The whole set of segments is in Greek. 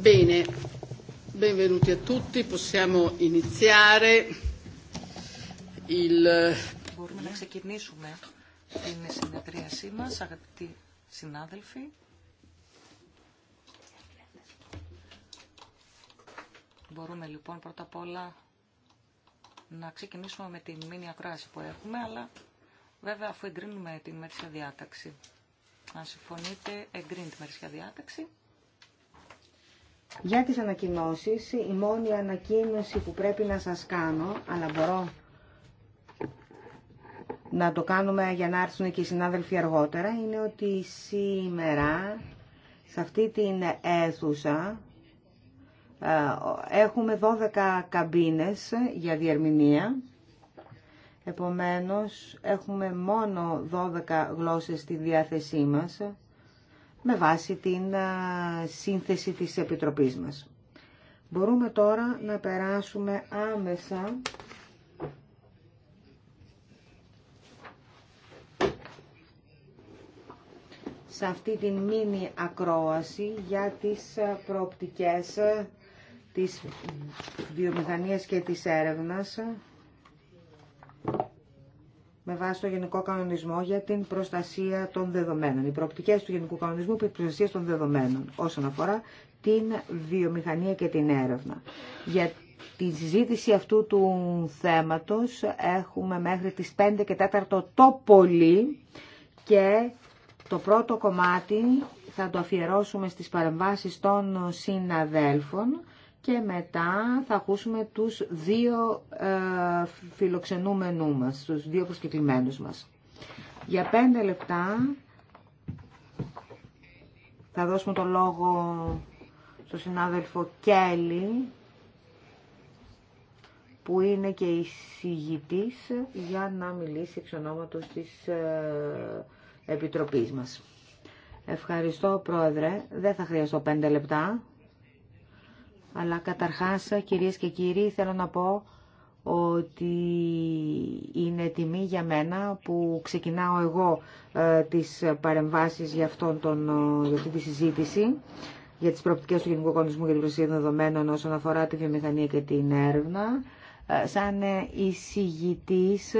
Bene, benvenuti a tutti, possiamo iniziare il... Μπορούμε να ξεκινήσουμε την συνεδρίασή μας, αγαπητοί συνάδελφοι. Μπορούμε λοιπόν πρώτα απ' όλα να ξεκινήσουμε με την μήνυα κράση που έχουμε, αλλά βέβαια αφού εγκρίνουμε την μερίσια διάταξη. Αν συμφωνείτε, εγκρίνει τη μερίσια διάταξη. Για τις ανακοινώσεις, η μόνη ανακοίνωση που πρέπει να σας κάνω, αλλά μπορώ να το κάνουμε για να έρθουν και οι συνάδελφοι αργότερα, είναι ότι σήμερα, σε αυτή την αίθουσα, ε, έχουμε 12 καμπίνες για διερμηνία. Επομένως, έχουμε μόνο 12 γλώσσες στη διάθεσή μας με βάση την σύνθεση της Επιτροπής μας. Μπορούμε τώρα να περάσουμε άμεσα σε αυτή την μίνι ακρόαση για τις προοπτικές της βιομηχανίας και της έρευνας με βάση το Γενικό Κανονισμό για την προστασία των δεδομένων. Οι προοπτικέ του Γενικού Κανονισμού την προστασία των δεδομένων όσον αφορά την βιομηχανία και την έρευνα. Για τη συζήτηση αυτού του θέματος έχουμε μέχρι τις 5 και 4 το πολύ και το πρώτο κομμάτι θα το αφιερώσουμε στις παρεμβάσεις των συναδέλφων και μετά θα ακούσουμε τους δύο ε, φιλοξενούμενού μας, τους δύο προσκεκλημένους μας. Για πέντε λεπτά θα δώσουμε το λόγο στο συνάδελφο Κέλλη, που είναι και η εισηγητής για να μιλήσει εξ ονόματος της ε, Επιτροπής μας. Ευχαριστώ, Πρόεδρε. Δεν θα χρειαστώ πέντε λεπτά. Αλλά καταρχάς, κυρίες και κύριοι, θέλω να πω ότι είναι τιμή για μένα που ξεκινάω εγώ ε, τις παρεμβάσεις για, αυτόν τον, ε, για αυτή τη συζήτηση για τις προοπτικές του Γενικού Οργανισμού για την των Δεδομένων όσον αφορά τη βιομηχανία και την έρευνα. Ε, σαν εισηγητής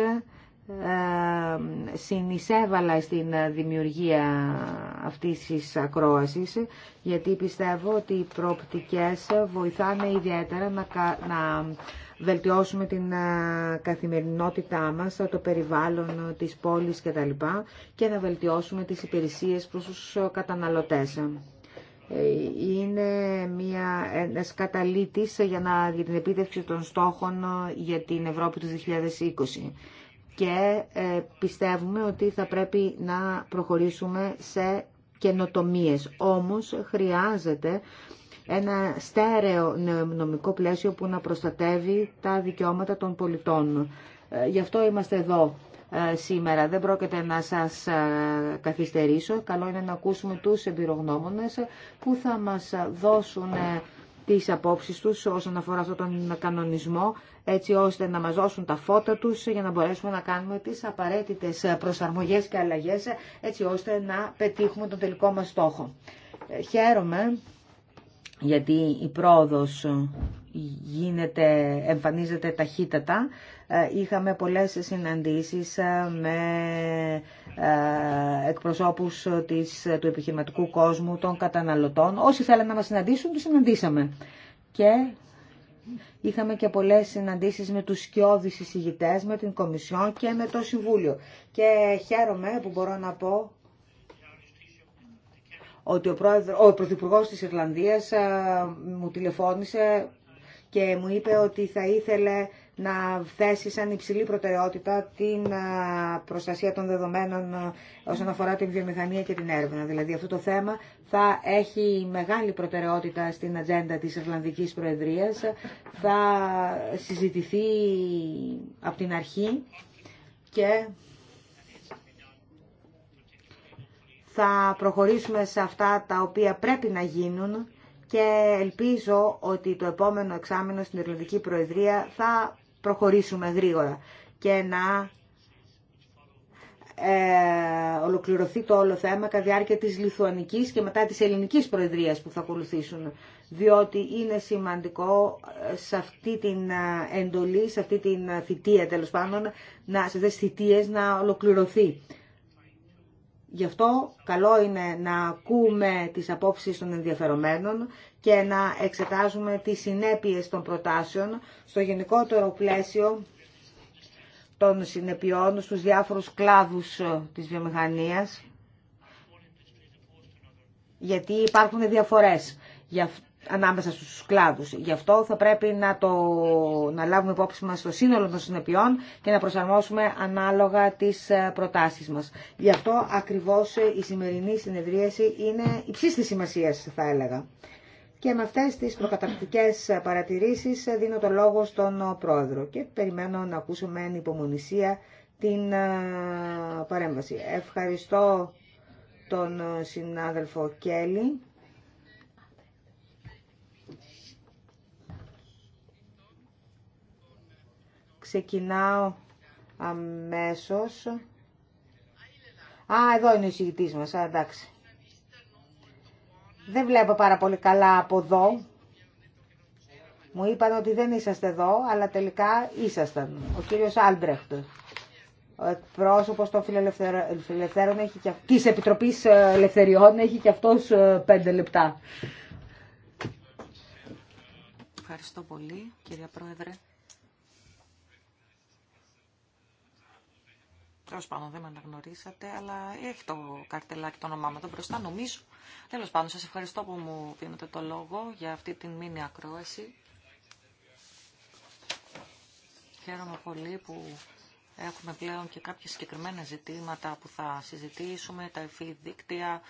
ε, συνεισέβαλα στην δημιουργία αυτής της ακρόασης γιατί πιστεύω ότι οι προοπτικές βοηθάνε ιδιαίτερα να, βελτιώσουμε την ε, καθημερινότητά μας, το περιβάλλον της πόλης κτλ. και να βελτιώσουμε τις υπηρεσίες προς τους καταναλωτές. Ε, είναι μια, ένας για, για την επίτευξη των στόχων για την Ευρώπη του 2020 και ε, πιστεύουμε ότι θα πρέπει να προχωρήσουμε σε καινοτομίες. Όμως χρειάζεται ένα στέρεο νομικό πλαίσιο που να προστατεύει τα δικαιώματα των πολιτών. Ε, γι' αυτό είμαστε εδώ ε, σήμερα. Δεν πρόκειται να σας καθυστερήσω. Καλό είναι να ακούσουμε τους εμπειρογνώμονες που θα μας δώσουν τις απόψεις τους όσον αφορά αυτόν τον κανονισμό έτσι ώστε να μας δώσουν τα φώτα τους για να μπορέσουμε να κάνουμε τις απαραίτητες προσαρμογές και αλλαγές έτσι ώστε να πετύχουμε τον τελικό μας στόχο. Ε, χαίρομαι γιατί η πρόοδος γίνεται, εμφανίζεται ταχύτατα. Ε, είχαμε πολλές συναντήσεις ε, με εκπροσώπους της, του επιχειρηματικού κόσμου, των καταναλωτών. Όσοι θέλανε να μας συναντήσουν, τους συναντήσαμε. Και Είχαμε και πολλές συναντήσεις με τους σκιώδεις εισηγητές, με την Κομισιόν και με το Συμβούλιο. Και χαίρομαι που μπορώ να πω ότι ο, πρόεδρο, ο Πρωθυπουργός της Ιρλανδίας ε, μου τηλεφώνησε και μου είπε ότι θα ήθελε να θέσει σαν υψηλή προτεραιότητα την προστασία των δεδομένων όσον αφορά την βιομηχανία και την έρευνα. Δηλαδή αυτό το θέμα θα έχει μεγάλη προτεραιότητα στην ατζέντα της Ιρλανδικής Προεδρίας, θα συζητηθεί από την αρχή και θα προχωρήσουμε σε αυτά τα οποία πρέπει να γίνουν και ελπίζω ότι το επόμενο εξάμεινο στην Ιρλανδική Προεδρία θα προχωρήσουμε γρήγορα και να ε, ολοκληρωθεί το όλο θέμα κατά διάρκεια της Λιθουανικής και μετά της Ελληνικής Προεδρίας που θα ακολουθήσουν. Διότι είναι σημαντικό ε, σε αυτή την ε, εντολή, σε αυτή την ε, θητεία τέλος πάντων, να, σε αυτές τις θητείες να ολοκληρωθεί Γι' αυτό καλό είναι να ακούμε τις απόψεις των ενδιαφερομένων και να εξετάζουμε τις συνέπειες των προτάσεων στο γενικότερο πλαίσιο των συνεπειών στους διάφορους κλάδους της βιομηχανίας, γιατί υπάρχουν διαφορές. Γι' ανάμεσα στους κλάδους. Γι' αυτό θα πρέπει να, το, να λάβουμε υπόψη μας το σύνολο των συνεπειών και να προσαρμόσουμε ανάλογα τις ε, προτάσεις μας. Γι' αυτό ακριβώς ε, η σημερινή συνεδρίαση είναι υψής της σημασίας θα έλεγα. Και με αυτές τις προκαταρκτικές ε, παρατηρήσεις δίνω το λόγο στον Πρόεδρο και περιμένω να ακούσω με υπομονησία την παρέμβαση. Ευχαριστώ τον συνάδελφο Κέλλη Ξεκινάω αμέσως. Α, εδώ είναι ο εισηγητής μας, εντάξει. Δεν βλέπω πάρα πολύ καλά από εδώ. Μου είπαν ότι δεν είσαστε εδώ, αλλά τελικά ήσασταν. Ο κύριος Άλμπρεχτ, ο εκπρόσωπος των φιλελευθέρων έχει και... της Επιτροπής ε, Ελευθεριών, έχει και αυτός ε, πέντε λεπτά. Ευχαριστώ πολύ, κυρία Πρόεδρε. Τέλο πάντων, δεν με αναγνωρίσατε, αλλά έχει το καρτελάκι το όνομά μου εδώ μπροστά, νομίζω. Τέλο πάντων, σα ευχαριστώ που μου δίνετε το λόγο για αυτή την μήνυα ακρόαση. Χαίρομαι πολύ που έχουμε πλέον και κάποια συγκεκριμένα ζητήματα που θα συζητήσουμε, τα ευφύ δίκτυα,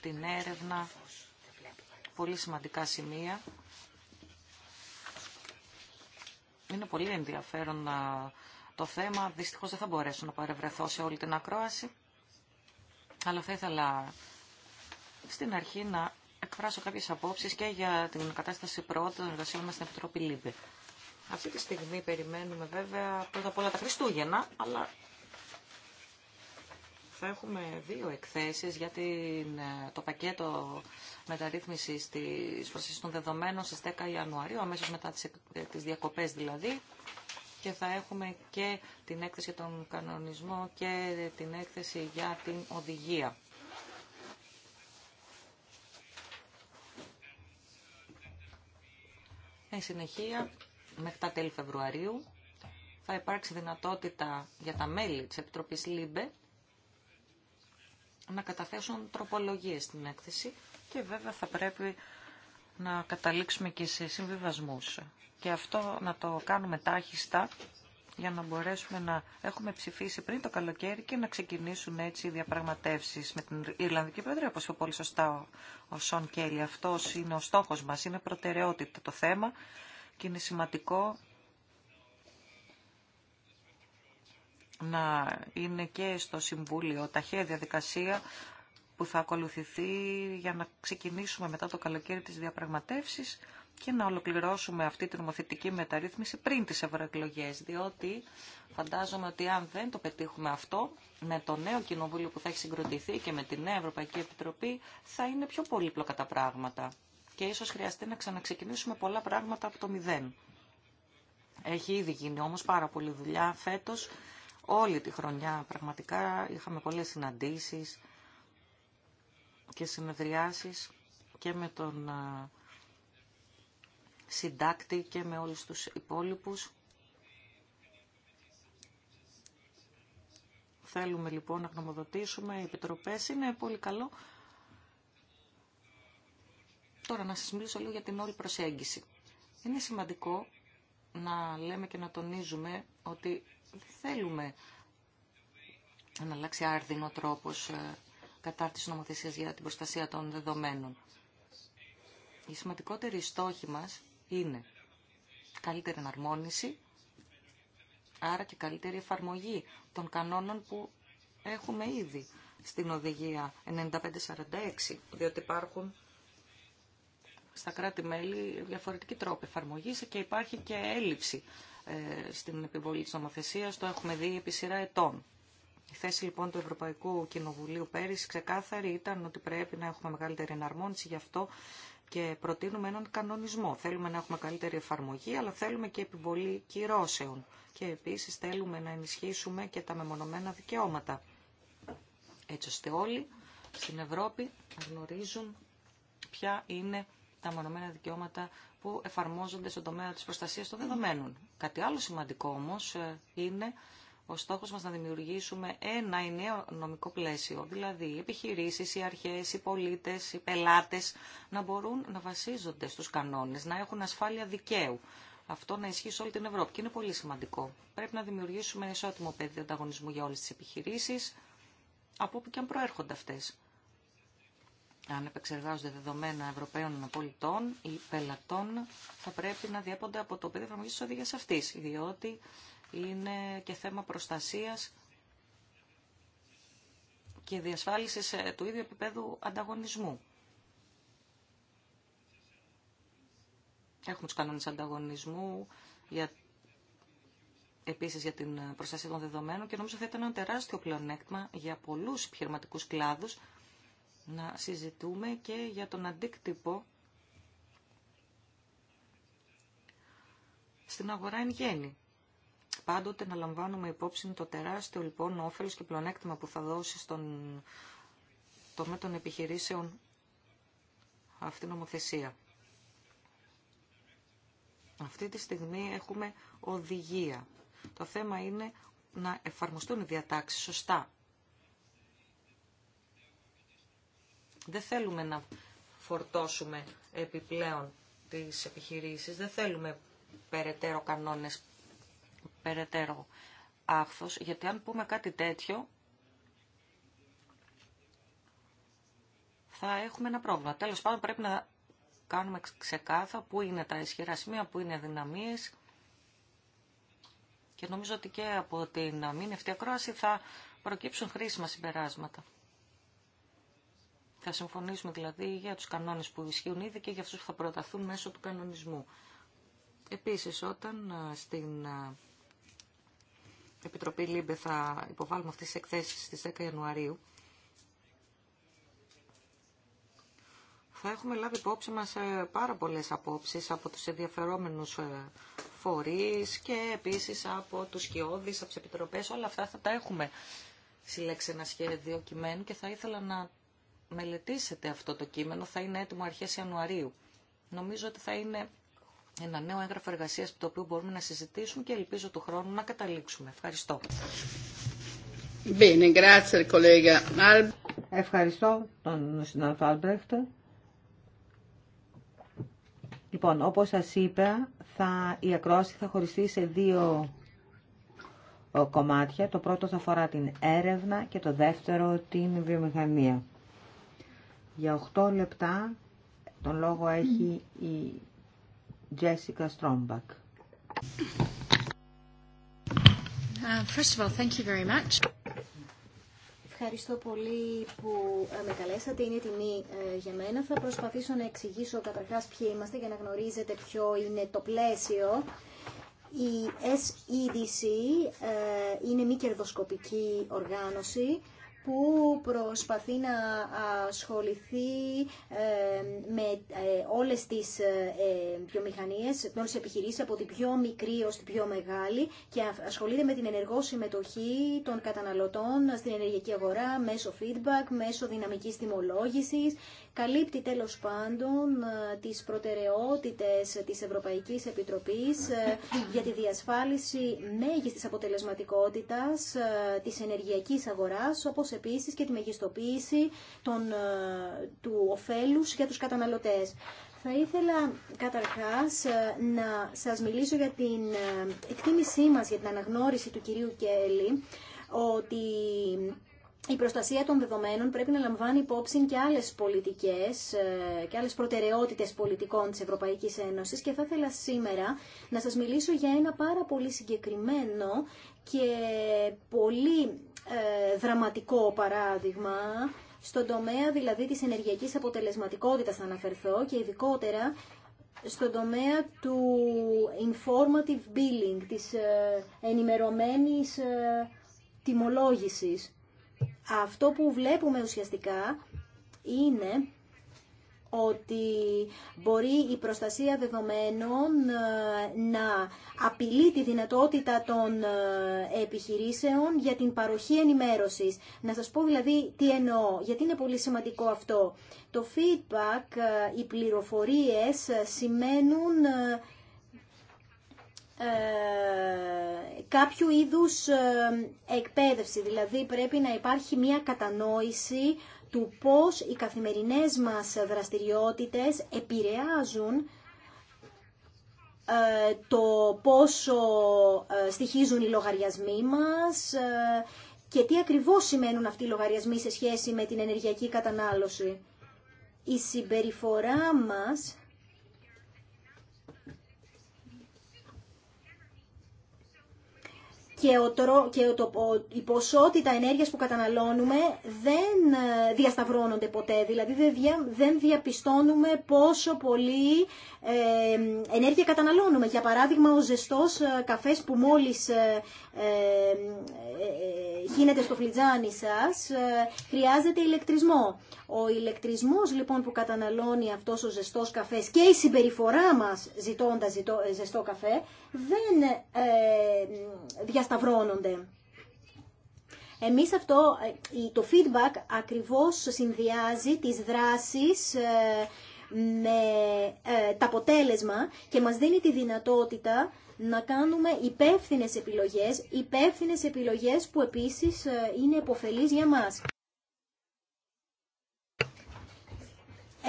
την έρευνα, πολύ σημαντικά σημεία. Είναι πολύ ενδιαφέρον να το θέμα. Δυστυχώς δεν θα μπορέσω να παρευρεθώ σε όλη την ακρόαση, αλλά θα ήθελα στην αρχή να εκφράσω κάποιες απόψεις και για την κατάσταση πρώτη των εργασιών μας στην Επιτροπή Λίμπη. Αυτή τη στιγμή περιμένουμε βέβαια πρώτα απ' όλα τα Χριστούγεννα, αλλά θα έχουμε δύο εκθέσεις για την, ε, το πακέτο μεταρρύθμισης της προστασίας των δεδομένων στις 10 Ιανουαρίου, αμέσως μετά τις, ε, τις διακοπές δηλαδή και θα έχουμε και την έκθεση για τον κανονισμό και την έκθεση για την οδηγία. Εν συνεχεία, μέχρι τα τέλη Φεβρουαρίου, θα υπάρξει δυνατότητα για τα μέλη της Επιτροπής ΛΥΜΠΕ να καταθέσουν τροπολογίες στην έκθεση και βέβαια θα πρέπει να καταλήξουμε και σε συμβιβασμούς. Και αυτό να το κάνουμε τάχιστα για να μπορέσουμε να έχουμε ψηφίσει πριν το καλοκαίρι και να ξεκινήσουν έτσι οι διαπραγματεύσεις με την Ιρλανδική Προεδρία, όπως είπε πολύ σωστά ο Σον Κέλλη. Αυτός είναι ο στόχος μας, είναι προτεραιότητα το θέμα και είναι σημαντικό να είναι και στο Συμβούλιο ταχεία διαδικασία που θα ακολουθηθεί για να ξεκινήσουμε μετά το καλοκαίρι τις διαπραγματεύσεις και να ολοκληρώσουμε αυτή την νομοθετική μεταρρύθμιση πριν τις ευρωεκλογέ. διότι φαντάζομαι ότι αν δεν το πετύχουμε αυτό, με το νέο κοινοβούλιο που θα έχει συγκροτηθεί και με τη νέα Ευρωπαϊκή Επιτροπή, θα είναι πιο πολύπλοκα τα πράγματα. Και ίσως χρειαστεί να ξαναξεκινήσουμε πολλά πράγματα από το μηδέν. Έχει ήδη γίνει όμως πάρα πολλή δουλειά φέτος, όλη τη χρονιά πραγματικά είχαμε πολλές συναντήσεις, και συνεδριάσεις και με τον συντάκτη και με όλους τους υπόλοιπους. Θέλουμε λοιπόν να γνωμοδοτήσουμε οι επιτροπές. Είναι πολύ καλό. Τώρα να σας μιλήσω λίγο για την όλη προσέγγιση. Είναι σημαντικό να λέμε και να τονίζουμε ότι δεν θέλουμε να αλλάξει άρδινο τρόπος ε, κατάρτιση νομοθεσία για την προστασία των δεδομένων. Η σημαντικότερη στόχη μας είναι καλύτερη εναρμόνιση, άρα και καλύτερη εφαρμογή των κανόνων που έχουμε ήδη στην οδηγία 9546, διότι υπάρχουν στα κράτη-μέλη διαφορετική τρόποι εφαρμογή και υπάρχει και έλλειψη ε, στην επιβολή της νομοθεσίας, το έχουμε δει επί σειρά ετών. Η θέση λοιπόν του Ευρωπαϊκού Κοινοβουλίου πέρυσι ξεκάθαρη ήταν ότι πρέπει να έχουμε μεγαλύτερη εναρμόνιση, γι' αυτό και προτείνουμε έναν κανονισμό. Θέλουμε να έχουμε καλύτερη εφαρμογή, αλλά θέλουμε και επιβολή κυρώσεων. Και επίσης θέλουμε να ενισχύσουμε και τα μεμονωμένα δικαιώματα. Έτσι ώστε όλοι στην Ευρώπη γνωρίζουν ποια είναι τα μεμονωμένα δικαιώματα που εφαρμόζονται στον τομέα της προστασίας των δεδομένων. Κάτι άλλο σημαντικό όμως ε, είναι ο στόχος μας να δημιουργήσουμε ένα ενιαίο νομικό πλαίσιο. Δηλαδή, οι επιχειρήσεις, οι αρχές, οι πολίτες, οι πελάτες να μπορούν να βασίζονται στους κανόνες, να έχουν ασφάλεια δικαίου. Αυτό να ισχύει σε όλη την Ευρώπη και είναι πολύ σημαντικό. Πρέπει να δημιουργήσουμε ισότιμο πεδίο ανταγωνισμού για όλες τις επιχειρήσεις, από όπου και αν προέρχονται αυτές. Αν επεξεργάζονται δεδομένα Ευρωπαίων πολιτών ή πελατών, θα πρέπει να διέπονται από το πεδίο εφαρμογή τη οδηγία αυτή, είναι και θέμα προστασίας και διασφάλισης ε, του ίδιου επίπεδου ανταγωνισμού. Έχουμε τους κανόνες ανταγωνισμού για επίσης για την προστασία των δεδομένων και νομίζω θα ήταν ένα τεράστιο πλεονέκτημα για πολλούς επιχειρηματικούς κλάδους να συζητούμε και για τον αντίκτυπο στην αγορά εν γέννη πάντοτε να λαμβάνουμε υπόψη το τεράστιο λοιπόν όφελος και πλονέκτημα που θα δώσει στον τομέα των επιχειρήσεων αυτή η νομοθεσία. Αυτή τη στιγμή έχουμε οδηγία. Το θέμα είναι να εφαρμοστούν οι διατάξεις σωστά. Δεν θέλουμε να φορτώσουμε επιπλέον τις επιχειρήσεις, δεν θέλουμε περαιτέρω κανόνες περαιτέρω άχθος, γιατί αν πούμε κάτι τέτοιο, θα έχουμε ένα πρόβλημα. Τέλος πάντων πρέπει να κάνουμε ξεκάθα πού είναι τα ισχυρά σημεία, πού είναι δυναμίες και νομίζω ότι και από την αμήνευτη ακρόαση θα προκύψουν χρήσιμα συμπεράσματα. Θα συμφωνήσουμε δηλαδή για τους κανόνες που ισχύουν ήδη και για αυτούς που θα προταθούν μέσω του κανονισμού. Επίσης, όταν ε, στην ε, Επιτροπή ΛΥΜΠΕ θα υποβάλουμε αυτές τις εκθέσεις στις 10 Ιανουαρίου. Θα έχουμε λάβει υπόψη μας ε, πάρα πολλές απόψεις από τους ενδιαφερόμενους ε, φορείς και επίσης από τους σκιώδεις, από τις επιτροπές. Όλα αυτά θα τα έχουμε συλλέξει ένα σχέδιο κειμένου και θα ήθελα να μελετήσετε αυτό το κείμενο. Θα είναι έτοιμο αρχές Ιανουαρίου. Νομίζω ότι θα είναι ένα νέο έγγραφο εργασίας το οποίο μπορούμε να συζητήσουμε και ελπίζω του χρόνου να καταλήξουμε. Ευχαριστώ. Ευχαριστώ τον συνάδελφο Άλμπρεχτ. Λοιπόν, όπως σας είπα, θα, η ακρόαση θα χωριστεί σε δύο ε, κομμάτια. Το πρώτο θα αφορά την έρευνα και το δεύτερο την βιομηχανία. Για 8 λεπτά τον λόγο έχει η Jessica uh, first of all, thank you very much. Ευχαριστώ πολύ που ε, με καλέσατε. Είναι τιμή ε, για μένα. Θα προσπαθήσω να εξηγήσω καταρχάς ποιοι είμαστε για να γνωρίζετε ποιο είναι το πλαίσιο. Η SEDC ε, είναι μη κερδοσκοπική οργάνωση που προσπαθεί να ασχοληθεί ε, με ε, όλες τις ε, βιομηχανίες, με όλες τις επιχειρήσεις από την πιο μικρή ως την πιο μεγάλη και ασχολείται με την ενεργό συμμετοχή των καταναλωτών στην ενεργειακή αγορά μέσω feedback, μέσω δυναμικής τιμολόγησης καλύπτει τέλος πάντων ε, τις προτεραιότητες της Ευρωπαϊκής Επιτροπής ε, για τη διασφάλιση μέγιστης αποτελεσματικότητας ε, της ενεργειακής αγοράς, όπως επίσης και τη μεγιστοποίηση των, του ωφέλους για τους καταναλωτές. Θα ήθελα καταρχάς να σας μιλήσω για την εκτίμησή μας για την αναγνώριση του κυρίου Κέλλη ότι η προστασία των δεδομένων πρέπει να λαμβάνει υπόψη και άλλες πολιτικές ε, και άλλες προτεραιότητες πολιτικών της Ευρωπαϊκής Ένωσης και θα ήθελα σήμερα να σας μιλήσω για ένα πάρα πολύ συγκεκριμένο και πολύ ε, δραματικό παράδειγμα στον τομέα δηλαδή της ενεργειακής αποτελεσματικότητας θα αναφερθώ και ειδικότερα στον τομέα του informative billing, της ε, ενημερωμένης τιμολόγησης αυτό που βλέπουμε ουσιαστικά είναι ότι μπορεί η προστασία δεδομένων ε, να απειλεί τη δυνατότητα των ε, επιχειρήσεων για την παροχή ενημέρωσης. Να σας πω δηλαδή τι εννοώ, γιατί είναι πολύ σημαντικό αυτό. Το feedback, ε, οι πληροφορίες σημαίνουν ε, κάποιου είδους ε, εκπαίδευση. Δηλαδή πρέπει να υπάρχει μια κατανόηση του πώς οι καθημερινές μας δραστηριότητες επηρεάζουν ε, το πόσο στοιχίζουν οι λογαριασμοί μας και τι ακριβώς σημαίνουν αυτοί οι λογαριασμοί σε σχέση με την ενεργειακή κατανάλωση. Η συμπεριφορά μας και, ο, και ο, η ποσότητα ενέργειας που καταναλώνουμε δεν ε, διασταυρώνονται ποτέ. Δηλαδή δεν, δια, δεν διαπιστώνουμε πόσο πολύ ε, ενέργεια καταναλώνουμε. Για παράδειγμα, ο ζεστός ε, καφές που μόλις γίνεται ε, στο φλιτζάνι σας χρειάζεται ηλεκτρισμό. Ο ηλεκτρισμός λοιπόν που καταναλώνει αυτός ο ζεστός καφές και η συμπεριφορά μας ζητώντας ζεστό καφέ δεν διασταυρώνονται. Εμείς αυτό, το feedback ακριβώς συνδυάζει τις δράσεις με ε, τα αποτέλεσμα και μας δίνει τη δυνατότητα να κάνουμε υπεύθυνες επιλογές, υπεύθυνες επιλογές που επίσης ε, είναι υποφελείς για μας.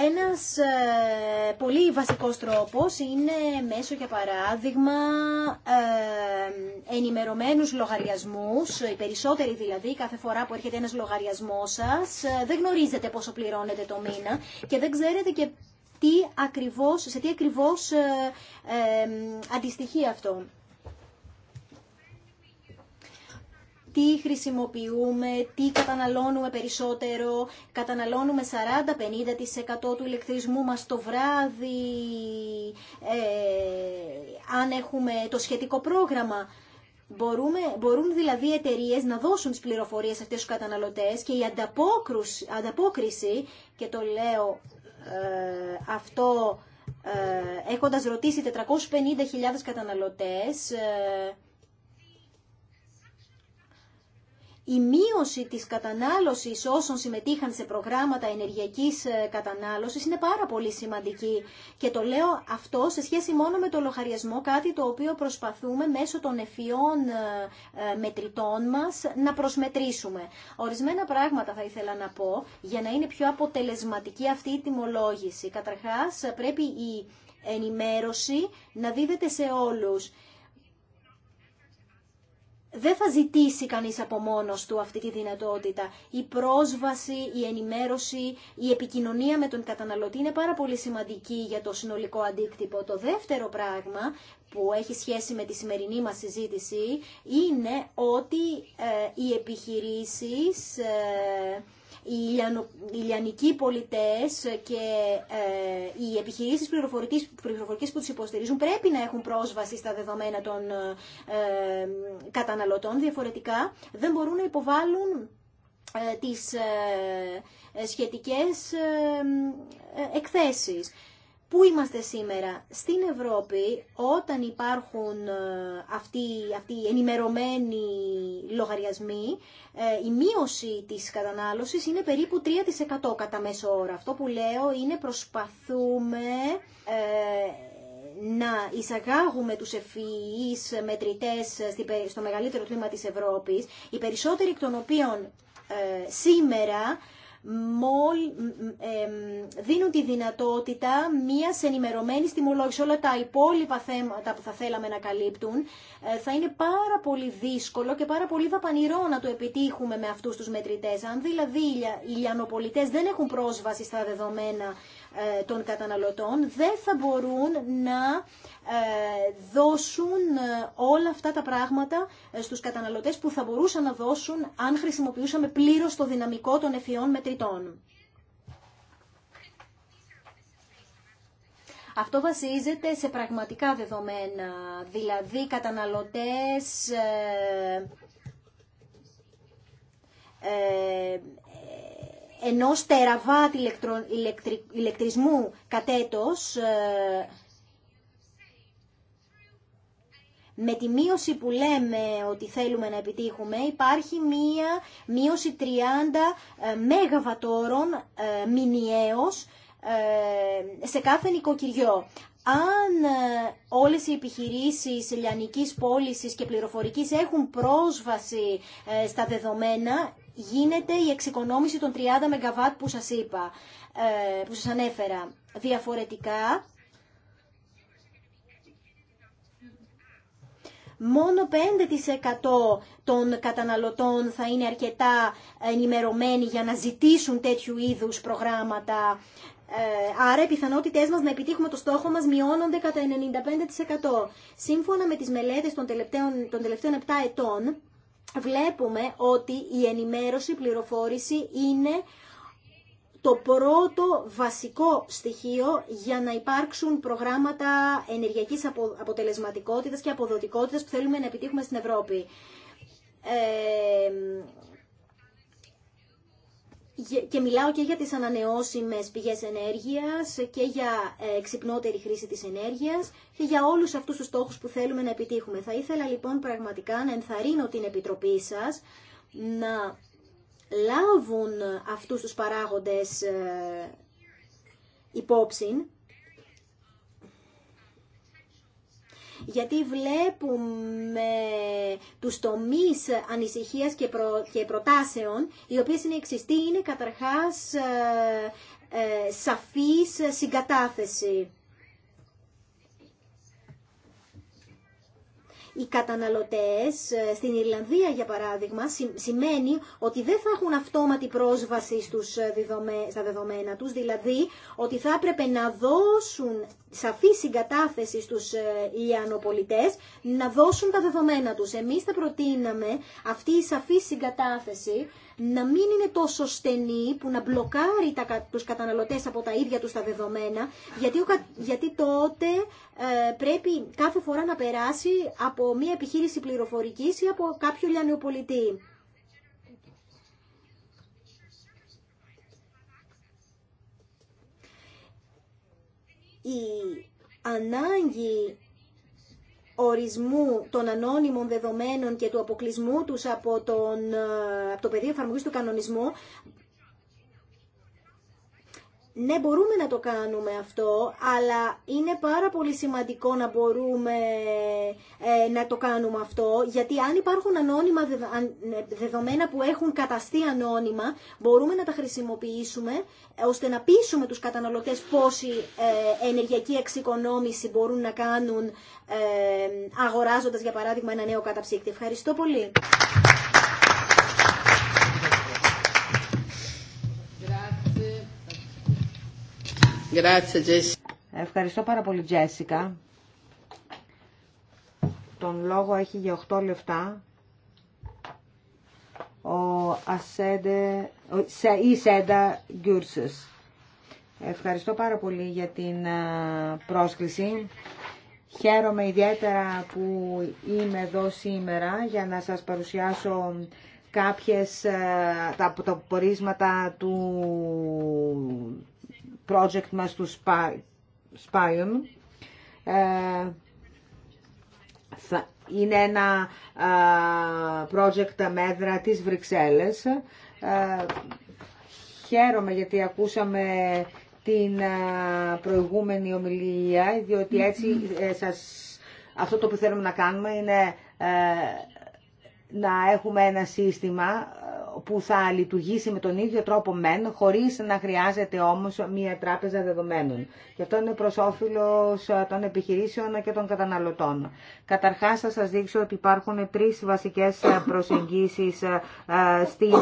Ένας ε, πολύ βασικός τρόπος είναι μέσω, για παράδειγμα, ε, ενημερωμένους λογαριασμούς, οι περισσότεροι δηλαδή, κάθε φορά που έρχεται ένας λογαριασμός σας, ε, δεν γνωρίζετε πόσο πληρώνετε το μήνα και δεν ξέρετε και τι ακριβώς, σε τι ακριβώς ε, αντιστοιχεί αυτό. τι χρησιμοποιούμε, τι καταναλώνουμε περισσότερο. Καταναλώνουμε 40-50% του ηλεκτρισμού μας το βράδυ, ε, αν έχουμε το σχετικό πρόγραμμα. Μπορούμε, μπορούν δηλαδή οι εταιρείε να δώσουν τι πληροφορίε αυτές στου καταναλωτέ και η ανταπόκριση, και το λέω ε, αυτό ε, έχοντας ρωτήσει 450.000 καταναλωτές, ε, η μείωση της κατανάλωσης όσων συμμετείχαν σε προγράμματα ενεργειακής ε, κατανάλωσης είναι πάρα πολύ σημαντική και το λέω αυτό σε σχέση μόνο με το λογαριασμό, κάτι το οποίο προσπαθούμε μέσω των εφιών ε, ε, μετρητών μας να προσμετρήσουμε. Ορισμένα πράγματα θα ήθελα να πω για να είναι πιο αποτελεσματική αυτή η τιμολόγηση. Καταρχάς πρέπει η ενημέρωση να δίδεται σε όλους δεν θα ζητήσει κανείς από μόνος του αυτή τη δυνατότητα. Η πρόσβαση, η ενημέρωση, η επικοινωνία με τον καταναλωτή είναι πάρα πολύ σημαντική για το συνολικό αντίκτυπο. Το δεύτερο πράγμα που έχει σχέση με τη σημερινή μας συζήτηση είναι ότι ε, οι επιχειρήσεις... Ε, οι λιανικοί πολιτές και ε, οι επιχειρήσεις πληροφορικής που τους υποστηρίζουν πρέπει να έχουν πρόσβαση στα δεδομένα των ε, καταναλωτών. Διαφορετικά δεν μπορούν να υποβάλουν ε, τις σχετικές εκθέσεις. Πού είμαστε σήμερα στην Ευρώπη όταν υπάρχουν ε, αυτοί, αυτοί οι ενημερωμένοι λογαριασμοί, ε, η μείωση της κατανάλωσης είναι περίπου 3% κατά μέσο όρο. Αυτό που λέω είναι προσπαθούμε ε, να εισαγάγουμε τους ευφυείς μετρητές στο μεγαλύτερο τμήμα της Ευρώπης, οι περισσότεροι εκ των οποίων σήμερα δίνουν τη δυνατότητα μία ενημερωμένης τιμολόγηση. Όλα τα υπόλοιπα θέματα που θα θέλαμε να καλύπτουν ε, θα είναι πάρα πολύ δύσκολο και πάρα πολύ δαπανηρό να το επιτύχουμε με αυτούς τους μετρητές. Αν δηλαδή οι λιανοπολιτέ δεν έχουν πρόσβαση στα δεδομένα ε, των καταναλωτών δεν θα μπορούν να ε, δώσουν ε, όλα αυτά τα πράγματα στους καταναλωτές που θα μπορούσαν να δώσουν αν χρησιμοποιούσαμε πλήρως το δυναμικό των εφιών μετρητών. Αυτό βασίζεται σε πραγματικά δεδομένα, δηλαδή καταναλωτές Ενό τεραβάτ ηλεκτρισμού κατέτος ε, με τη μείωση που λέμε ότι θέλουμε να επιτύχουμε υπάρχει μία μείωση 30 ε, μεγαβατόρων ε, μηνιαίως σε κάθε νοικοκυριό. Αν όλες οι επιχειρήσεις λιανικής πώλησης και πληροφορικής έχουν πρόσβαση στα δεδομένα, γίνεται η εξοικονόμηση των 30 ΜΒ που σας είπα, ε, που σας ανέφερα. Διαφορετικά, μόνο 5% των καταναλωτών θα είναι αρκετά ενημερωμένοι για να ζητήσουν τέτοιου είδους προγράμματα. Ε, άρα οι πιθανότητές μας να επιτύχουμε το στόχο μας μειώνονται κατά 95%. Σύμφωνα με τις μελέτες των τελευταίων, των τελευταίων 7 ετών, βλέπουμε ότι η ενημέρωση, η πληροφόρηση είναι το πρώτο βασικό στοιχείο για να υπάρξουν προγράμματα ενεργειακής αποτελεσματικότητας και αποδοτικότητας που θέλουμε να επιτύχουμε στην Ευρώπη. Ε, και μιλάω και για τις ανανεώσιμες πηγές ενέργειας και για ε, ξυπνότερη χρήση της ενέργειας και για όλους αυτούς τους στόχους που θέλουμε να επιτύχουμε. Θα ήθελα λοιπόν πραγματικά να ενθαρρύνω την Επιτροπή σας να λάβουν αυτούς τους παράγοντες ε, υπόψη γιατί βλέπουμε τους τομείς ανησυχίας και, και προτάσεων, οι οποίες είναι εξιστοί, είναι καταρχάς ε, ε σαφής συγκατάθεση. οι καταναλωτές ε, στην Ιρλανδία για παράδειγμα σημαίνει ότι δεν θα έχουν αυτόματη πρόσβαση στους ε, στα δεδομένα τους, δηλαδή ότι θα έπρεπε να δώσουν σαφή συγκατάθεση στους ε, Ιανοπολιτές να δώσουν τα δεδομένα τους. Εμείς θα προτείναμε αυτή η σαφή συγκατάθεση να μην είναι τόσο στενή που να μπλοκάρει τα, τους καταναλωτές από τα ίδια τους τα δεδομένα, γιατί, γιατί τότε ε, πρέπει κάθε φορά να περάσει από μια επιχείρηση πληροφορικής ή από κάποιο λιανεοπολιτή. Η ανάγκη ορισμού των ανώνυμων δεδομένων και του αποκλεισμού τους από, τον, ε, από το πεδίο εφαρμογής του κανονισμού ναι, μπορούμε να το κάνουμε αυτό, αλλά είναι πάρα πολύ σημαντικό να μπορούμε ε, να το κάνουμε αυτό, γιατί αν υπάρχουν ανώνυμα ναι, δεδομένα που έχουν καταστεί ανώνυμα, μπορούμε να τα χρησιμοποιήσουμε ε, ώστε να πείσουμε τους καταναλωτές πόση ε, ενεργειακή εξοικονόμηση μπορούν να κάνουν ε, αγοράζοντας, για παράδειγμα, ένα νέο καταψύκτη. Ευχαριστώ πολύ. Ευχαριστώ πάρα πολύ, Τζέσικα. Τον λόγο έχει για 8 λεφτά ο Ασέντε, ο Ευχαριστώ πάρα πολύ για την πρόσκληση. Χαίρομαι ιδιαίτερα που είμαι εδώ σήμερα για να σας παρουσιάσω κάποιες τα, τα πορίσματα του, project μας του Spion ε, είναι ένα ε, project μέδρα της Βρυξέλλες. Ε, χαίρομαι γιατί ακούσαμε την προηγούμενη ομιλία, διότι έτσι σας, αυτό το που θέλουμε να κάνουμε είναι να έχουμε ένα σύστημα που θα λειτουργήσει με τον ίδιο τρόπο μεν, χωρίς να χρειάζεται όμως μια τράπεζα δεδομένων. Και αυτό είναι προς όφυλος ε, των επιχειρήσεων και των καταναλωτών. Καταρχάς θα σας δείξω ότι υπάρχουν τρεις βασικές προσεγγίσεις ε, ε, στην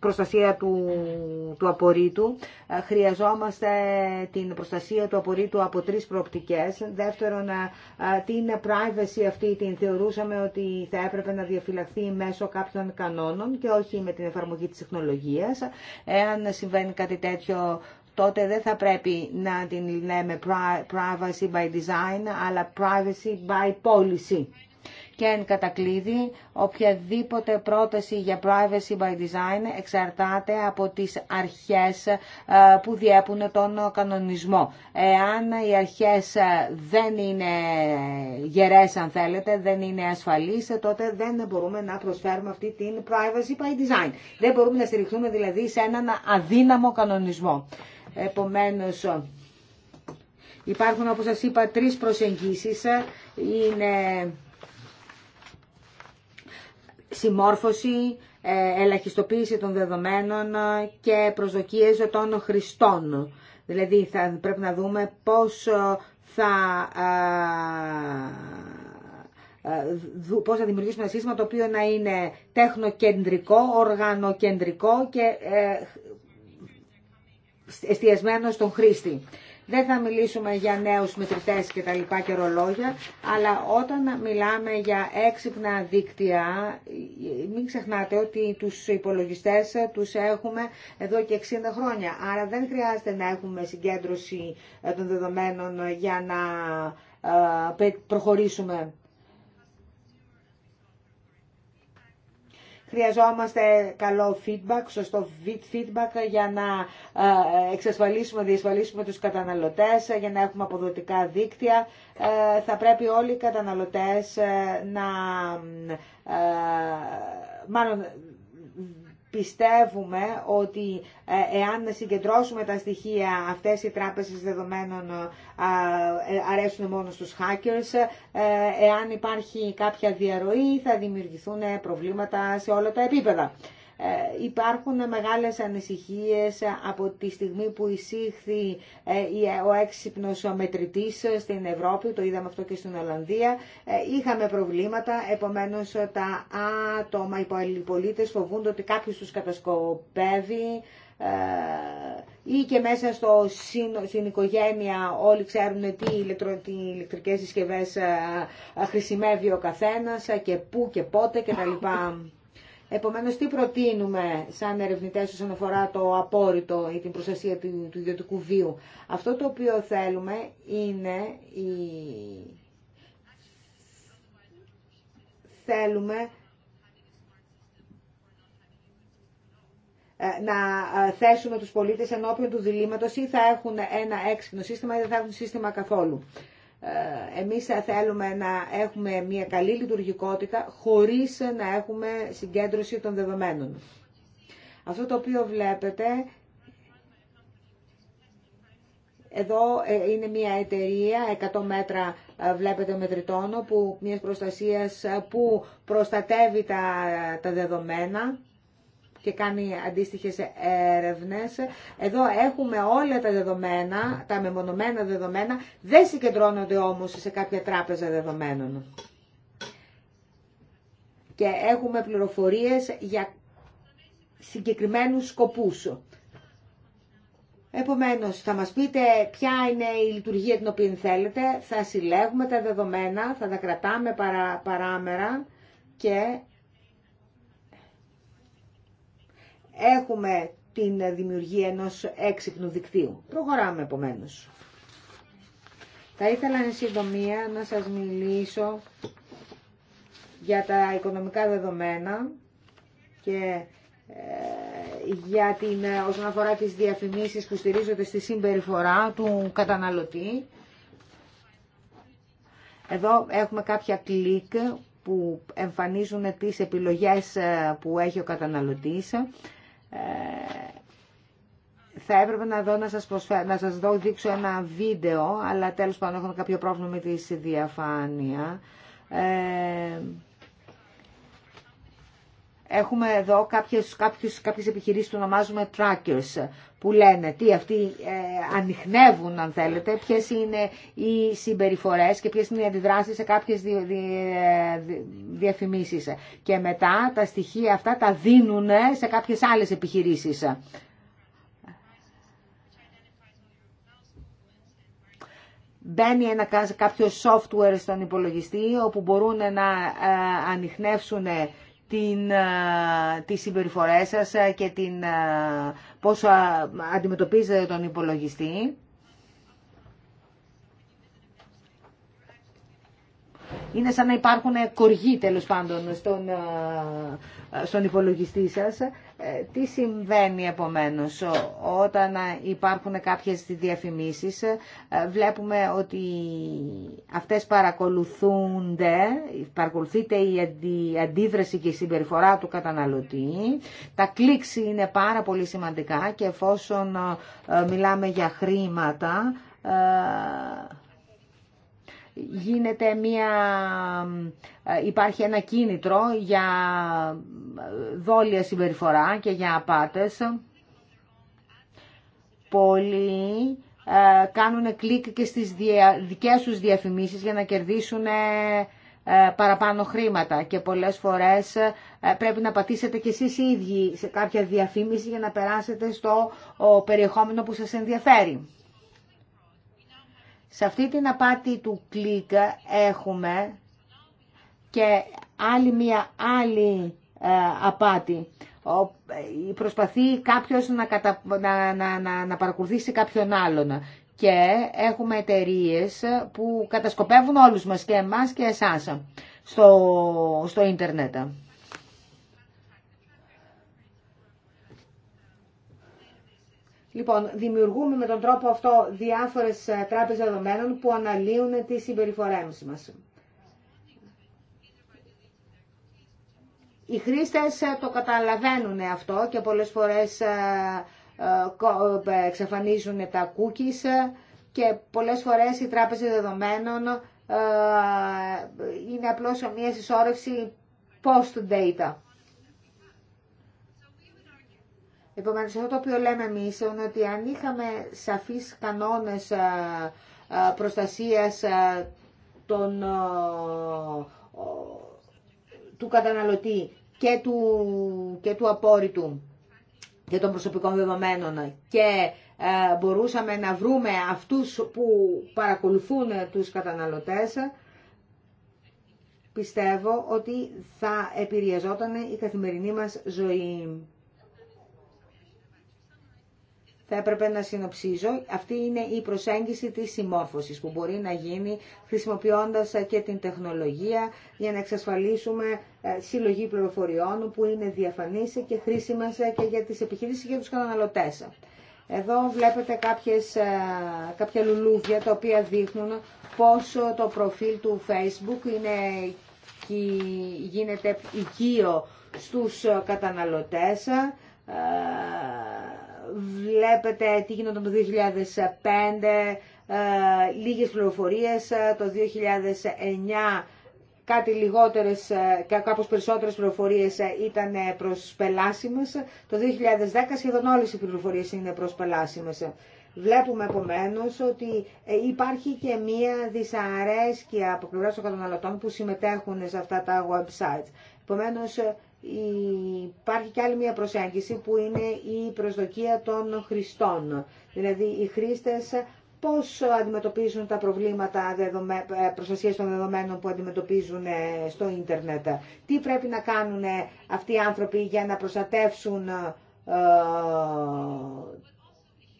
προστασία του, του απορρίτου. Ε, χρειαζόμαστε την προστασία του απορρίτου από τρεις προοπτικές. Δεύτερον, ε, ε, την privacy αυτή την θεωρούσαμε ότι θα έπρεπε να διαφυλαχθεί μέσω κάποιων κανόνων και όχι με την εφαρμογή της τεχνολογίας. Εάν συμβαίνει κάτι τέτοιο, τότε δεν θα πρέπει να την λέμε privacy by design, αλλά privacy by policy και εν κατακλείδη οποιαδήποτε πρόταση για privacy by design εξαρτάται από τις αρχές ε, που διέπουν τον κανονισμό. Εάν οι αρχές ε, δεν είναι γερές αν θέλετε, δεν είναι ασφαλείς, ε, τότε δεν μπορούμε να προσφέρουμε αυτή την privacy by design. Δεν μπορούμε να στηριχθούμε δηλαδή σε έναν αδύναμο κανονισμό. Επομένως, υπάρχουν όπως σας είπα τρεις προσεγγίσεις. Είναι συμμόρφωση, ε, ελαχιστοποίηση των δεδομένων ε, και προσδοκίες των χρηστών. Δηλαδή θα πρέπει να δούμε πώς ε, θα, πώς θα δημιουργήσουμε ένα σύστημα το οποίο να είναι τέχνοκεντρικό, οργανοκεντρικό και εστιασμένο στον χρήστη. Δεν θα μιλήσουμε για νέους μετρητές και τα λοιπά και ρολόγια, αλλά όταν μιλάμε για έξυπνα δίκτυα, μην ξεχνάτε ότι τους υπολογιστές τους έχουμε εδώ και 60 χρόνια. Άρα δεν χρειάζεται να έχουμε συγκέντρωση των δεδομένων για να ε, προχωρήσουμε Χρειαζόμαστε καλό feedback, σωστό feedback για να ε, εξασφαλίσουμε, διασφαλίσουμε τους καταναλωτές, για να έχουμε αποδοτικά δίκτυα. Ε, θα πρέπει όλοι οι καταναλωτές ε, να... Μάλλον πιστεύουμε ότι ε, εάν συγκεντρώσουμε τα στοιχεία αυτές οι τράπεζες δεδομένων ε, ε, αρέσουν μόνο στους hackers, εάν υπάρχει κάποια διαρροή θα δημιουργηθούν προβλήματα σε όλα τα επίπεδα. Ε, υπάρχουν μεγάλες ανησυχίες από τη στιγμή που εισήχθη ε, ο έξυπνος μετρητής στην Ευρώπη, το είδαμε αυτό και στην Ολλανδία. Ε, είχαμε προβλήματα, επομένως τα άτομα, οι πολίτες φοβούνται ότι κάποιος τους κατασκοπεύει, ή και μέσα στο, στην οικογένεια όλοι ξέρουν τι, ηλεκτρο, τι ηλεκτρικές συσκευές χρησιμεύει ο καθένας και πού και πότε κτλ. Επομένως, τι προτείνουμε σαν ερευνητές όσον αφορά το απόρριτο ή την προστασία του ιδιωτικού βίου. Αυτό το οποίο θέλουμε είναι η... θέλουμε ε, να ε, θέσουμε τους πολίτες ενώπιον του διλήμματος ή θα έχουν ένα έξυπνο σύστημα ή δεν θα έχουν σύστημα καθόλου. Ε, εμείς θα θέλουμε να έχουμε μια καλή λειτουργικότητα χωρίς να έχουμε συγκέντρωση των δεδομένων. Αυτό το οποίο βλέπετε εδώ ε, είναι μια εταιρεία, 100 μέτρα ε, βλέπετε μετρητόνο, που, μιας προστασίας που προστατεύει τα, τα δεδομένα και κάνει αντίστοιχες έρευνες. Εδώ έχουμε όλα τα δεδομένα, τα μεμονωμένα δεδομένα, δεν συγκεντρώνονται όμως σε κάποια τράπεζα δεδομένων. Και έχουμε πληροφορίες για συγκεκριμένους σκοπούς. Επομένως, θα μας πείτε ποια είναι η λειτουργία την οποία θέλετε, θα συλλέγουμε τα δεδομένα, θα τα κρατάμε παράμερα και έχουμε την δημιουργία ενός έξυπνου δικτύου. Προχωράμε επομένω. Θα ήθελα εν συντομία να σας μιλήσω για τα οικονομικά δεδομένα και ε, για την, ε, όσον αφορά τις διαφημίσεις που στηρίζονται στη συμπεριφορά του καταναλωτή. Εδώ έχουμε κάποια κλικ που εμφανίζουν τις επιλογές ε, που έχει ο καταναλωτής ε, θα έπρεπε να, δω, να, σας προσφέ... να σας δω, δείξω ένα βίντεο, αλλά τέλος πάντων έχουμε κάποιο πρόβλημα με τη διαφάνεια. Ε... έχουμε εδώ κάποιες, κάποιες, κάποιες επιχειρήσεις που ονομάζουμε trackers που λένε τι αυτοί ε, ανοιχνεύουν αν θέλετε, ποιες είναι οι συμπεριφορές και ποιες είναι οι αντιδράσεις σε κάποιες διαφημίσεις. Και μετά τα στοιχεία αυτά τα δίνουν σε κάποιες άλλες επιχειρήσεις. μπαίνει ένα, κάποιο software στον υπολογιστή όπου μπορούν να ε, ανοιχνεύσουν την, ε, τις συμπεριφορές σας και την πόσο αντιμετωπίζετε τον υπολογιστή είναι σαν να υπάρχουν κοργοί τέλο πάντων στον, ε, στον υπολογιστή σας. Ε, τι συμβαίνει επομένως όταν ε, υπάρχουν κάποιες διαφημίσεις, βλέπουμε ότι αυτές παρακολουθούνται, παρακολουθείται η αντίδραση και η συμπεριφορά του καταναλωτή. Τα κλίξη είναι πάρα πολύ σημαντικά και εφόσον μιλάμε για χρήματα, γίνεται μια, ε, υπάρχει ένα κίνητρο για ε, δόλια συμπεριφορά και για απάτες. Πολλοί ε, κάνουν κλικ και στις δικές τους διαφημίσεις για να κερδίσουν παραπάνω χρήματα και πολλές φορές πρέπει να πατήσετε κι εσείς οι ίδιοι σε κάποια διαφήμιση για να περάσετε στο περιεχόμενο που σας ενδιαφέρει. Σε αυτή την απάτη του κλικ έχουμε και άλλη μία άλλη ε, απάτη. Προσπαθεί κάποιος να, κατα... να, να, να, να παρακολουθήσει κάποιον άλλον. Και έχουμε εταιρείε που κατασκοπεύουν όλους μας και εμάς και εσάς στο, στο ίντερνετ. Λοιπόν, δημιουργούμε με τον τρόπο αυτό διάφορες ε, τράπεζες δεδομένων που αναλύουν τη συμπεριφορά μας. Οι χρήστες ε, το καταλαβαίνουν αυτό και πολλές φορές ε, εξαφανίζουν τα cookies και πολλές φορές οι τράπεζες δεδομένων είναι απλώς μια συσσόρευση post data. Επομένως, αυτό το οποίο λέμε εμείς είναι ότι αν είχαμε σαφείς κανόνες ε, ε, προστασίας ε, των, του καταναλωτή και του, και του απόρριτου και των προσωπικών δεδομένων και μπορούσαμε να βρούμε αυτούς που παρακολουθούν τους καταναλωτές, πιστεύω ότι θα επηρεαζόταν η καθημερινή μας ζωή θα έπρεπε να συνοψίζω. Αυτή είναι η προσέγγιση της συμμόρφωσης που μπορεί να γίνει χρησιμοποιώντας και την τεχνολογία για να εξασφαλίσουμε ε, συλλογή πληροφοριών που είναι διαφανής και χρήσιμα και για τις επιχειρήσεις και για τους καταναλωτές. Εδώ βλέπετε κάποιες, ε, κάποια λουλούδια τα οποία δείχνουν πόσο το προφίλ του Facebook είναι, γίνεται οικείο στους καταναλωτές ε, βλέπετε τι γίνονταν το 2005, ε, λίγες πληροφορίες, ε, το 2009 κάτι λιγότερες, ε, κάπως περισσότερες πληροφορίες ήταν πελάσιμες, Το 2010 σχεδόν όλες οι πληροφορίες είναι προσπελάσιμες. Βλέπουμε επομένω ότι υπάρχει και μία δυσαρέσκεια από πλευρά των καταναλωτών που συμμετέχουν σε αυτά τα websites. Επομένως υπάρχει και άλλη μια προσέγγιση που είναι η προσδοκία των χρηστών. Δηλαδή οι χρήστες πώς αντιμετωπίζουν τα προβλήματα προστασία των δεδομένων που αντιμετωπίζουν ε, στο ίντερνετ. Τι πρέπει να κάνουν ε, αυτοί οι άνθρωποι για να προστατεύσουν ε,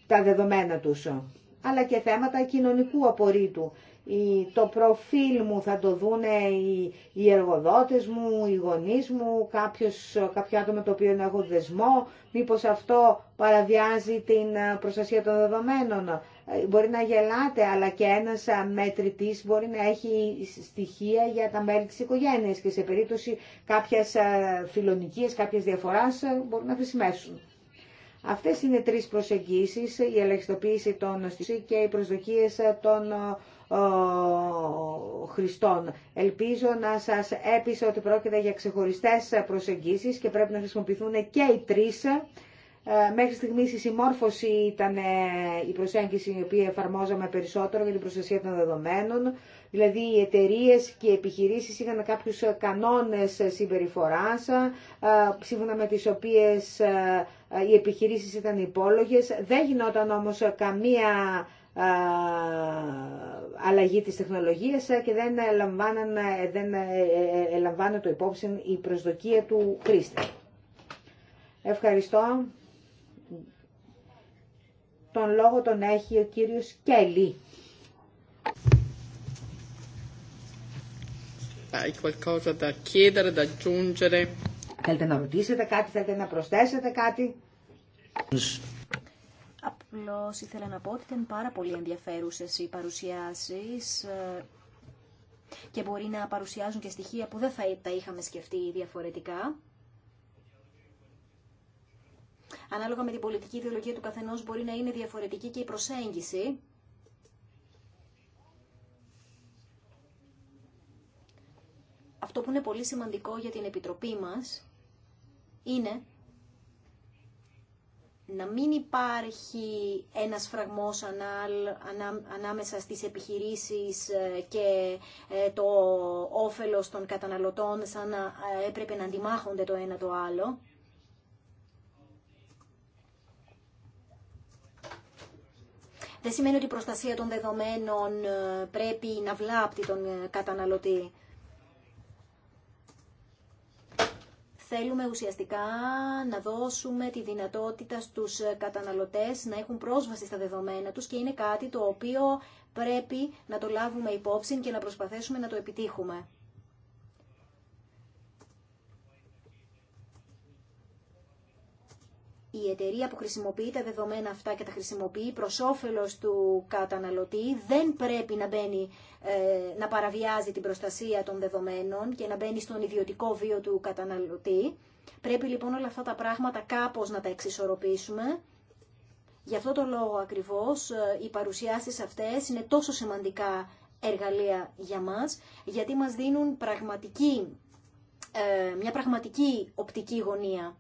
τα δεδομένα τους. Αλλά και θέματα κοινωνικού απορρίτου το προφίλ μου θα το δούνε οι, οι εργοδότες μου, οι γονείς μου, κάποιος, κάποιο άτομο το οποίο έχω δεσμό, μήπως αυτό παραβιάζει την ε, προστασία των δεδομένων. Ε, μπορεί να γελάτε, αλλά και ένας ε, μετρητής μπορεί να έχει στοιχεία για τα μέλη της οικογένειας και σε περίπτωση κάποιας φιλονικίας, κάποιας διαφοράς μπορεί να χρησιμεύσουν. Αυτές είναι τρεις προσεγγίσεις, η ελεγχιστοποίηση των και οι προσδοκίες των Χριστών. Ελπίζω να σας έπεισα ότι πρόκειται για ξεχωριστές προσεγγίσεις και πρέπει να χρησιμοποιηθούν και οι τρεις. Ε, μέχρι στιγμής η συμμόρφωση ήταν ε, η προσέγγιση η οποία εφαρμόζαμε περισσότερο για την προστασία των δεδομένων. Δηλαδή οι εταιρείε και οι επιχειρήσεις είχαν κάποιους κανόνες συμπεριφοράς, ε, σύμφωνα με τις οποίες οι επιχειρήσεις ήταν υπόλογες. Δεν γινόταν όμως καμία αλλαγή της τεχνολογίας και δεν ελαμβάνουν δεν ε, ε, ε, το υπόψη η προσδοκία του χρήστη. Ευχαριστώ. Τον λόγο τον έχει ο κύριος Κέλλη. Θέλετε να ρωτήσετε κάτι, θέλετε να προσθέσετε κάτι. Απλώς ήθελα να πω ότι ήταν πάρα πολύ ενδιαφέρουσες οι παρουσιάσεις ε, και μπορεί να παρουσιάζουν και στοιχεία που δεν θα ε, τα είχαμε σκεφτεί διαφορετικά. Ανάλογα με την πολιτική ιδεολογία του καθενός μπορεί να είναι διαφορετική και η προσέγγιση. Αυτό που είναι πολύ σημαντικό για την Επιτροπή μας είναι να μην υπάρχει ένας φραγμός ανάμεσα στις επιχειρήσεις ε, και ε, το όφελος των καταναλωτών σαν να ε, έπρεπε να αντιμάχονται το ένα το άλλο. Δεν σημαίνει ότι η προστασία των δεδομένων πρέπει να βλάπτει τον καταναλωτή. Θέλουμε ουσιαστικά να δώσουμε τη δυνατότητα στους καταναλωτές να έχουν πρόσβαση στα δεδομένα τους και είναι κάτι το οποίο πρέπει να το λάβουμε υπόψη και να προσπαθήσουμε να το επιτύχουμε. η εταιρεία που χρησιμοποιεί τα δεδομένα αυτά και τα χρησιμοποιεί προ του καταναλωτή δεν πρέπει να μπαίνει ε, να παραβιάζει την προστασία των δεδομένων και να μπαίνει στον ιδιωτικό βίο του καταναλωτή. Πρέπει λοιπόν όλα αυτά τα πράγματα κάπως να τα εξισορροπήσουμε. Γι' αυτό το λόγο ακριβώς ε, οι παρουσιάσεις αυτές είναι τόσο σημαντικά εργαλεία για μας, γιατί μας δίνουν πραγματική, ε, μια πραγματική οπτική γωνία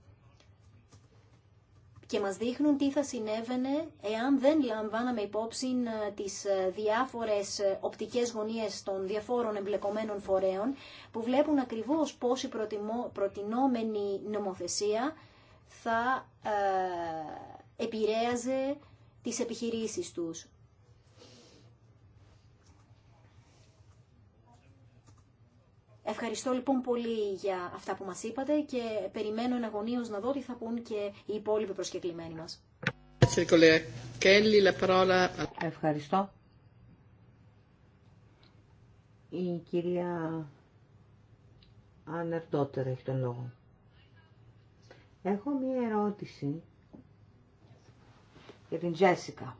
και μας δείχνουν τι θα συνέβαινε εάν δεν λαμβάναμε υπόψη ε, τις ε, διάφορες ε, οπτικές γωνίες των διαφόρων εμπλεκομένων φορέων που βλέπουν ακριβώς πώς η προτινόμενη νομοθεσία θα επηρέαζε τις επιχειρήσεις τους. Ευχαριστώ λοιπόν πολύ για αυτά που μας είπατε και περιμένω εναγωνίως να δω τι θα πούν και οι υπόλοιποι προσκεκλημένοι μας. Ευχαριστώ. Η κυρία Ντότερ έχει τον λόγο. Έχω μία ερώτηση για την Τζέσικα.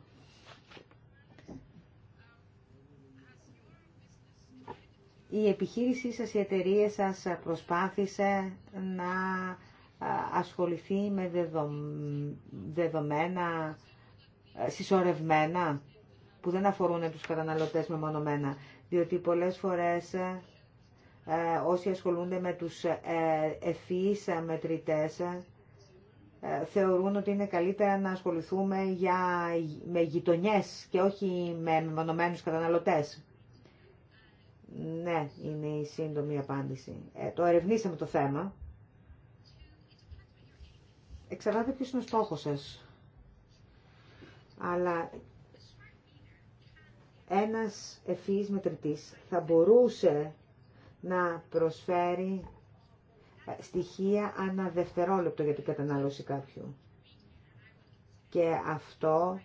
η επιχείρησή σας, η εταιρεία σας προσπάθησε να ασχοληθεί με δεδομένα ε, συσσωρευμένα που δεν αφορούν τους καταναλωτές μεμονωμένα, διότι πολλές φορές ε, όσοι ασχολούνται με τους ε, ευφυείς μετρητές θεωρούν ότι είναι καλύτερα να ασχοληθούμε για, με γειτονιές και όχι με μεμονωμένους καταναλωτές. Ναι, είναι η σύντομη απάντηση. Ε, το ερευνήσαμε το θέμα. Εξαρτάται ποιος είναι ο στόχος σας. Αλλά ένας ευφύης μετρητής θα μπορούσε να προσφέρει ε, στοιχεία ανά δευτερόλεπτο για την κατανάλωση κάποιου. Και αυτό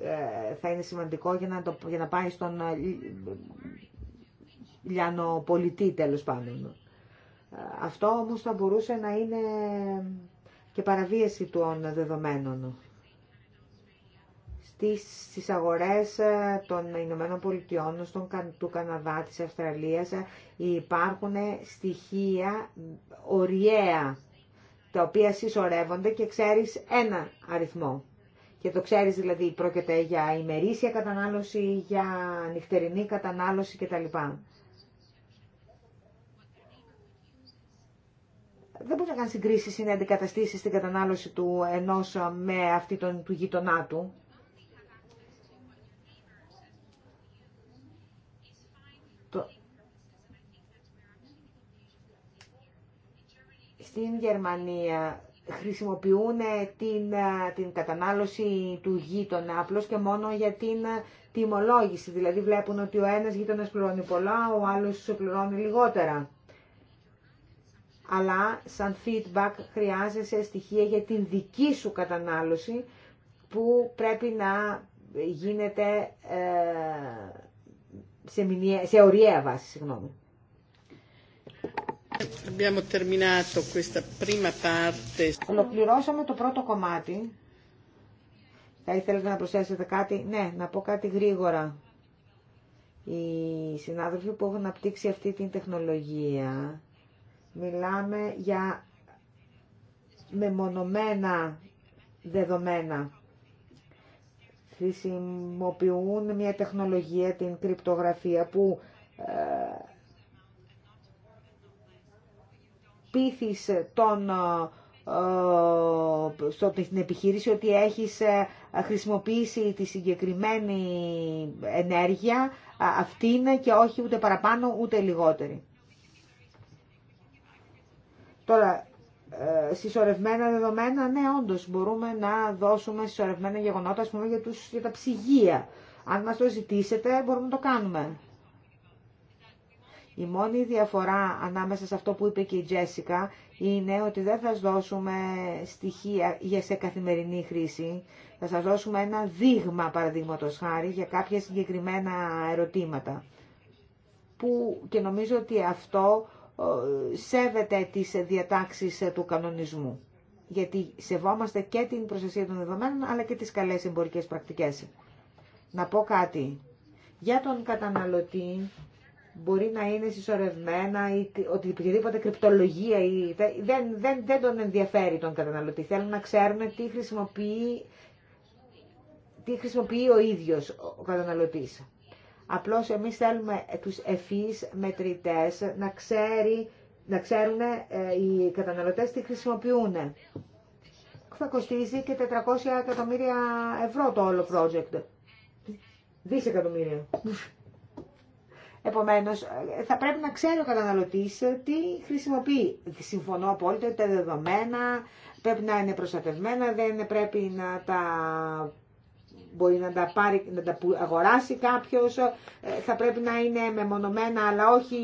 ε, θα είναι σημαντικό για να, το, για να πάει στον ε, λιανοπολιτή τέλος πάντων. Αυτό όμως θα μπορούσε να είναι και παραβίαση των δεδομένων στις, στις αγορές ε, των Ηνωμένων Πολιτειών, στον, του Καναδά, της Αυστραλίας ε, υπάρχουν στοιχεία οριέα τα οποία συσσωρεύονται και ξέρεις ένα αριθμό. Και το ξέρεις δηλαδή πρόκειται για ημερήσια κατανάλωση, για νυχτερινή κατανάλωση κτλ. δεν μπορεί να κάνει συγκρίσει ή να αντικαταστήσει την κατανάλωση του ενό με αυτή τον, του γειτονά του. Στην Γερμανία χρησιμοποιούν ε, την, ε, την κατανάλωση του γείτονα απλώς και μόνο για την ε, τιμολόγηση. Δηλαδή βλέπουν ότι ο ένας γείτονας πληρώνει πολλά, ο άλλος πληρώνει λιγότερα αλλά σαν feedback χρειάζεσαι στοιχεία για την δική σου κατανάλωση που πρέπει να γίνεται ε, σε, μηνιαία, σε ωριαία βάση. Ολοκληρώσαμε το πρώτο κομμάτι. Θα ήθελα να προσθέσετε κάτι. Ναι, να πω κάτι γρήγορα. Οι συνάδελφοι που έχουν απτύξει αυτή την τεχνολογία Μιλάμε για μεμονωμένα δεδομένα. Χρησιμοποιούν μια τεχνολογία, την κρυπτογραφία, που ε, τον, ε, στην επιχείρηση ότι έχεις ε, χρησιμοποιήσει τη συγκεκριμένη ενέργεια, αυτήν και όχι ούτε παραπάνω ούτε λιγότερη. Τώρα, ε, συσσωρευμένα δεδομένα, ναι, όντω μπορούμε να δώσουμε συσσωρευμένα γεγονότα, α πούμε, για, τους, για τα ψυγεία. Αν μα το ζητήσετε, μπορούμε να το κάνουμε. Η μόνη διαφορά ανάμεσα σε αυτό που είπε και η Τζέσικα είναι ότι δεν θα σας δώσουμε στοιχεία για σε καθημερινή χρήση. Θα σας δώσουμε ένα δείγμα, παραδείγματο χάρη, για κάποια συγκεκριμένα ερωτήματα. Που, και νομίζω ότι αυτό σέβεται τις διατάξεις του κανονισμού. Γιατί σεβόμαστε και την προστασία των δεδομένων, αλλά και τις καλές εμπορικές πρακτικές. Να πω κάτι. Για τον καταναλωτή μπορεί να είναι συσσωρευμένα ή οτιδήποτε κρυπτολογία ή δεν, δεν, δεν τον ενδιαφέρει τον καταναλωτή. Θέλουν να ξέρουν τι χρησιμοποιεί, τι χρησιμοποιεί ο ίδιος ο καταναλωτής. Απλώς εμείς θέλουμε τους ευφύς μετρητές να, ξέρει, να ξέρουν ε, οι καταναλωτές τι χρησιμοποιούν. Θα κοστίζει και 400 εκατομμύρια ευρώ το όλο project. Δισεκατομμύρια. Επομένως, ε, θα πρέπει να ξέρει ο καταναλωτής τι χρησιμοποιεί. Συμφωνώ απόλυτα ότι τα δεδομένα πρέπει να είναι προστατευμένα, δεν πρέπει να τα μπορεί να τα, να τα αγοράσει κάποιος, ε, θα πρέπει να είναι μεμονωμένα αλλά όχι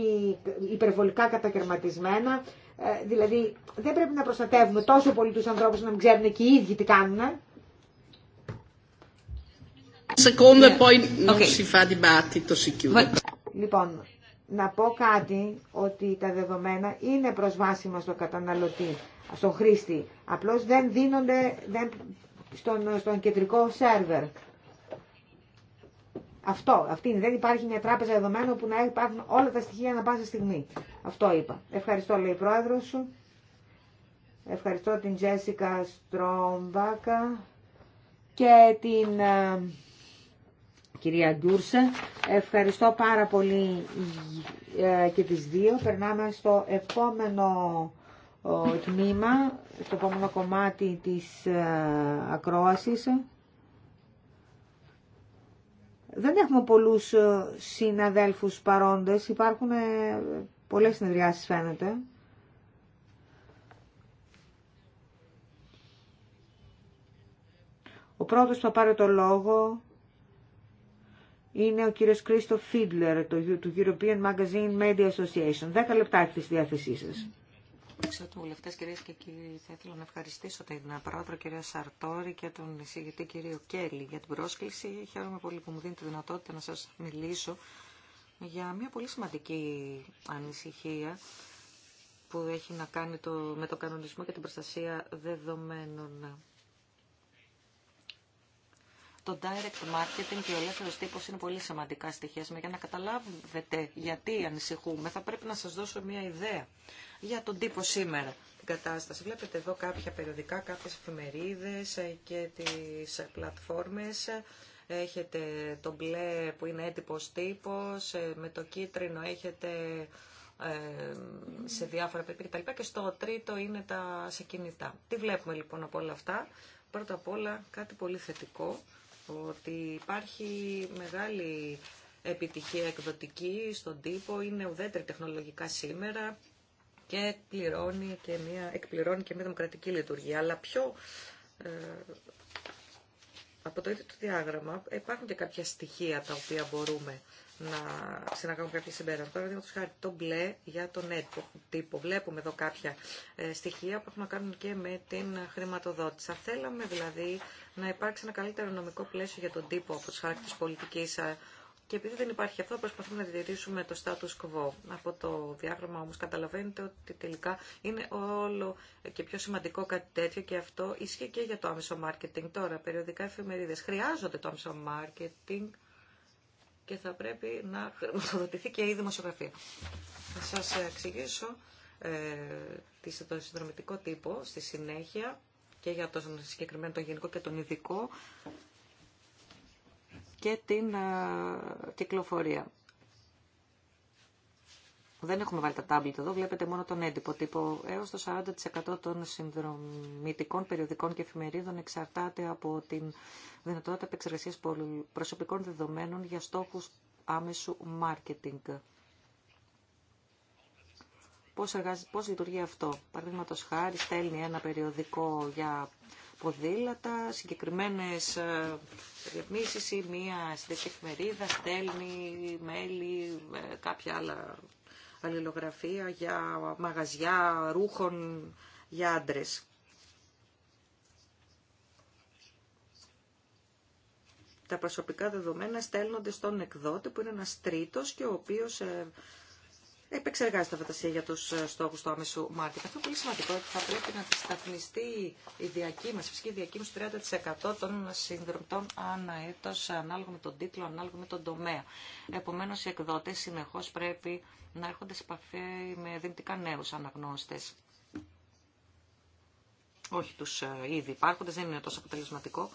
υπερβολικά κατακαιρματισμένα. Ε, δηλαδή δεν πρέπει να προστατεύουμε τόσο πολύ τους ανθρώπους να μην ξέρουν και οι ίδιοι τι κάνουν. Ναι. Λοιπόν, να πω κάτι ότι τα δεδομένα είναι προσβάσιμα στο καταναλωτή, στον χρήστη. Απλώς δεν δίνονται, στον, στον κεντρικό σερβερ. Αυτό, αυτή δεν υπάρχει μια τράπεζα δεδομένων που να υπάρχουν όλα τα στοιχεία να πάσα στιγμή. Αυτό είπα. Ευχαριστώ λέει η πρόεδρο σου. Ευχαριστώ την Τζέσικα Στρόμπακα και την ε, κυρία Ντούρσε. Ευχαριστώ πάρα πολύ ε, και τις δύο. Περνάμε στο επόμενο τμήμα, στο επόμενο κομμάτι της ε, ακρόασης. Δεν έχουμε πολλούς ε, συναδέλφους παρόντες, υπάρχουν ε, πολλές συνεδριάσεις φαίνεται. Ο πρώτος που θα πάρει το λόγο είναι ο κύριος Κρίστοφ Φίντλερ του European Magazine Media Association. Δέκα λεπτά έχει στη διάθεσή σας. Αξιότιμοι βουλευτέ, κυρίε και κύριοι, θα ήθελα να ευχαριστήσω την πρόεδρο κυρία Σαρτόρη και τον εισηγητή κύριο Κέλλη για την πρόσκληση. Χαίρομαι πολύ που μου δίνετε τη δυνατότητα να σα μιλήσω για μια πολύ σημαντική ανησυχία που έχει να κάνει το, με τον κανονισμό και την προστασία δεδομένων. Το direct marketing και ο ελεύθερο τύπο είναι πολύ σημαντικά στοιχεία. Για να καταλάβετε γιατί ανησυχούμε, θα πρέπει να σα δώσω μια ιδέα για τον τύπο σήμερα. Την κατάσταση. Βλέπετε εδώ κάποια περιοδικά, κάποιες εφημερίδες ε, και τις πλατφόρμες. Έχετε το μπλε που είναι έτυπος τύπος, ε, με το κίτρινο έχετε ε, σε διάφορα παιδιά Και στο τρίτο είναι τα σε Τι βλέπουμε λοιπόν από όλα αυτά. Πρώτα απ' όλα κάτι πολύ θετικό, ότι υπάρχει μεγάλη επιτυχία εκδοτική στον τύπο, είναι ουδέτερη τεχνολογικά σήμερα, και, πληρώνει και μια, εκπληρώνει και μια δημοκρατική λειτουργία. Αλλά πιο ε, από το ίδιο το διάγραμμα υπάρχουν και κάποια στοιχεία τα οποία μπορούμε να συναγάγουμε κάποια συμπέρασματα. Παραδείγματο χάρη το μπλε για τον τύπο. Βλέπουμε εδώ κάποια ε, στοιχεία που έχουν να κάνουν και με την χρηματοδότηση. Θα θέλαμε δηλαδή να υπάρξει ένα καλύτερο νομικό πλαίσιο για τον τύπο από του τη πολιτική ε, και επειδή δεν υπάρχει αυτό, προσπαθούμε να διατηρήσουμε το status quo. Από το διάγραμμα όμως καταλαβαίνετε ότι τελικά είναι όλο και πιο σημαντικό κάτι τέτοιο και αυτό ισχύει και για το άμεσο marketing. Τώρα, περιοδικά εφημερίδες χρειάζονται το άμεσο marketing και θα πρέπει να χρηματοδοτηθεί και η δημοσιογραφία. Θα σας εξηγήσω ε, το συνδρομητικό τύπο στη συνέχεια και για το συγκεκριμένο τον γενικό και τον ειδικό και την ε, κυκλοφορία. Δεν έχουμε βάλει τα τάμπλετ εδώ, βλέπετε μόνο τον έντυπο τύπο. Έως το 40% των συνδρομητικών περιοδικών και εφημερίδων εξαρτάται από την δυνατότητα επεξεργασία προσωπικών δεδομένων για στόχους άμεσου μάρκετινγκ. Πώς, λειτουργεί αυτό. Παραδείγματο χάρη στέλνει ένα περιοδικό για ποδήλατα, συγκεκριμένες ρυθμίσεις ε, ή μία συνδέση εφημερίδα στέλνει μέλη, ε, κάποια άλλα αλληλογραφία για μαγαζιά ρούχων για άντρες. Τα προσωπικά δεδομένα στέλνονται στον εκδότη που είναι ένας τρίτος και ο οποίος ε, επεξεργάζεται η τα φαντασία για τους ε, στόχους του άμεσου μάρκετ. Αυτό είναι πολύ σημαντικό ότι θα πρέπει να σταθμιστεί η διακύμαση, φυσική διακύμαση 30% των συνδρομητών ανά έτος, ανάλογα με τον τίτλο, ανάλογα με τον τομέα. Επομένως, οι εκδότες συνεχώς πρέπει να έρχονται σε επαφή με δυνητικά νέους αναγνώστες. Όχι τους ε, ήδη υπάρχοντες, δεν είναι τόσο αποτελεσματικό.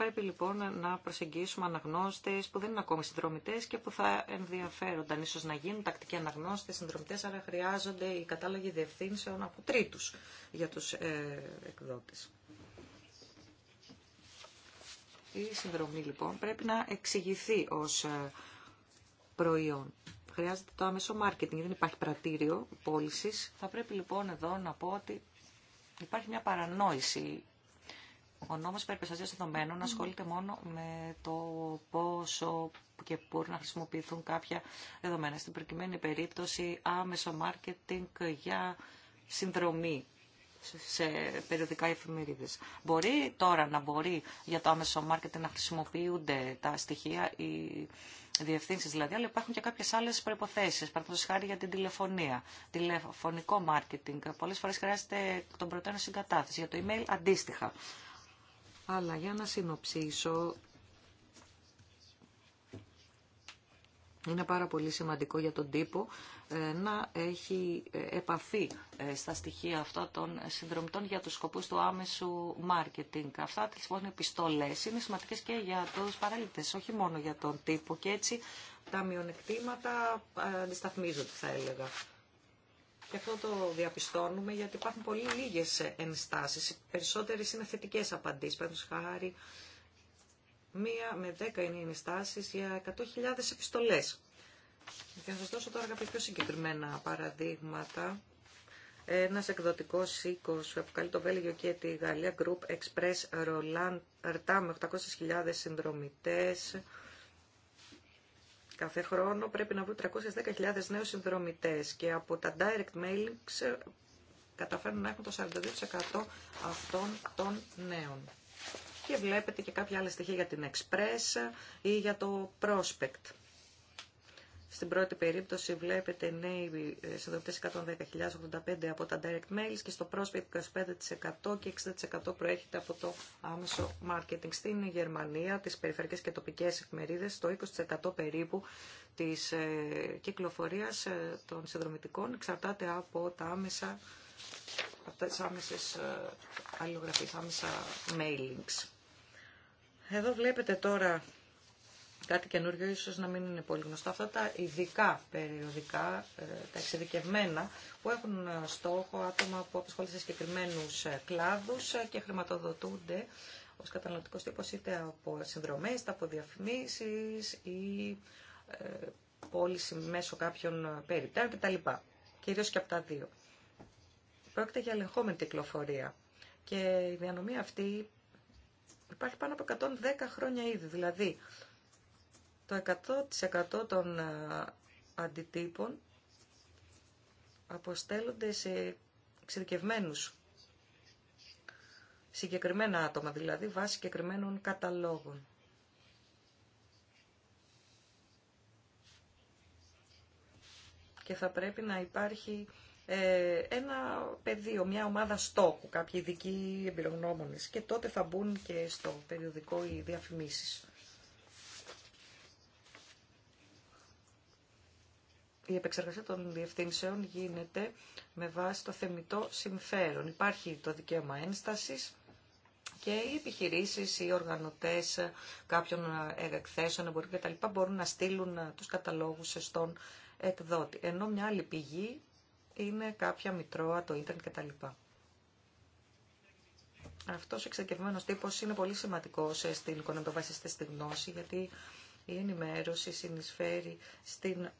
Πρέπει λοιπόν να προσεγγίσουμε αναγνώστες που δεν είναι ακόμη συνδρομητές και που θα ενδιαφέρονταν ίσως να γίνουν τακτικοί αναγνώστες, συνδρομητές, άρα χρειάζονται οι κατάλογοι διευθύνσεων από τρίτους για τους ε, εκδότες. Η συνδρομή λοιπόν πρέπει να εξηγηθεί ως ε, προϊόν. Χρειάζεται το άμεσο μάρκετινγκ, δεν υπάρχει πρατήριο πώληση. Θα πρέπει λοιπόν εδώ να πω ότι υπάρχει μια παρανόηση ο νόμο περί δεδομένων ασχολείται μόνο με το πόσο και πού να χρησιμοποιηθούν κάποια δεδομένα. Στην προκειμένη περίπτωση άμεσο μάρκετινγκ για συνδρομή σε περιοδικά εφημερίδε. Μπορεί τώρα να μπορεί για το άμεσο μάρκετινγκ να χρησιμοποιούνται τα στοιχεία, οι διευθύνσει δηλαδή, αλλά υπάρχουν και κάποιε άλλε προποθέσει. Παραδείγματο χάρη για την τηλεφωνία, τηλεφωνικό μάρκετινγκ. Πολλέ φορέ χρειάζεται τον προτέρων συγκατάθεση. Για το email αντίστοιχα. Αλλά για να συνοψίσω, είναι πάρα πολύ σημαντικό για τον τύπο ε, να έχει ε, επαφή ε, στα στοιχεία αυτά των συνδρομητών για τους σκοπούς του άμεσου μάρκετινγκ. Αυτά τις λοιπόν πιστολές είναι σημαντικές και για τους παραλήπτες, όχι μόνο για τον τύπο και έτσι τα μειονεκτήματα αντισταθμίζονται θα έλεγα. Και αυτό το διαπιστώνουμε γιατί υπάρχουν πολύ λίγες ενστάσει. Οι περισσότερες είναι θετικές απαντήσεις. Παραδείγματος χάρη, μία με δέκα είναι οι για 100.000 επιστολέ. Και να σα δώσω τώρα κάποια πιο συγκεκριμένα παραδείγματα. Ένα εκδοτικό οίκο που αποκαλεί το Βέλγιο και τη Γαλλία, Group Express Roland, Ρτά με 800.000 συνδρομητέ. Κάθε χρόνο πρέπει να βρουν 310.000 νέους συνδρομητές και από τα direct mailings καταφέρνουν να έχουν το 42% αυτών των νέων. Και βλέπετε και κάποια άλλα στοιχεία για την Express ή για το Prospect. Στην πρώτη περίπτωση βλέπετε νέοι συνδρομητές 110.085 από τα direct mails και στο πρόσφυγε 25% και 60% προέρχεται από το άμεσο marketing. Στην Γερμανία, τις περιφερειακές και τοπικές εφημερίδες, το 20% περίπου της ε, κυκλοφορίας ε, των συνδρομητικών εξαρτάται από τα άμεσα από τις άμεσες ε, αλληλογραφίες, άμεσα mailings. Εδώ βλέπετε τώρα κάτι καινούριο, ίσως να μην είναι πολύ γνωστό. Αυτά τα ειδικά περιοδικά, ε, τα εξειδικευμένα, που έχουν ε, στόχο άτομα που απασχολούνται σε συγκεκριμένου ε, κλάδους και χρηματοδοτούνται ως καταναλωτικός τύπος είτε από συνδρομές, είτε από διαφημίσεις ή πώληση μέσω κάποιων περιπτέρων κτλ. Κυρίως και από τα δύο. Πρόκειται για ελεγχόμενη κυκλοφορία. Και η διανομή αυτή υπάρχει πάνω από 110 χρόνια ήδη. Δηλαδή, το 100% των ε, αντιτύπων αποστέλλονται σε εξειδικευμένους συγκεκριμένα άτομα, δηλαδή βάσει συγκεκριμένων καταλόγων. Και θα πρέπει να υπάρχει ε, ένα πεδίο, μια ομάδα στόχου, κάποιοι ειδικοί εμπειρογνώμονες και τότε θα μπουν και στο περιοδικό οι διαφημίσεις. η επεξεργασία των διευθύνσεων γίνεται με βάση το θεμητό συμφέρον. Υπάρχει το δικαίωμα ένστασης και οι επιχειρήσεις, οι οργανωτές κάποιων εκθέσεων τα κτλ. μπορούν να στείλουν τους καταλόγους στον εκδότη. Ενώ μια άλλη πηγή είναι κάποια μητρώα, το ίντερνετ κτλ. Αυτό ο εξακευμένο τύπο είναι πολύ σημαντικό στην το βασιστή στη γνώση, γιατί η ενημέρωση συνεισφέρει στην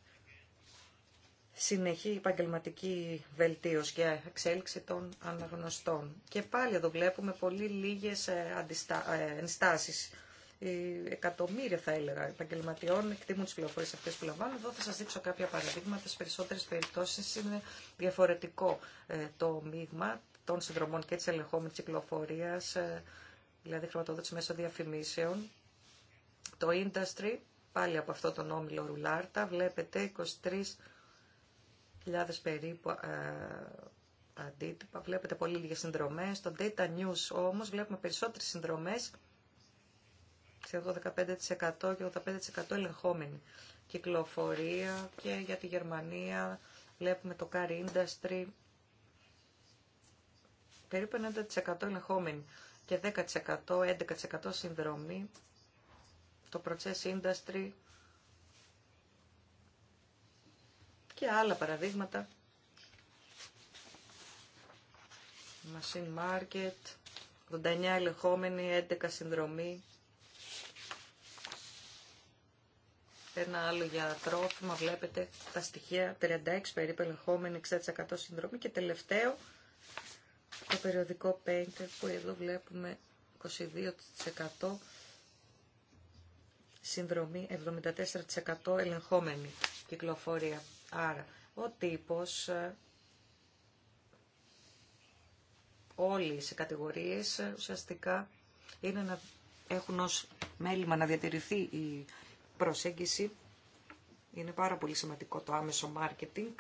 συνεχή επαγγελματική βελτίωση και εξέλιξη των αναγνωστών. Και πάλι εδώ βλέπουμε πολύ λίγες ε, ε, ενστάσεις. Εκατομμύρια θα έλεγα επαγγελματιών εκτιμούν τις πληροφορίε αυτές που λαμβάνουν. Εδώ θα σα δείξω κάποια παραδείγματα. Στι περισσότερε περιπτώσει είναι διαφορετικό ε, το μείγμα των συνδρομών και τη ελεγχόμενης κυκλοφορία, δηλαδή χρηματοδότηση μέσω διαφημίσεων. Το industry, πάλι από αυτό τον όμιλο Ρουλάρτα, βλέπετε 23 περίπου ε, αντίτυπα, βλέπετε πολύ λίγες συνδρομές. Στο Data News όμως βλέπουμε περισσότερες συνδρομές, σε 15% και 85% ελεγχόμενη κυκλοφορία και για τη Γερμανία βλέπουμε το Car Industry περίπου 90% ελεγχόμενη και 10%, 11% συνδρομή. Το Process Industry και άλλα παραδείγματα. Machine Market, 89 ελεγχόμενοι, 11 συνδρομή. Ένα άλλο για τρόφιμα, βλέπετε τα στοιχεία, 36 περίπου ελεγχόμενοι, 6% συνδρομή. Και τελευταίο, το περιοδικό Painter που εδώ βλέπουμε 22% συνδρομή, 74% ελεγχόμενη κυκλοφορία. Άρα, ο τύπος, ε, όλοι οι κατηγορίες ε, ουσιαστικά είναι να έχουν ως μέλημα να διατηρηθεί η προσέγγιση. Είναι πάρα πολύ σημαντικό το άμεσο μάρκετινγκ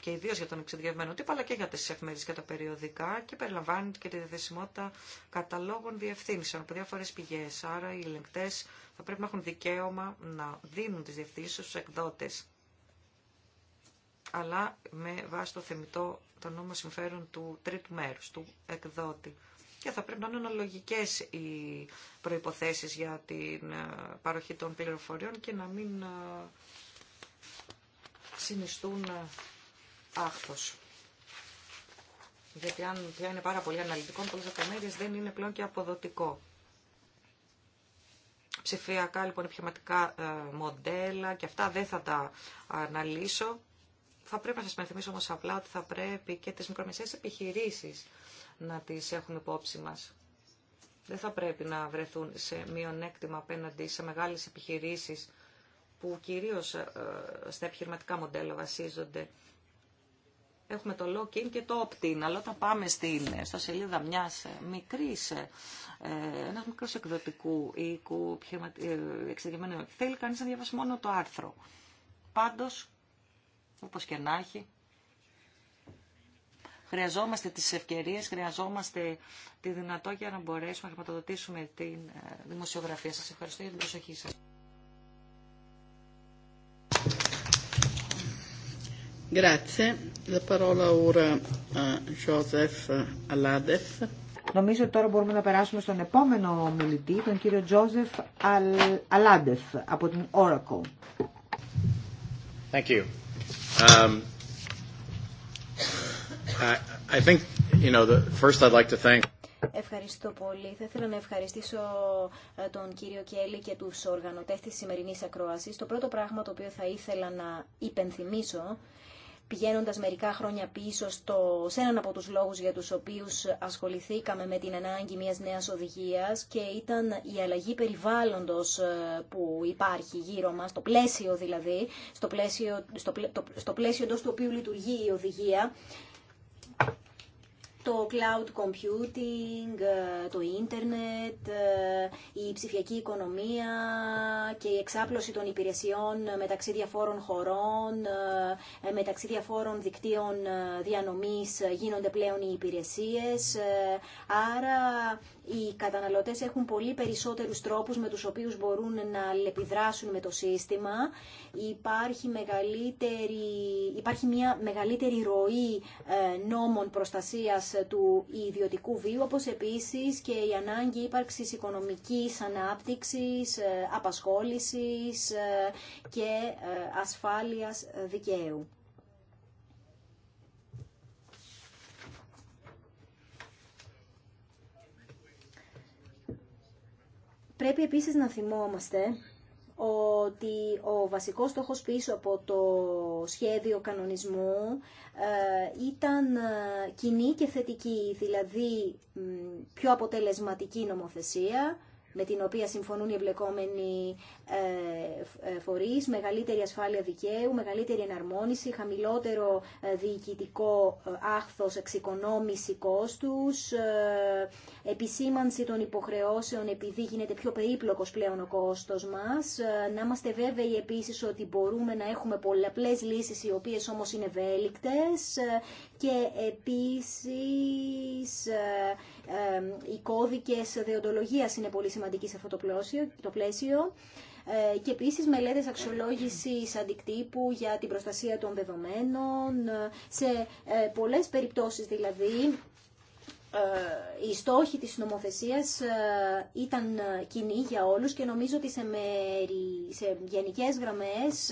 και ιδίως για τον εξειδικευμένο τύπο, αλλά και για τις εφημερίδε και τα περιοδικά και περιλαμβάνει και τη διαθεσιμότητα καταλόγων διευθύνσεων από διάφορε πηγέ. Άρα οι ελεγκτές θα πρέπει να έχουν δικαίωμα να δίνουν τι διευθύνσει στου εκδότε αλλά με βάση το θεμητό το νόμο συμφέρον του τρίτου μέρους, του εκδότη. Και θα πρέπει να είναι αναλογικές οι προϋποθέσεις για την ε, παροχή των πληροφοριών και να μην ε, συνιστούν ε, άχθος. Γιατί αν πια είναι πάρα πολύ αναλυτικό, πολλέ λεπτομέρειε δεν είναι πλέον και αποδοτικό. Ψηφιακά λοιπόν επιχειρηματικά μοντέλα και αυτά δεν θα τα αναλύσω. Θα πρέπει να σας πενθυμίσω όμως απλά ότι θα πρέπει και τις μικρομεσαίες επιχειρήσεις να τις έχουμε υπόψη μας. Δεν θα πρέπει να βρεθούν σε μειονέκτημα απέναντι σε μεγάλες επιχειρήσεις που κυρίως ε, στα επιχειρηματικά μοντέλα βασίζονται. Έχουμε το lock-in και το opt-in, αλλά όταν πάμε στην, στα σελίδα μιας ε, μικρής, ε, ε, ένας μικρός εκδοτικού οίκου θέλει κανείς να διαβάσει μόνο το άρθρο. Πάντως, όπως και να έχει. Χρειαζόμαστε τις ευκαιρίες, χρειαζόμαστε τη δυνατότητα να μπορέσουμε να χρηματοδοτήσουμε τη ε, δημοσιογραφία. Σας ευχαριστώ για την προσοχή σας. Νομίζω τώρα μπορούμε να περάσουμε στον επόμενο μιλητή τον κύριο Τζόζεφ Αλάντεφ από την Oracle. Thank you. Ευχαριστώ πολύ. Θα ήθελα να ευχαριστήσω ε, τον κύριο Κέλλη και τους οργανωτές της σημερινής ακρόασης. Το πρώτο πράγμα το οποίο θα ήθελα να υπενθυμίσω πηγαίνοντας μερικά χρόνια πίσω σε έναν από τους λόγους για τους οποίους ασχοληθήκαμε με την ανάγκη μιας νέας οδηγίας και ήταν η αλλαγή περιβάλλοντος ε, που υπάρχει γύρω μας, το πλαίσιο δηλαδή, στο πλαίσιο, στο, πλαίσιο εντός του οποίου λειτουργεί η οδηγία το cloud computing, ε, το ίντερνετ, ε, η ψηφιακή οικονομία και η εξάπλωση των υπηρεσιών μεταξύ διαφόρων χωρών, ε, μεταξύ διαφόρων δικτύων διανομής γίνονται πλέον οι υπηρεσίες. Άρα οι καταναλωτές έχουν πολύ περισσότερους τρόπους με τους οποίους μπορούν να αλληλεπιδράσουν με το σύστημα. Υπάρχει, μεγαλύτερη, υπάρχει μια μεγαλύτερη ροή ε, νόμων προστασίας του ιδιωτικού βίου, όπως επίσης και η ανάγκη ύπαρξης οικονομικής ανάπτυξης, ε, απασχόλησης ε, και ασφάλειας δικαίου. Πρέπει επίσης να θυμόμαστε ότι ο βασικός στόχος πίσω από το σχέδιο κανονισμού ε, ήταν ε, κοινή και θετική, δηλαδή πιο αποτελεσματική νομοθεσία, με την οποία συμφωνούν οι εμπλεκόμενοι ε, ε, φορείς, μεγαλύτερη ασφάλεια δικαίου, μεγαλύτερη εναρμόνιση, χαμηλότερο ε, διοικητικό άχθο, εξοικονόμηση κόστους, επισήμανση των υποχρεώσεων επειδή γίνεται πιο περίπλοκος πλέον ο κόστος μας, να είμαστε βέβαιοι επίσης ότι μπορούμε να έχουμε πολλαπλέ λύσεις οι οποίες όμως είναι ευέλικτες και επίσης ε, οι κώδικες δεοντολογίας είναι πολύ σημαντικοί σε αυτό το πλαίσιο, το πλαίσιο ε, και επίσης μελέτες αξιολόγησης αντικτύπου για την προστασία των δεδομένων σε ε, πολλές περιπτώσεις δηλαδή οι στόχοι της νομοθεσίας ήταν κοινοί για όλους και νομίζω ότι σε, μέρη, σε γενικές γραμμές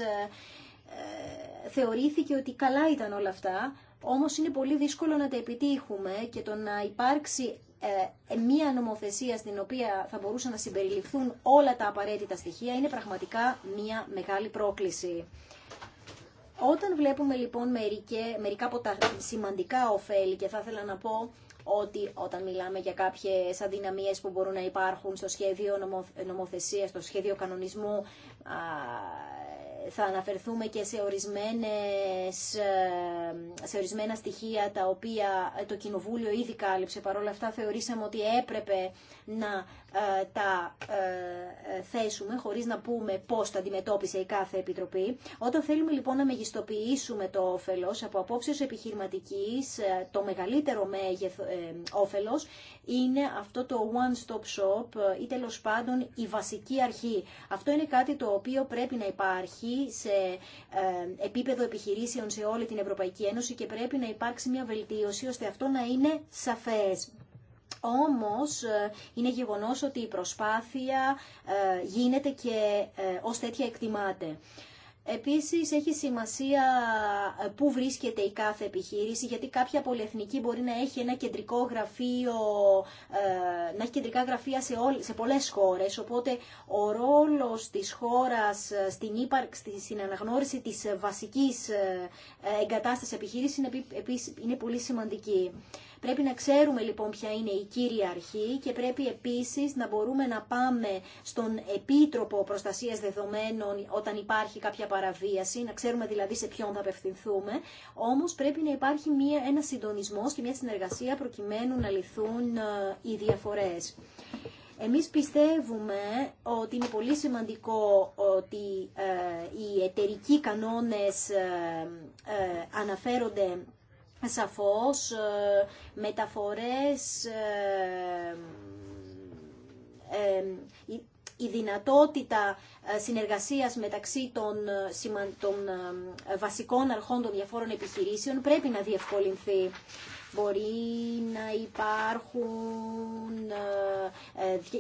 θεωρήθηκε ότι καλά ήταν όλα αυτά όμως είναι πολύ δύσκολο να τα επιτύχουμε και το να υπάρξει ε, μία νομοθεσία στην οποία θα μπορούσαν να συμπεριληφθούν όλα τα απαραίτητα στοιχεία είναι πραγματικά μία μεγάλη πρόκληση. Όταν βλέπουμε λοιπόν μερικέ, μερικά από τα σημαντικά ωφέλη και θα ήθελα να πω ότι όταν μιλάμε για κάποιες αδυναμίες που μπορούν να υπάρχουν στο σχέδιο νομοθεσίας, στο σχέδιο κανονισμού, θα αναφερθούμε και σε, ορισμένες, ε, σε ορισμένα στοιχεία τα οποία το Κοινοβούλιο ήδη κάλυψε. Παρ' όλα αυτά θεωρήσαμε ότι έπρεπε να ε, τα ε, ε, θέσουμε χωρίς να πούμε πώς τα αντιμετώπισε η κάθε επιτροπή. Όταν θέλουμε λοιπόν να μεγιστοποιήσουμε το όφελος από απόψεως επιχειρηματικής, το μεγαλύτερο μέγεθο, όφελος είναι αυτό το one-stop shop ή τέλο πάντων η βασική αρχή. Αυτό είναι κάτι το οποίο πρέπει να υπάρχει σε επίπεδο επιχειρήσεων σε όλη την Ευρωπαϊκή Ένωση και πρέπει να υπάρξει μια βελτίωση ώστε αυτό να είναι σαφές. Όμως ε, είναι γεγονός ότι η προσπάθεια ε, γίνεται και ε, ως τέτοια εκτιμάται. Επίσης έχει σημασία πού βρίσκεται η κάθε επιχείρηση, γιατί κάποια πολυεθνική μπορεί να έχει ένα κεντρικό γραφείο, να έχει κεντρικά γραφεία σε, σε πολλές χώρες, οπότε ο ρόλος της χώρας στην, ύπαρξη, στην αναγνώριση της βασικής εγκατάστασης επιχείρησης είναι πολύ σημαντική. Πρέπει να ξέρουμε λοιπόν ποια είναι η κύρια αρχή και πρέπει επίσης να μπορούμε να πάμε στον Επίτροπο Προστασίας Δεδομένων όταν υπάρχει κάποια παραβίαση, να ξέρουμε δηλαδή σε ποιον θα απευθυνθούμε, όμως πρέπει να υπάρχει μια, ένα συντονισμός και μια συνεργασία προκειμένου να λυθούν ε, οι διαφορές. Εμείς πιστεύουμε ότι είναι πολύ σημαντικό ότι ε, οι εταιρικοί κανόνες ε, αναφέρονται σαφώς ε, μεταφορές ε, ε, η δυνατότητα συνεργασίας μεταξύ των, των βασικών αρχών των διαφόρων επιχειρήσεων πρέπει να διευκολυνθεί. Μπορεί να υπάρχουν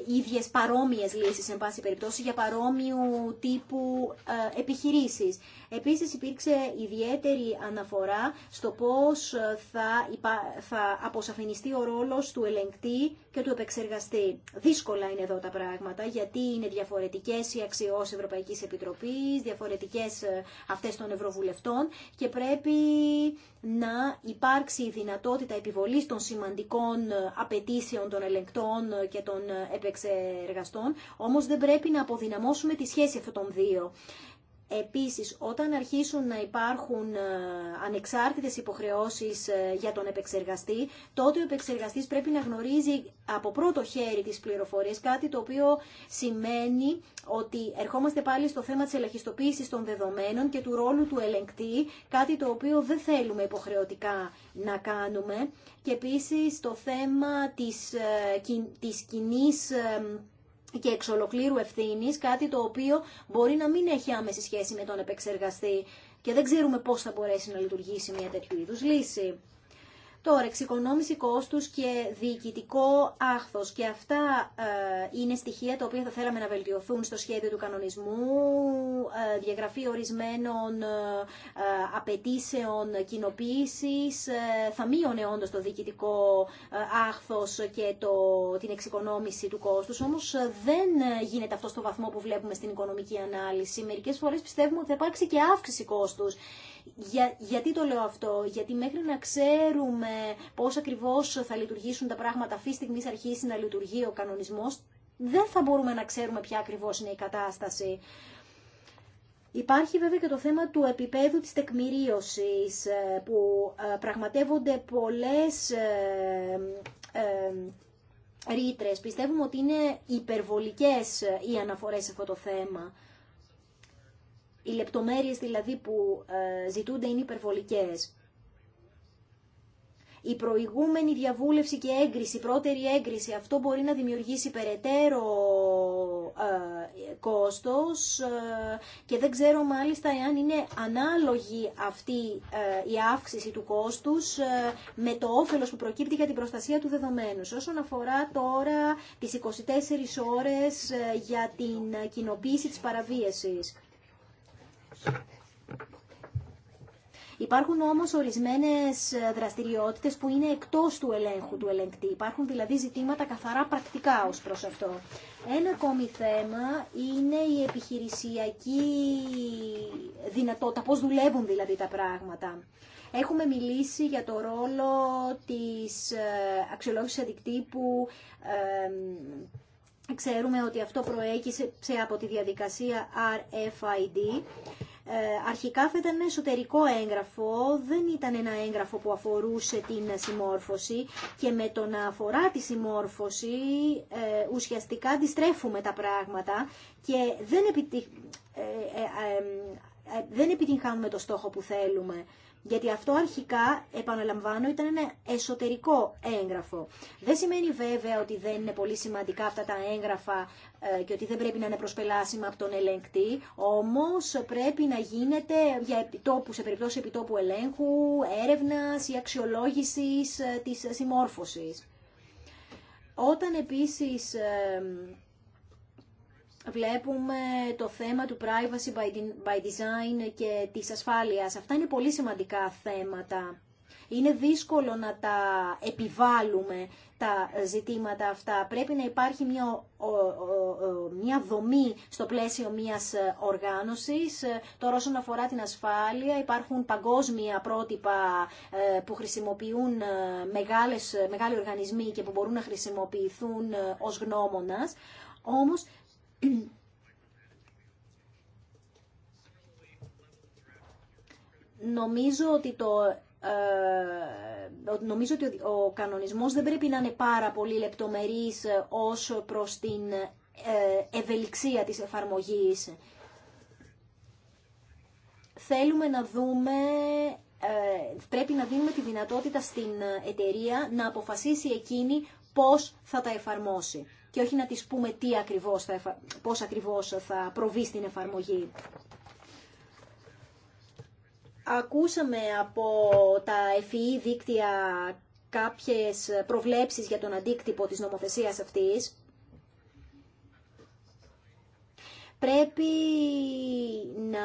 ίδιες παρόμοιες λύσεις, εν πάση περιπτώσει, για παρόμοιου τύπου επιχειρήσεις. Επίσης υπήρξε ιδιαίτερη αναφορά στο πώς ε, θα, υπα... θα αποσαφινιστεί ο ρόλος του ελεγκτή και του επεξεργαστή. Δύσκολα είναι εδώ τα πράγματα γιατί είναι διαφορετικές οι αξιώσεις Ευρωπαϊκής Επιτροπής, διαφορετικές ε, αυτές των Ευρωβουλευτών και πρέπει να υπάρξει η δυνατότητα επιβολής των σημαντικών ε, απαιτήσεων των ελεγκτών και των επεξεργαστών, όμως δεν πρέπει να αποδυναμώσουμε τη σχέση αυτών των δύο. Επίσης, όταν αρχίσουν να υπάρχουν ε, ανεξάρτητες υποχρεώσεις ε, για τον επεξεργαστή, τότε ο επεξεργαστής πρέπει να γνωρίζει από πρώτο χέρι τις πληροφορίες, κάτι το οποίο σημαίνει ότι ερχόμαστε πάλι στο θέμα της ελαχιστοποίησης των δεδομένων και του ρόλου του ελεγκτή, κάτι το οποίο δεν θέλουμε υποχρεωτικά να κάνουμε. Και επίσης το θέμα της, ε, της κοινής και εξ ολοκλήρου ευθύνη, κάτι το οποίο μπορεί να μην έχει άμεση σχέση με τον επεξεργαστή και δεν ξέρουμε πώς θα μπορέσει να λειτουργήσει μια τέτοιου είδους λύση. Τώρα, εξοικονόμηση κόστους και διοικητικό άχθος και αυτά ε, είναι στοιχεία τα οποία θα θέλαμε να βελτιωθούν στο σχέδιο του κανονισμού, ε, διαγραφή ορισμένων ε, απαιτήσεων κοινοποίηση, θα μείωνε όντως το διοικητικό άχθος και το, την εξοικονόμηση του κόστους, όμως δεν γίνεται αυτό στο βαθμό που βλέπουμε στην οικονομική ανάλυση. Μερικές φορές πιστεύουμε ότι θα υπάρξει και αύξηση κόστους. Για, γιατί το λέω αυτό, γιατί μέχρι να ξέρουμε πώς ακριβώς θα λειτουργήσουν τα πράγματα αυτή τη στιγμή αρχίσει να λειτουργεί ο κανονισμός, δεν θα μπορούμε να ξέρουμε ποια ακριβώς είναι η κατάσταση. Υπάρχει βέβαια και το θέμα του επίπεδου της τεκμηρίωσης ε, που ε, πραγματεύονται πολλές ε, ρήτρες. Πιστεύουμε ότι είναι υπερβολικές οι αναφορές σε αυτό το θέμα. Οι λεπτομέρειες δηλαδή που ε, ζητούνται είναι υπερβολικές. Η προηγούμενη διαβούλευση και έγκριση, η πρώτερη έγκριση, αυτό μπορεί να δημιουργήσει περαιτέρω ε, κόστος ε, και δεν ξέρω μάλιστα εάν είναι ανάλογη αυτή η αύξηση του κόστους με το όφελος που προκύπτει για την προστασία του δεδομένου. Όσον αφορά τώρα τις 24 ώρες για την κοινοποίηση της παραβίασης. Υπάρχουν όμως ορισμένες δραστηριότητες που είναι εκτός του ελέγχου του ελεγκτή. Υπάρχουν δηλαδή ζητήματα καθαρά πρακτικά ως προς αυτό. Ένα ακόμη θέμα είναι η επιχειρησιακή δυνατότητα, πώς δουλεύουν δηλαδή τα πράγματα. Έχουμε μιλήσει για το ρόλο της ε, αξιολόγησης αντικτύπου Ξέρουμε ότι αυτό προέκυψε από τη διαδικασία RFID ε, αρχικά ήταν ένα εσωτερικό έγγραφο, δεν ήταν ένα έγγραφο που αφορούσε την συμμόρφωση και με το να αφορά τη συμμόρφωση ε, ουσιαστικά αντιστρέφουμε τα πράγματα και δεν, ε, δεν επιτυγχάνουμε το στόχο που θέλουμε. Γιατί αυτό αρχικά, επαναλαμβάνω, ήταν ένα εσωτερικό έγγραφο. Δεν σημαίνει βέβαια ότι δεν είναι πολύ σημαντικά αυτά τα έγγραφα ε, και ότι δεν πρέπει να είναι προσπελάσιμα από τον ελεγκτή, όμως πρέπει να γίνεται για επιτόπου, σε περιπτώσει επιτόπου ελέγχου, έρευνας ή αξιολόγησης ε, της ε, συμμόρφωσης. Όταν επίσης βλέπουμε το θέμα του privacy by design και της ασφάλειας. Αυτά είναι πολύ σημαντικά θέματα. Είναι δύσκολο να τα επιβάλλουμε τα ζητήματα αυτά. Πρέπει να υπάρχει μια, μια δομή στο πλαίσιο μιας οργάνωσης. Τώρα όσον αφορά την ασφάλεια υπάρχουν παγκόσμια πρότυπα ε, που χρησιμοποιούν ε, μεγάλες, ε, μεγάλοι οργανισμοί και που μπορούν να χρησιμοποιηθούν ως γνώμονας. Όμως Νομίζω ότι το ε, νομίζω ότι ο κανονισμός δεν πρέπει να είναι πάρα πολύ λεπτομερής ε, ως προς την ε, ευελιξία της εφαρμογής. Θέλουμε να δούμε, πρέπει να δίνουμε τη δυνατότητα στην εταιρεία να αποφασίσει εκείνη πώς θα τα εφαρμόσει και όχι να τις πούμε τι ακριβώς θα, πώς ακριβώς θα προβεί στην εφαρμογή. Ακούσαμε από τα FEE e δίκτυα κάποιες προβλέψεις για τον αντίκτυπο της νομοθεσίας αυτής. Πρέπει να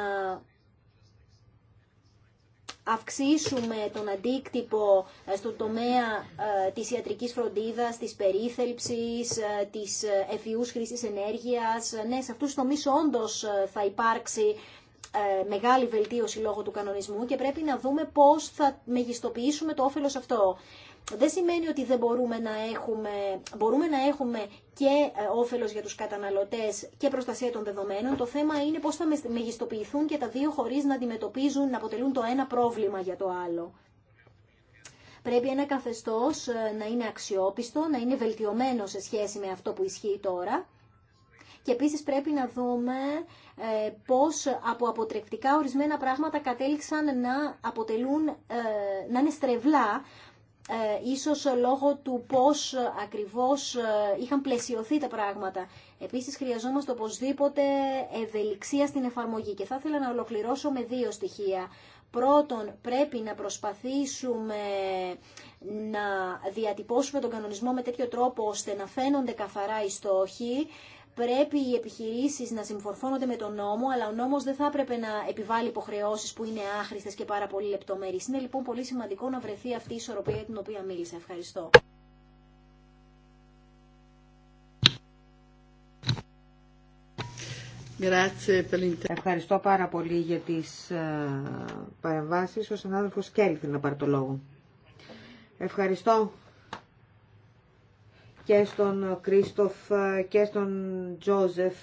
αυξήσουμε τον αντίκτυπο ε, στον τομέα ε, της ιατρικής φροντίδας, της περίθελψης, ε, της ευφυούς χρήσης ενέργειας. Ναι, σε αυτούς τους τομείς όντως θα υπάρξει μεγάλη βελτίωση λόγω του κανονισμού και πρέπει να δούμε πώς θα μεγιστοποιήσουμε το όφελος αυτό δεν σημαίνει ότι δεν μπορούμε να έχουμε, μπορούμε να έχουμε και ε, όφελος για τους καταναλωτές και προστασία των δεδομένων. Το θέμα είναι πώς θα μεγιστοποιηθούν και τα δύο χωρίς να αντιμετωπίζουν, να αποτελούν το ένα πρόβλημα για το άλλο. Πρέπει ένα καθεστώς ε, να είναι αξιόπιστο, να είναι βελτιωμένο σε σχέση με αυτό που ισχύει τώρα. Και επίσης πρέπει να δούμε ε, πώς από αποτρεπτικά ορισμένα πράγματα κατέληξαν να αποτελούν, να είναι στρεβλά ε, ίσως λόγω του πώς ακριβώς ε, είχαν πλαισιωθεί τα πράγματα. Επίσης χρειαζόμαστε οπωσδήποτε ευελιξία στην εφαρμογή και θα ήθελα να ολοκληρώσω με δύο στοιχεία. Πρώτον, πρέπει να προσπαθήσουμε να διατυπώσουμε τον κανονισμό με τέτοιο τρόπο ώστε να φαίνονται καθαρά οι στόχοι πρέπει οι επιχειρήσει να συμφορφώνονται με τον νόμο, αλλά ο νόμος δεν θα έπρεπε να επιβάλλει υποχρεώσεις που είναι άχρηστες και πάρα πολύ λεπτομέρειε. Είναι λοιπόν πολύ σημαντικό να βρεθεί αυτή η ισορροπία την οποία μίλησα. Ευχαριστώ. Ευχαριστώ πάρα πολύ για τις ε, παρεμβάσεις. Ο συνάδελφος Κέλφιν να πάρει το λόγο. Ευχαριστώ και στον Κρίστοφ και στον Τζόζεφ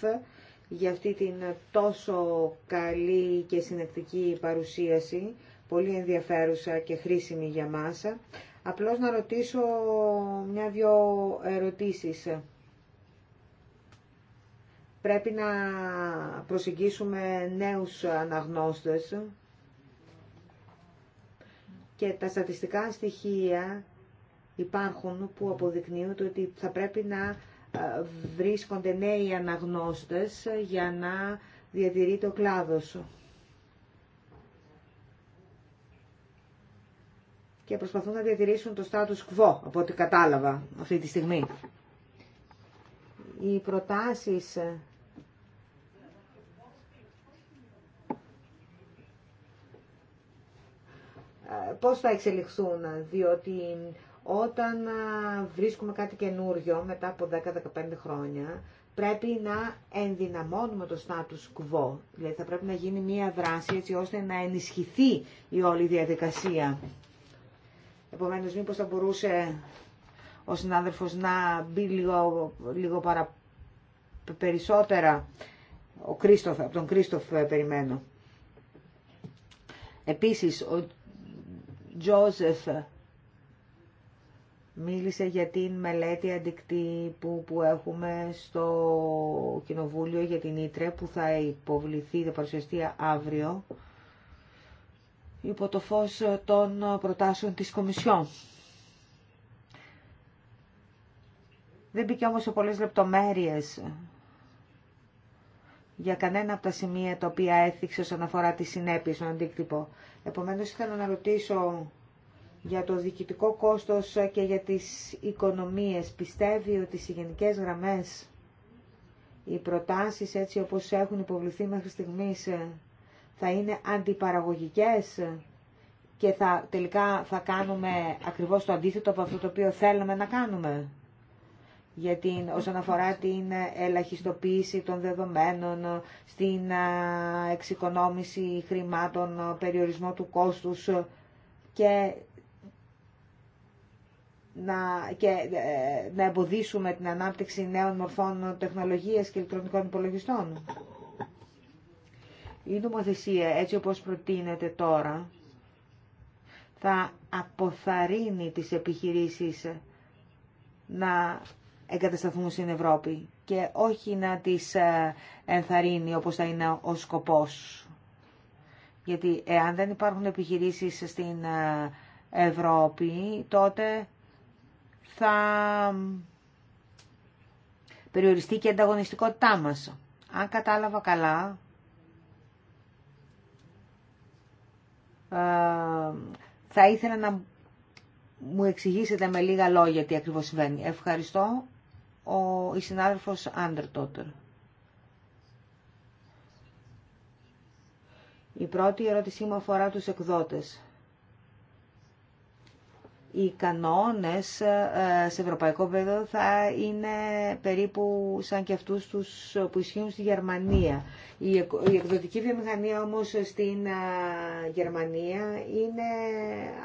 για αυτή την τόσο καλή και συνεκτική παρουσίαση, πολύ ενδιαφέρουσα και χρήσιμη για μας. Απλώς να ρωτήσω μια-δυο ερωτήσεις. Πρέπει να προσεγγίσουμε νέους αναγνώστες και τα στατιστικά στοιχεία υπάρχουν που αποδεικνύουν ότι θα πρέπει να ε, βρίσκονται νέοι αναγνώστες για να διατηρεί το κλάδο σου. Και προσπαθούν να διατηρήσουν το status quo, από ό,τι κατάλαβα αυτή τη στιγμή. Οι προτάσεις ε, ε, πώς θα εξελιχθούν, διότι όταν βρίσκουμε κάτι καινούριο μετά από 10-15 χρόνια, πρέπει να ενδυναμώνουμε το status quo. Δηλαδή θα πρέπει να γίνει μία δράση έτσι ώστε να ενισχυθεί η όλη διαδικασία. Επομένως, μήπως θα μπορούσε ο συνάδελφος να μπει λίγο, λίγο περισσότερα. Ο Κρίστοφ, από τον Κρίστοφ ε, περιμένω. Επίσης, ο Τζόζεφ μίλησε για την μελέτη αντικτύπου που έχουμε στο Κοινοβούλιο για την Ήτρε που θα υποβληθεί, θα παρουσιαστεί αύριο υπό το φως των προτάσεων της Κομισιόν. Δεν μπήκε όμως σε πολλές λεπτομέρειες για κανένα από τα σημεία τα οποία έθιξε όσον αφορά τις συνέπειες στον αντίκτυπο. Επομένως, ήθελα να ρωτήσω για το διοικητικό κόστος και για τις οικονομίες. Πιστεύει ότι οι γενικές γραμμές, οι προτάσεις έτσι όπως έχουν υποβληθεί μέχρι στιγμής θα είναι αντιπαραγωγικές και θα, τελικά θα κάνουμε ακριβώς το αντίθετο από αυτό το οποίο θέλουμε να κάνουμε. Για την, όσον αφορά την ελαχιστοποίηση των δεδομένων, στην εξοικονόμηση χρημάτων, περιορισμό του κόστους και να, και ε, να εμποδίσουμε την ανάπτυξη νέων μορφών τεχνολογίας και ηλεκτρονικών υπολογιστών. Η νομοθεσία έτσι όπως προτείνεται τώρα θα αποθαρρύνει τις επιχειρήσεις να εγκατασταθούν στην Ευρώπη και όχι να τις ε, ενθαρρύνει όπως θα είναι ο σκοπός. Γιατί εάν δεν υπάρχουν επιχειρήσεις στην ε, Ευρώπη, τότε θα περιοριστεί και η ανταγωνιστικότητά μας. Αν κατάλαβα καλά, ε, θα ήθελα να μου εξηγήσετε με λίγα λόγια τι ακριβώς συμβαίνει. Ευχαριστώ ο, η συνάδελφος Άντρ Η πρώτη ερώτησή μου αφορά τους εκδότες οι κανόνες ε, σε ευρωπαϊκό επίπεδο θα είναι περίπου σαν και αυτούς τους που ισχύουν στη Γερμανία. Η εκδοτική βιομηχανία όμως στην ε, Γερμανία είναι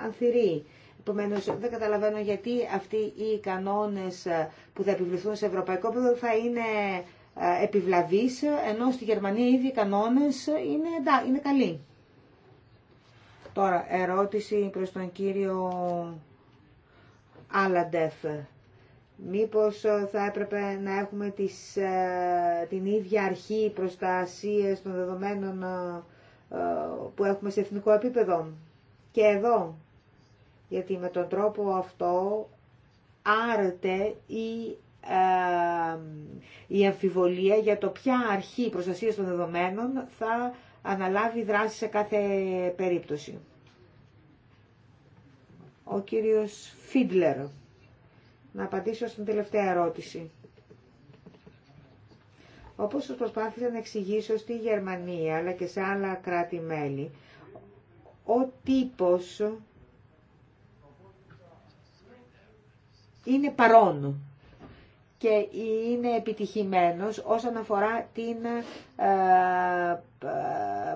ανθυρή. Επομένω, δεν καταλαβαίνω γιατί αυτοί οι κανόνες ε, που θα επιβληθούν σε ευρωπαϊκό επίπεδο θα είναι επιβλαβείς, ενώ στη Γερμανία ήδη οι κανόνες είναι, είναι καλοί. Τώρα, ερώτηση προς τον κύριο Άλαντεφ. Μήπως ε, θα έπρεπε να έχουμε ε, την ίδια αρχή προστασίας των δεδομένων ε, που έχουμε σε εθνικό επίπεδο και εδώ. Γιατί με τον τρόπο αυτό άρεται η, η αμφιβολία για το ποια αρχή προστασίας των δεδομένων θα αναλάβει δράση σε κάθε περίπτωση ο κύριος Φίντλερ. Να απαντήσω στην τελευταία ερώτηση. Όπως σας προσπάθησα να εξηγήσω στη Γερμανία αλλά και σε άλλα κράτη-μέλη, ο τύπος είναι παρόν και είναι επιτυχημένος όσον αφορά την ε, ε,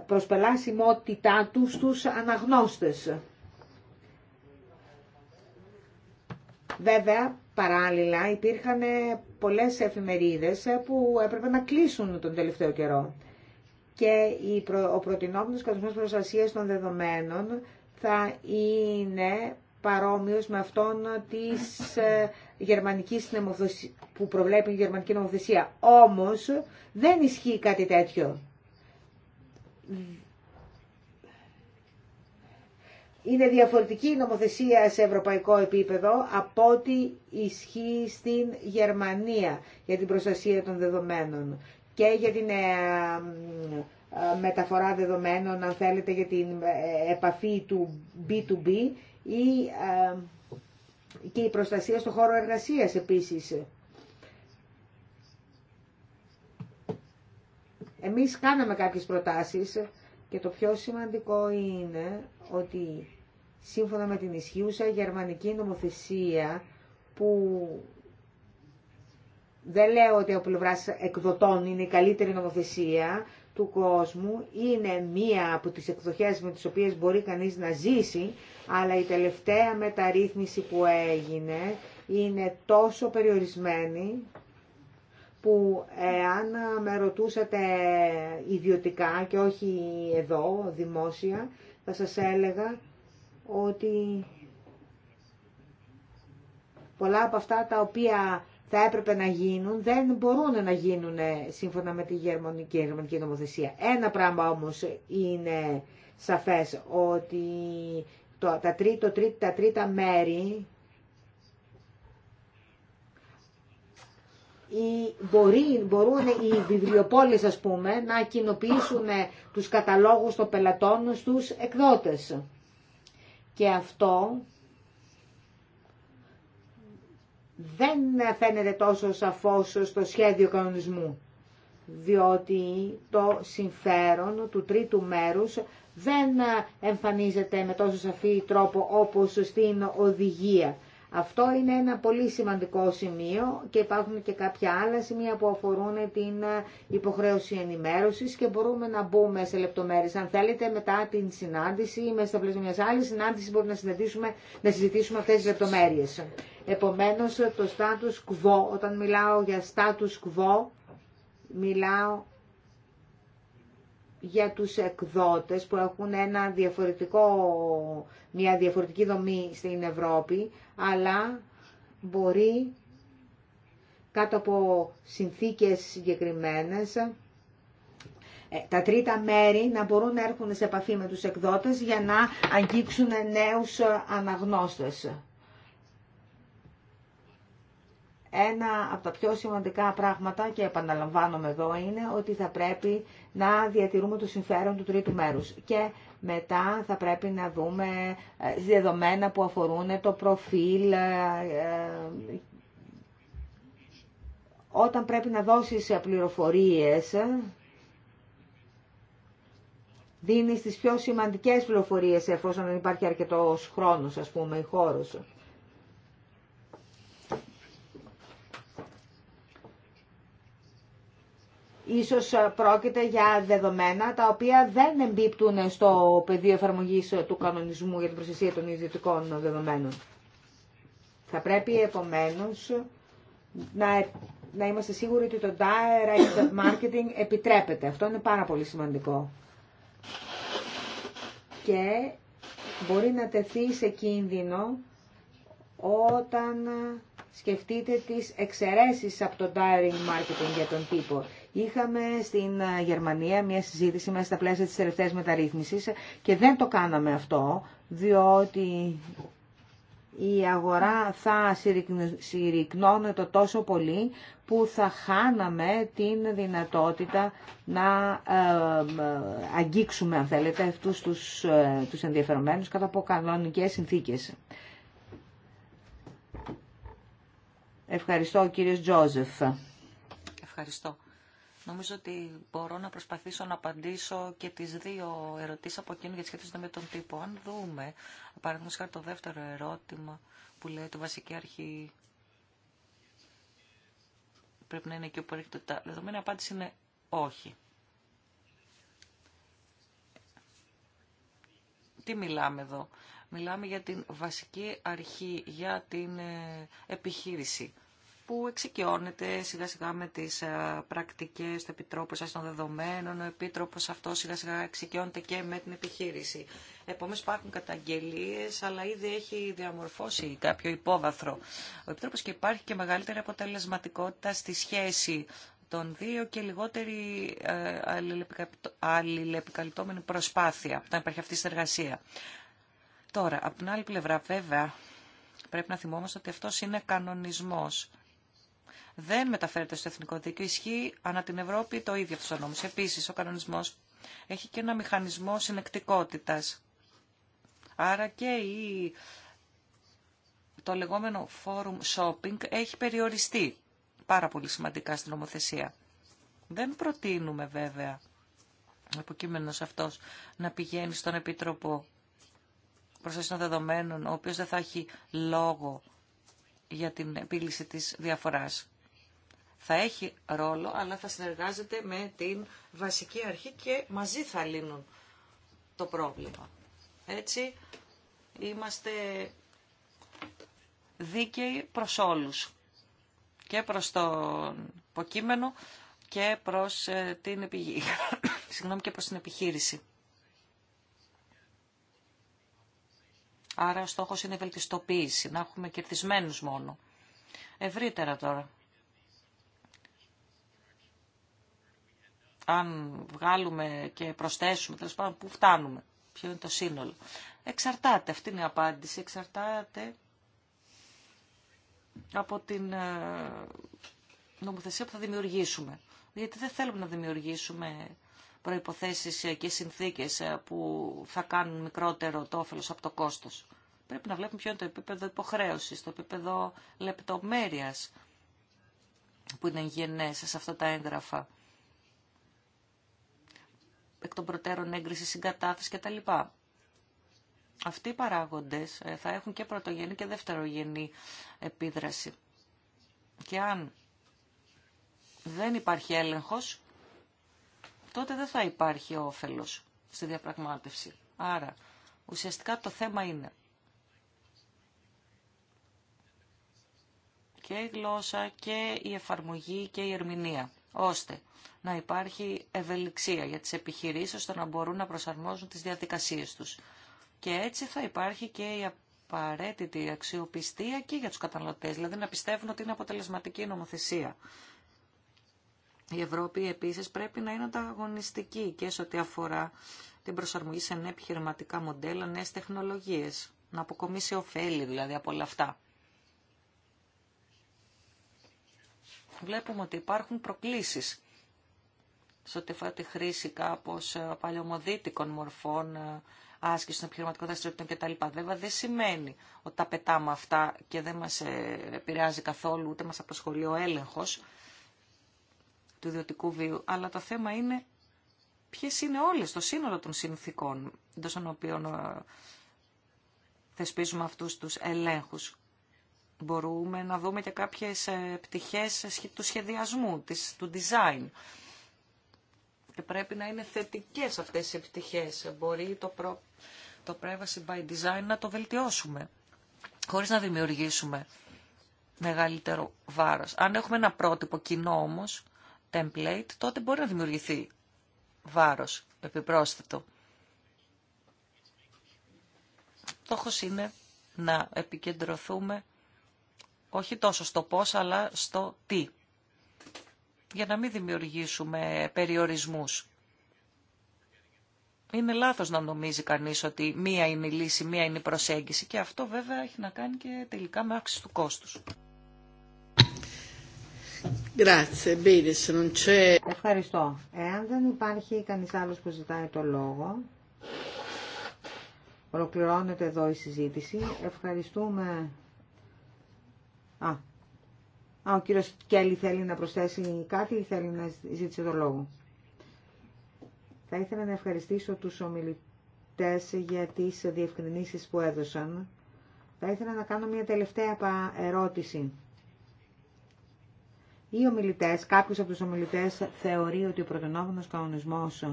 προσπελάσιμότητά του στους αναγνώστες. Βέβαια, παράλληλα υπήρχαν πολλές εφημερίδες που έπρεπε να κλείσουν τον τελευταίο καιρό. Και ο προτινόμενος κατοσμό προστασίας των δεδομένων θα είναι παρόμοιος με αυτόν της ε, γερμανικής που προβλέπει η γερμανική νομοθεσία. Όμως δεν ισχύει κάτι τέτοιο είναι διαφορετική η νομοθεσία σε ευρωπαϊκό επίπεδο από ό,τι ισχύει στην Γερμανία για την προστασία των δεδομένων και για την ε, ε, ε, μεταφορά δεδομένων, αν θέλετε, για την επαφή του B2B ή και η προστασία στον χώρο εργασίας επίσης. Εμείς κάναμε κάποιες προτάσεις και το πιο σημαντικό είναι ότι σύμφωνα με την ισχύουσα γερμανική νομοθεσία που δεν λέω ότι ο πλευρά εκδοτών είναι η καλύτερη νομοθεσία του κόσμου, είναι μία από τις εκδοχές με τις οποίες μπορεί κανείς να ζήσει, αλλά η τελευταία μεταρρύθμιση που έγινε είναι τόσο περιορισμένη που εάν με ρωτούσατε ιδιωτικά και όχι εδώ, δημόσια, θα σας έλεγα ότι πολλά από αυτά τα οποία θα έπρεπε να γίνουν δεν μπορούν να γίνουν σύμφωνα με τη γερμανική, γερμανική νομοθεσία. Ένα πράγμα όμως είναι σαφές ότι τα, τρίτο, τρίτα μέρη οι μπορεί, μπορούν οι βιβλιοπόλεις ας πούμε να κοινοποιήσουν τους καταλόγους των πελατών στους εκδότες και αυτό δεν φαίνεται τόσο σαφώς στο σχέδιο κανονισμού, διότι το συμφέρον του τρίτου μέρους δεν εμφανίζεται με τόσο σαφή τρόπο όπως στην οδηγία. Αυτό είναι ένα πολύ σημαντικό σημείο και υπάρχουν και κάποια άλλα σημεία που αφορούν την ε, υποχρέωση ενημέρωσης και μπορούμε να μπούμε σε λεπτομέρειες. Αν θέλετε μετά την συνάντηση ή μέσα στα πλαίσια μιας άλλης συνάντησης μπορούμε να, συζητήσουμε, να συζητήσουμε αυτές τις λεπτομέρειες. Επομένως το status quo, όταν μιλάω για status quo, μιλάω για τους εκδότες που έχουν ένα διαφορετικό, μια διαφορετική δομή στην Ευρώπη, αλλά μπορεί κάτω από συνθήκες συγκεκριμένες ε, τα τρίτα μέρη να μπορούν να έρχονται σε επαφή με τους εκδότες για να αγγίξουν νέους ε, αναγνώστες ένα από τα πιο σημαντικά πράγματα και επαναλαμβάνομαι εδώ είναι ότι θα πρέπει να διατηρούμε το συμφέρον του τρίτου μέρους και μετά θα πρέπει να δούμε ε, δεδομένα που αφορούν το προφίλ ε, ε, όταν πρέπει να δώσεις πληροφορίες δίνεις τις πιο σημαντικές πληροφορίες εφόσον υπάρχει αρκετός χρόνος ας πούμε ή Ίσως ε, πρόκειται για δεδομένα τα οποία δεν εμπίπτουν στο πεδίο εφαρμογής του κανονισμού για την προστασία των ιδιωτικών δεδομένων. Θα πρέπει επομένως να, να είμαστε σίγουροι ότι το direct marketing επιτρέπεται. Αυτό είναι πάρα πολύ σημαντικό. Και μπορεί να τεθεί σε κίνδυνο όταν σκεφτείτε τις εξαιρέσεις από το direct marketing για τον τύπο. Είχαμε στην Γερμανία μια συζήτηση μέσα στα πλαίσια της τελευταίας μεταρρύθμισης και δεν το κάναμε αυτό, διότι η αγορά θα συρρυκνώνεται τόσο πολύ που θα χάναμε την δυνατότητα να ε, ε, αγγίξουμε, αν θέλετε, αυτούς τους, ε, τους ενδιαφερομένους κατά από κανονικές συνθήκες. Ευχαριστώ, κύριε Τζόζεφ. Ευχαριστώ. Νομίζω ότι μπορώ να προσπαθήσω να απαντήσω και τις δύο ερωτήσεις από εκείνου γιατί σχετίζονται με τον τύπο. Αν δούμε, παραδείγματος χάρη το δεύτερο ερώτημα που λέει ότι βασική αρχή πρέπει να είναι και όπου έρχεται τα δεδομένα, η απάντηση είναι όχι. Τι μιλάμε εδώ. Μιλάμε για την βασική αρχή, για την ε, επιχείρηση που εξοικειώνεται σιγά σιγά με τις ε, πρακτικέ του Επιτρόπου σας των δεδομένων. Ο επίτροπο αυτό σιγά σιγά εξοικειώνεται και με την επιχείρηση. Επομένω, υπάρχουν καταγγελίες, αλλά ήδη έχει διαμορφώσει κάποιο υπόβαθρο. Ο Επιτρόπος και υπάρχει και μεγαλύτερη αποτελεσματικότητα στη σχέση των δύο και λιγότερη ε, αλληλεπικαλυπτόμενη προσπάθεια όταν υπάρχει αυτή η συνεργασία. Τώρα, από την άλλη πλευρά, βέβαια, πρέπει να θυμόμαστε ότι αυτός είναι κανονισμός δεν μεταφέρεται στο εθνικό δίκαιο. Ισχύει ανά την Ευρώπη το ίδιο αυτό ο Επίση, ο κανονισμό έχει και ένα μηχανισμό συνεκτικότητα. Άρα και η... το λεγόμενο forum shopping έχει περιοριστεί πάρα πολύ σημαντικά στην νομοθεσία. Δεν προτείνουμε βέβαια αποκείμενος αυτός να πηγαίνει στον Επίτροπο Προστασία Δεδομένων, ο οποίος δεν θα έχει λόγο για την επίλυση της διαφοράς. Θα έχει ρόλο, αλλά θα συνεργάζεται με την βασική αρχή και μαζί θα λύνουν το πρόβλημα. Έτσι, είμαστε δίκαιοι προς όλους και προς το υποκείμενο και προς ε, την, Συγγνώμη, και προς την επιχείρηση. Άρα ο στόχος είναι η βελτιστοποίηση, να έχουμε κερδισμένους μόνο. Ευρύτερα τώρα. Αν βγάλουμε και προσθέσουμε, τέλος πάντων, πού φτάνουμε, ποιο είναι το σύνολο. Εξαρτάται, αυτή είναι η απάντηση, εξαρτάται από την ε, νομοθεσία που θα δημιουργήσουμε. Γιατί δεν θέλουμε να δημιουργήσουμε προϋποθέσεις και συνθήκες ε, που θα κάνουν μικρότερο το όφελος από το κόστος. Πρέπει να βλέπουμε ποιο είναι το επίπεδο υποχρέωσης, το επίπεδο λεπτομέρειας που είναι γενές σε αυτά τα έγγραφα. Εκ των προτέρων έγκριση συγκατάθεση κτλ. Αυτοί οι παράγοντες ε, θα έχουν και πρωτογενή και δευτερογενή επίδραση. Και αν δεν υπάρχει έλεγχος, τότε δεν θα υπάρχει όφελος στη διαπραγμάτευση. Άρα, ουσιαστικά το θέμα είναι και η γλώσσα και η εφαρμογή και η ερμηνεία, ώστε να υπάρχει ευελιξία για τις επιχειρήσεις, ώστε να μπορούν να προσαρμόζουν τις διαδικασίες τους. Και έτσι θα υπάρχει και η απαραίτητη αξιοπιστία και για τους καταναλωτές, δηλαδή να πιστεύουν ότι είναι αποτελεσματική νομοθεσία η Ευρώπη επίσης πρέπει να είναι ανταγωνιστική και σε ό,τι αφορά την προσαρμογή σε νέα επιχειρηματικά μοντέλα, νέες τεχνολογίες. Να αποκομίσει ωφέλη δηλαδή από όλα αυτά. Βλέπουμε ότι υπάρχουν προκλήσεις σε ό,τι αφορά τη χρήση κάπως ε, παλαιομοδίτικων μορφών ε, άσκηση των επιχειρηματικών δραστηριοτήτων κτλ. Βέβαια δεν σημαίνει ότι τα πετάμε αυτά και δεν μας ε, επηρεάζει καθόλου ούτε μας απασχολεί ο έλεγχος του ιδιωτικού βίου, αλλά το θέμα είναι ποιε είναι όλες το σύνολο των συνθήκων εντό των οποίων ε, θεσπίζουμε αυτούς τους ελέγχους. Μπορούμε να δούμε και κάποιε πτυχέ του σχεδιασμού, του design. Και πρέπει να είναι θετικές αυτές οι πτυχέ. Μπορεί το, το privacy by design να το βελτιώσουμε, χωρίς να δημιουργήσουμε μεγαλύτερο βάρος. Αν έχουμε ένα πρότυπο κοινό όμως, template, τότε μπορεί να δημιουργηθεί βάρος επιπρόσθετο. Στόχος είναι να επικεντρωθούμε όχι τόσο στο πώς, αλλά στο τι. Για να μην δημιουργήσουμε περιορισμούς. Είναι λάθος να νομίζει κανείς ότι μία είναι η λύση, μία είναι η προσέγγιση και αυτό βέβαια έχει να κάνει και τελικά με αύξηση του κόστους. Grazie, bene, se non c'è... Ευχαριστώ. Εάν δεν υπάρχει κανείς άλλος που ζητάει το λόγο, ολοκληρώνεται εδώ η συζήτηση. Ευχαριστούμε... Α, α ο κύριος Κέλλη θέλει να προσθέσει κάτι ή θέλει να ζήτησε το λόγο. Θα ήθελα να ευχαριστήσω τους ομιλητές για τις διευκρινήσεις που έδωσαν. Θα ήθελα να κάνω μια τελευταία ερώτηση. Οι ομιλητέ, κάποιος από τους ομιλητέ θεωρεί ότι ο πρωτονόμινος κανονισμός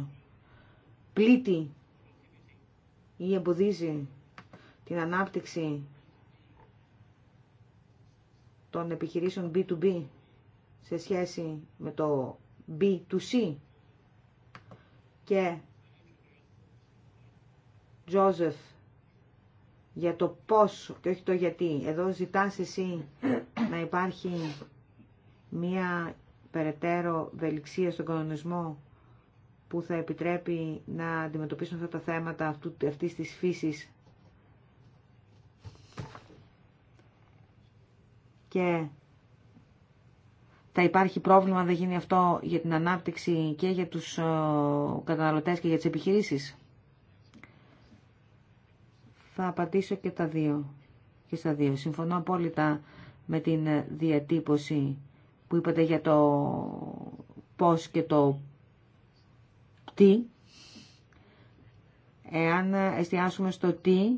πλήττει ή εμποδίζει την ανάπτυξη των επιχειρήσεων B2B σε σχέση με το B2C και Τζόζεφ για το πώς και όχι το γιατί. Εδώ ζητάς εσύ να υπάρχει μία περαιτέρω βεληξία στον κανονισμό που θα επιτρέπει να αντιμετωπίσουν αυτά τα θέματα αυτού, αυτής της φύσης και θα υπάρχει πρόβλημα αν δεν γίνει αυτό για την ανάπτυξη και για τους ε, καταναλωτές και για τις επιχειρήσεις. Θα απαντήσω και τα δύο. Και στα δύο. Συμφωνώ απόλυτα με την διατύπωση που είπατε για το πώς και το τι. Εάν εστιάσουμε στο τι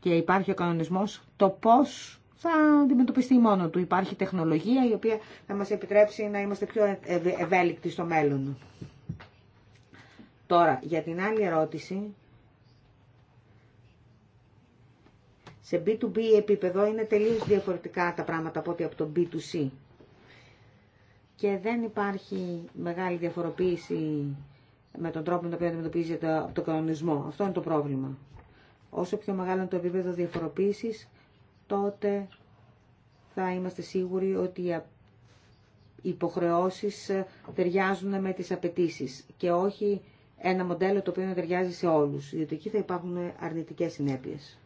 και υπάρχει ο κανονισμός, το πώς θα αντιμετωπιστεί μόνο του. Υπάρχει τεχνολογία η οποία θα μας επιτρέψει να είμαστε πιο ευέλικτοι στο μέλλον. Τώρα, για την άλλη ερώτηση, σε B2B επίπεδο είναι τελείως διαφορετικά τα πράγματα από ό,τι από το B2C και δεν υπάρχει μεγάλη διαφοροποίηση με τον τρόπο με τον οποίο αντιμετωπίζεται από τον κανονισμό. Αυτό είναι το πρόβλημα. Όσο πιο μεγάλο είναι το επίπεδο διαφοροποίησης, τότε θα είμαστε σίγουροι ότι οι υποχρεώσεις ε, ταιριάζουν με τις απαιτήσει και όχι ένα μοντέλο το οποίο να ταιριάζει σε όλους, διότι εκεί θα υπάρχουν αρνητικές συνέπειες.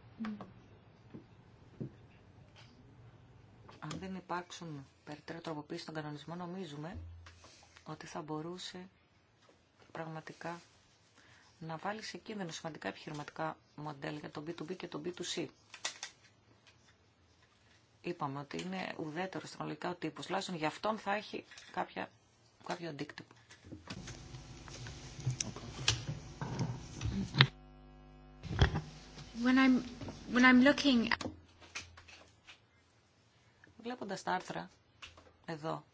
αν δεν υπάρξουν περαιτέρω τροποποίηση στον κανονισμό, νομίζουμε ότι θα μπορούσε πραγματικά να βάλει σε κίνδυνο σημαντικά επιχειρηματικά μοντέλα για το B2B και το B2C. Είπαμε ότι είναι ουδέτερο τεχνολογικά ο τύπος. λάσων, γι' αυτόν θα έχει κάποια, κάποιο αντίκτυπο. When I'm, when I'm looking... Βλέποντα τα άρθρα εδώ,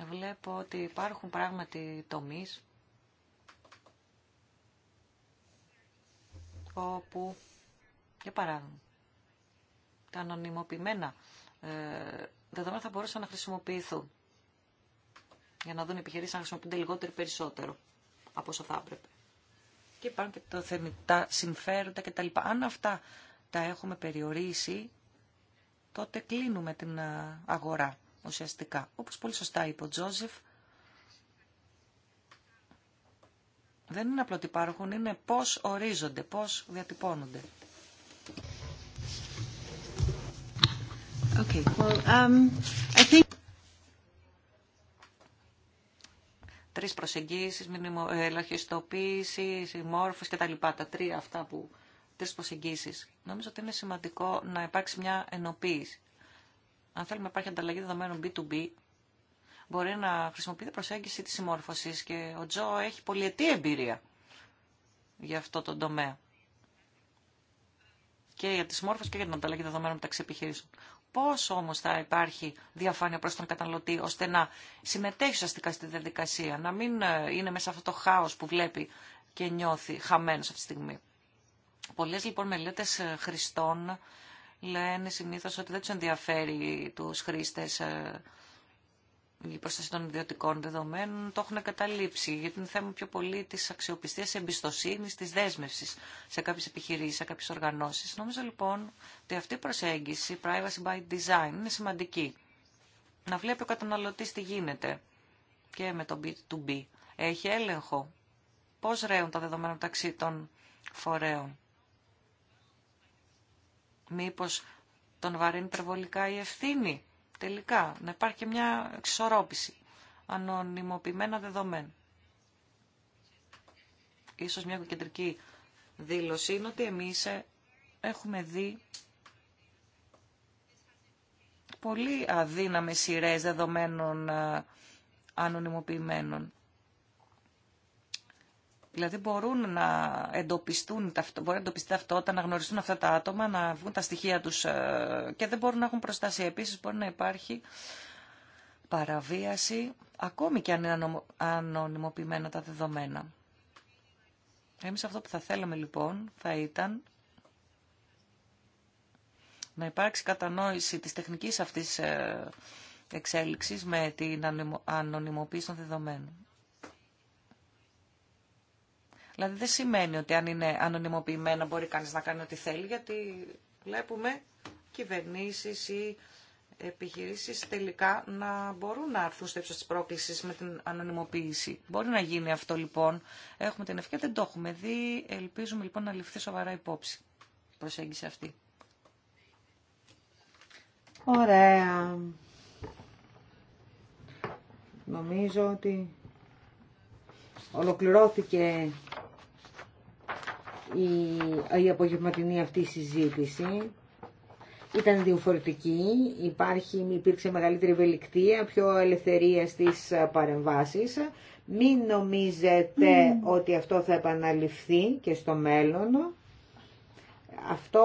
βλέπω ότι υπάρχουν πράγματι τομείς όπου, για παράδειγμα, τα ανωνυμοποιημένα ε, δεδομένα θα μπορούσαν να χρησιμοποιηθούν για να δουν επιχειρήσει να χρησιμοποιούνται λιγότερο ή περισσότερο από όσο θα έπρεπε. Και υπάρχουν και τα θεμητά συμφέροντα κτλ. Αν αυτά τα έχουμε περιορίσει, τότε κλείνουμε την ε, αγορά ουσιαστικά. Όπως πολύ σωστά είπε ο Τζόζεφ, δεν είναι απλό ότι υπάρχουν, είναι πώς ορίζονται, πώς διατυπώνονται. Okay, well, um, I think... Τρεις προσεγγίσεις, ε, ελαχιστοποίηση, συμμόρφωση και τα λοιπά, τα τρία αυτά που τις προσεγγίσεις. Νομίζω ότι είναι σημαντικό να υπάρξει μια ενοποίηση. Αν θέλουμε να υπάρχει ανταλλαγή δεδομένων B2B, μπορεί να χρησιμοποιείται προσέγγιση της συμμόρφωσης και ο Τζο έχει πολυετή εμπειρία για αυτό το τομέα. Και για τη συμμόρφωση και για την ανταλλαγή δεδομένων μεταξύ επιχειρήσεων. Πώ όμω θα υπάρχει διαφάνεια προ τον καταναλωτή, ώστε να συμμετέχει ουσιαστικά στη διαδικασία, να μην ε, είναι μέσα σε αυτό το χάο που βλέπει και νιώθει χαμένο αυτή τη στιγμή. Πολλές λοιπόν μελέτες ε, χρηστών λένε συνήθως ότι δεν τους ενδιαφέρει τους χρήστες ε, η προστασία των ιδιωτικών δεδομένων το έχουν καταλήψει, γιατί είναι θέμα πιο πολύ τη αξιοπιστία, τη εμπιστοσύνη, τη δέσμευση σε κάποιε επιχειρήσει, σε κάποιε οργανώσει. Νομίζω λοιπόν ότι αυτή η προσέγγιση, privacy by design, είναι σημαντική. Να βλέπει ο καταναλωτή τι γίνεται και με το B2B. Έχει έλεγχο. Πώ ρέουν τα δεδομένα μεταξύ των φορέων. Μήπως τον βαρύνει υπερβολικά η ευθύνη τελικά, να υπάρχει μια εξισορρόπηση ανωνυμοποιημένα δεδομένα. Ίσως μια κεντρική δήλωση είναι ότι εμείς ε, έχουμε δει πολύ αδύναμες σειρέ δεδομένων ε, ανωνυμοποιημένων. Δηλαδή μπορούν να εντοπιστούν, μπορεί να εντοπιστεί ταυτότητα, να γνωριστούν αυτά τα άτομα, να βγουν τα στοιχεία τους ε, και δεν μπορούν να έχουν προστασία. Επίσης μπορεί να υπάρχει παραβίαση, ακόμη και αν είναι ανωνυμοποιημένα τα δεδομένα. Εμείς αυτό που θα θέλαμε λοιπόν θα ήταν να υπάρξει κατανόηση της τεχνικής αυτής ε, εξέλιξης με την ανωνυμοποίηση των δεδομένων. Δηλαδή δεν σημαίνει ότι αν είναι ανωνυμοποιημένα μπορεί κανείς να κάνει ό,τι θέλει, γιατί βλέπουμε κυβερνήσεις ή επιχειρήσεις τελικά να μπορούν να έρθουν στο ύψος της πρόκλησης με την ανωνυμοποίηση. Μπορεί να γίνει αυτό λοιπόν. Έχουμε την ευκαιρία, δεν το έχουμε δει. Ελπίζουμε λοιπόν να ληφθεί σοβαρά υπόψη προσέγγιση αυτή. Ωραία. Νομίζω ότι ολοκληρώθηκε η, η απογευματινή αυτή συζήτηση. Ήταν διαφορετική, υπάρχει, υπήρξε μεγαλύτερη ευελικτία, πιο ελευθερία στις παρεμβάσεις. Μην νομίζετε ότι αυτό θα επαναληφθεί και στο μέλλον. Αυτό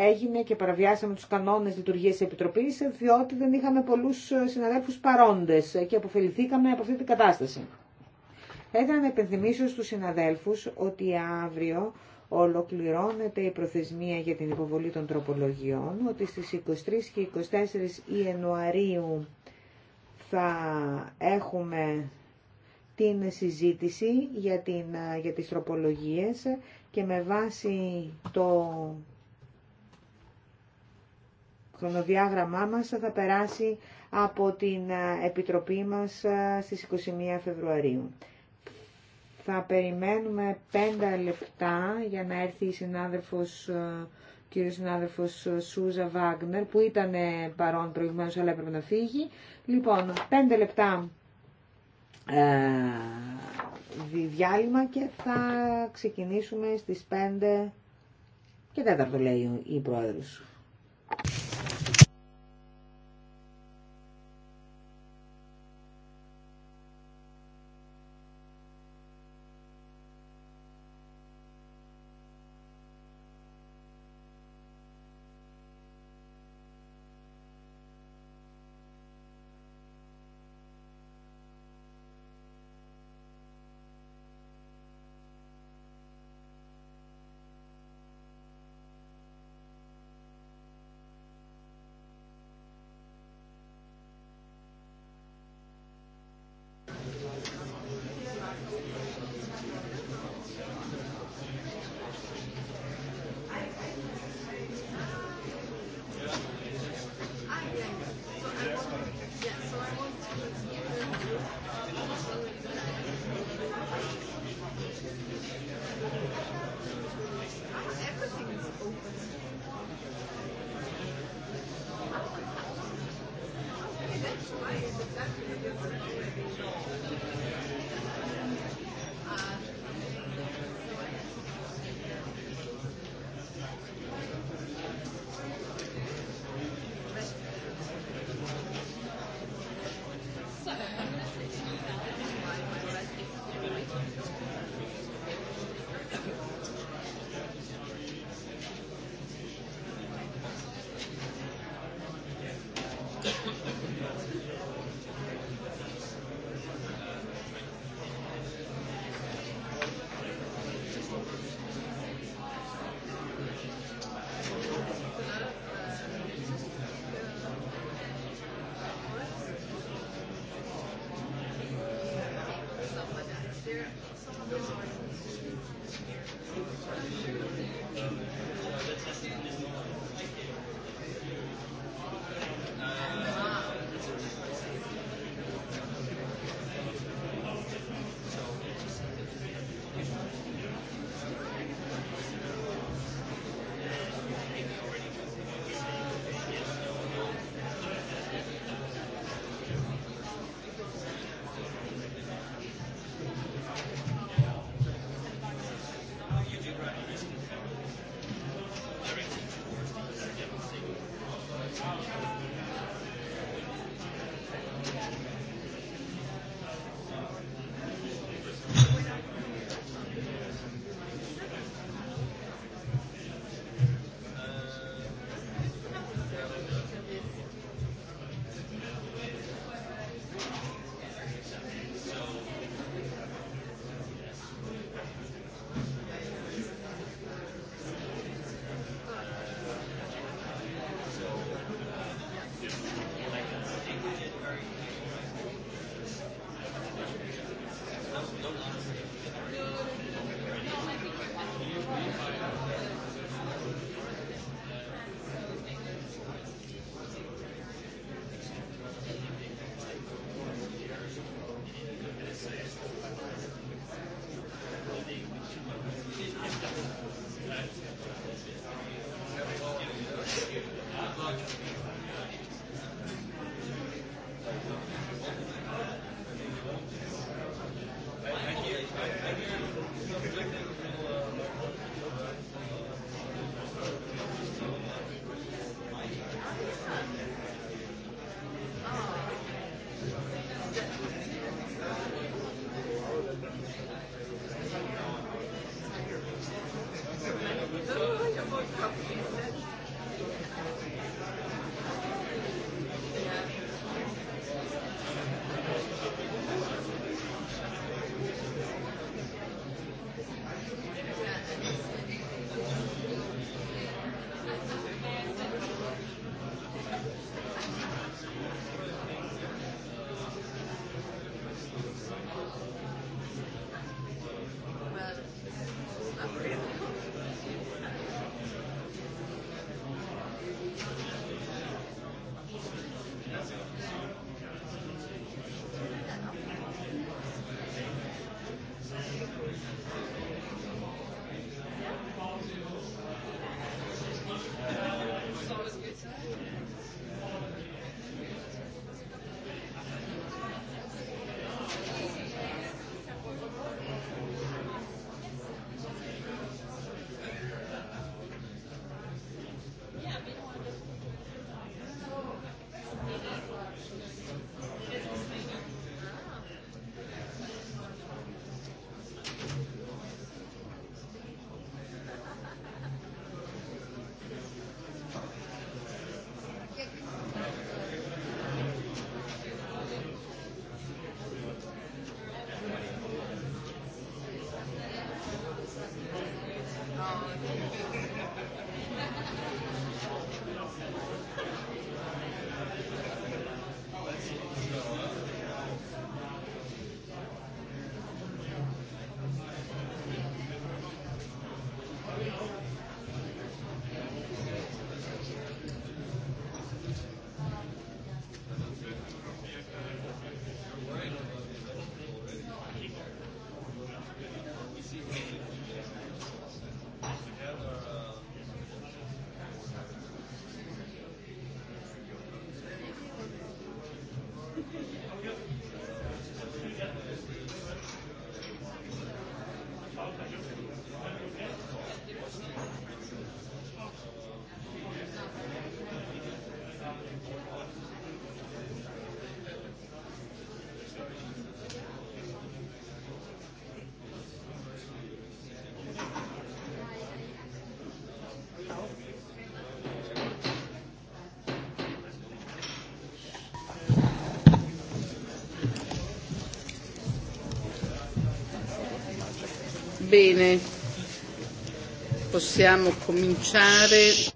έγινε και παραβιάσαμε τους κανόνες λειτουργίας της Επιτροπής, διότι δεν είχαμε πολλούς συναδέλφους παρόντες και αποφεληθήκαμε από αυτή την κατάσταση. Έδρα επενθυμίσεις να στους συναδέλφους ότι αύριο ολοκληρώνεται η προθεσμία για την υποβολή των τροπολογιών, ότι στις 23 και 24 Ιανουαρίου θα έχουμε την συζήτηση για, την, για τις τροπολογίες και με βάση το χρονοδιάγραμμά μας θα περάσει από την Επιτροπή μας στις 21 Φεβρουαρίου. Θα περιμένουμε 5 λεπτά για να έρθει η συνάδελφος, ε, κύριος συνάδελφος ε, Σούζα Βάγνερ, που ήταν ε, παρόν προηγουμένως αλλά έπρεπε να φύγει. Λοιπόν, πέντε λεπτά ε, διάλειμμα και θα ξεκινήσουμε στις 5 και τέταρτο λέει η πρόεδρος.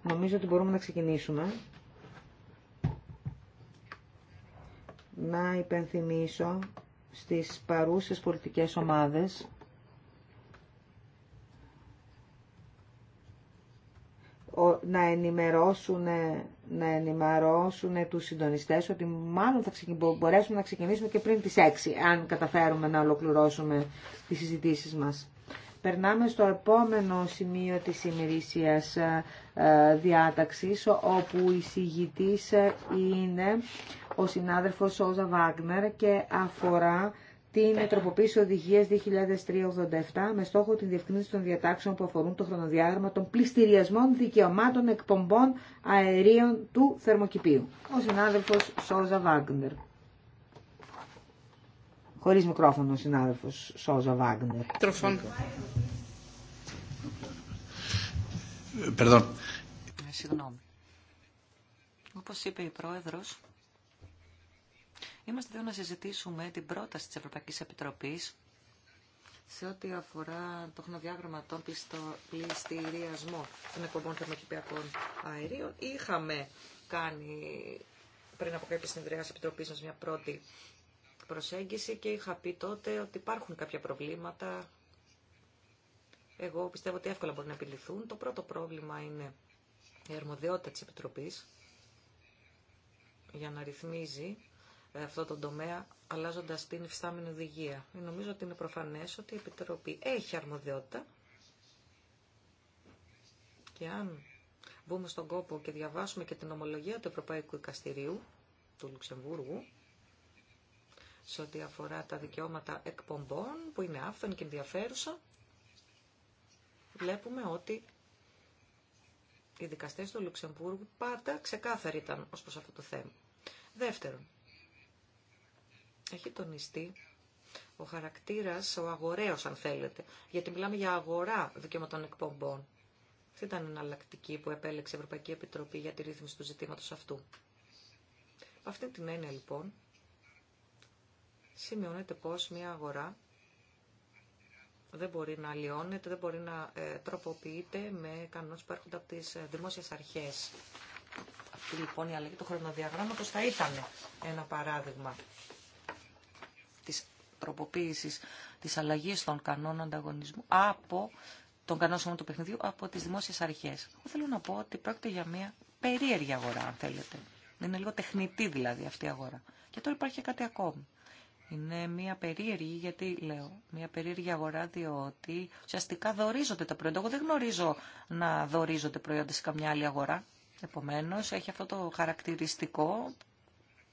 Νομίζω ότι μπορούμε να ξεκινήσουμε. Να υπενθυμίσω στις παρούσες πολιτικές ομάδες να ενημερώσουν, να ενημερώσουν τους συντονιστές ότι μάλλον θα μπορέσουμε να ξεκινήσουμε και πριν τις 6, αν καταφέρουμε να ολοκληρώσουμε τις συζητήσεις μας. Περνάμε στο επόμενο σημείο της ημερήσιας ε, ε, διάταξης, όπου η συγητής ε, είναι ο συνάδελφος Σόζα Βάγνερ και αφορά την τροποποίηση οδηγία 2003-87 με στόχο την διευκρίνηση των διατάξεων που αφορούν το χρονοδιάγραμμα των πληστηριασμών δικαιωμάτων εκπομπών αερίων του θερμοκηπίου. Ο συνάδελφος Σόζα Βάγνερ. Χωρίς μικρόφωνο, συνάδελφο. Σόζα Βάγνερ. Περδόν. Ε, συγγνώμη. όπω είπε η Πρόεδρο, είμαστε εδώ να συζητήσουμε την πρόταση τη Ευρωπαϊκή Επιτροπή σε ό,τι αφορά το χνοδιάγραμμα των πληστηριασμών των εκπομπών θερμοκηπιακών αερίων. Είχαμε κάνει πριν από κάποιες τη επιτροπή μα μια πρώτη προσέγγιση και είχα πει τότε ότι υπάρχουν κάποια προβλήματα. Εγώ πιστεύω ότι εύκολα μπορεί να επιληθούν. Το πρώτο πρόβλημα είναι η αρμοδιότητα της Επιτροπής για να ρυθμίζει ε, αυτό το τομέα αλλάζοντας την υφιστάμενη οδηγία. Ε, νομίζω ότι είναι προφανές ότι η Επιτροπή έχει αρμοδιότητα και αν μπούμε στον κόπο και διαβάσουμε και την ομολογία του Ευρωπαϊκού Οικαστηρίου του Λουξεμβούργου, σε ό,τι αφορά τα δικαιώματα εκπομπών, που είναι άφθονη και ενδιαφέρουσα, βλέπουμε ότι οι δικαστές του Λουξεμβούργου πάντα ξεκάθαροι ήταν ως προς αυτό το θέμα. Δεύτερον, έχει τονιστεί ο χαρακτήρας, ο αγοραίος αν θέλετε, γιατί μιλάμε για αγορά δικαιωματών εκπομπών. Αυτή ήταν η εναλλακτική που επέλεξε η Ευρωπαϊκή Επιτροπή για τη ρύθμιση του ζητήματος αυτού. Αυτή την έννοια λοιπόν, σημειώνεται πως μια αγορά δεν μπορεί να αλλοιώνεται, δεν μπορεί να ε, τροποποιείται με κανόνες που έρχονται από τις ε, δημόσιες αρχές. Αυτή λοιπόν η αλλαγή του χρονοδιαγράμματος θα ήταν ένα παράδειγμα της τροποποίησης της αλλαγής των κανόνων ανταγωνισμού από τον κανόνα του παιχνιδιού από τις δημόσιες αρχές. Εγώ θέλω να πω ότι πρόκειται για μια περίεργη αγορά, αν θέλετε. Είναι λίγο τεχνητή δηλαδή αυτή η αγορά. Και τώρα υπάρχει κάτι ακόμη. Είναι μια περίεργη, γιατί λέω, μια περίεργη αγορά, διότι ουσιαστικά δορίζονται τα προϊόντα. Εγώ δεν γνωρίζω να δορίζονται προϊόντα σε καμιά άλλη αγορά. Επομένω, έχει αυτό το χαρακτηριστικό,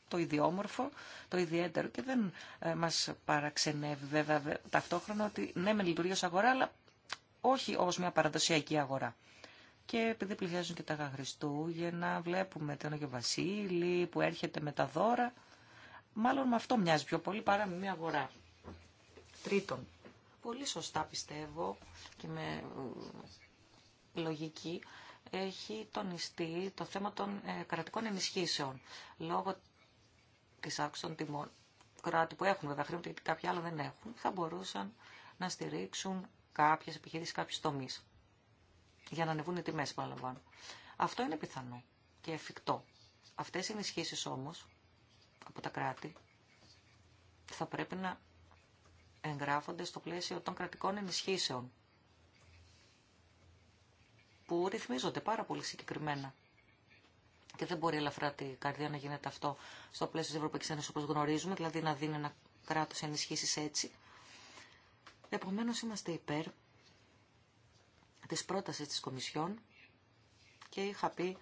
το ιδιόμορφο, το ιδιαίτερο και δεν ε, μας παραξενεύει βέβαια ταυτόχρονα ότι ναι με λειτουργεί ω αγορά, αλλά όχι ω μια παραδοσιακή αγορά. Και επειδή πλησιάζουν και τα Χριστούγεννα, βλέπουμε τον Άγιο Βασίλη που έρχεται με τα δώρα. Μάλλον με αυτό μοιάζει πιο πολύ παρά με μια αγορά. Τρίτον, πολύ σωστά πιστεύω και με ε, λογική έχει τονιστεί το θέμα των ε, κρατικών ενισχύσεων λόγω της άξονα των τιμών. Κράτη που έχουν βέβαια χρήματα γιατί κάποια άλλα δεν έχουν θα μπορούσαν να στηρίξουν κάποιες επιχειρήσεις, κάποιους τομείς για να ανεβούν οι τιμές παραλαμβάνω. Αυτό είναι πιθανό και εφικτό. Αυτές οι ενισχύσεις όμως από τα κράτη θα πρέπει να εγγράφονται στο πλαίσιο των κρατικών ενισχύσεων που ρυθμίζονται πάρα πολύ συγκεκριμένα. Και δεν μπορεί ελαφρά τη καρδιά να γίνεται αυτό στο πλαίσιο της Ευρωπαϊκής Ένωσης όπως γνωρίζουμε, δηλαδή να δίνει ένα κράτος ενισχύσει έτσι. Επομένω είμαστε υπέρ της πρότασης της Κομισιόν και είχα πει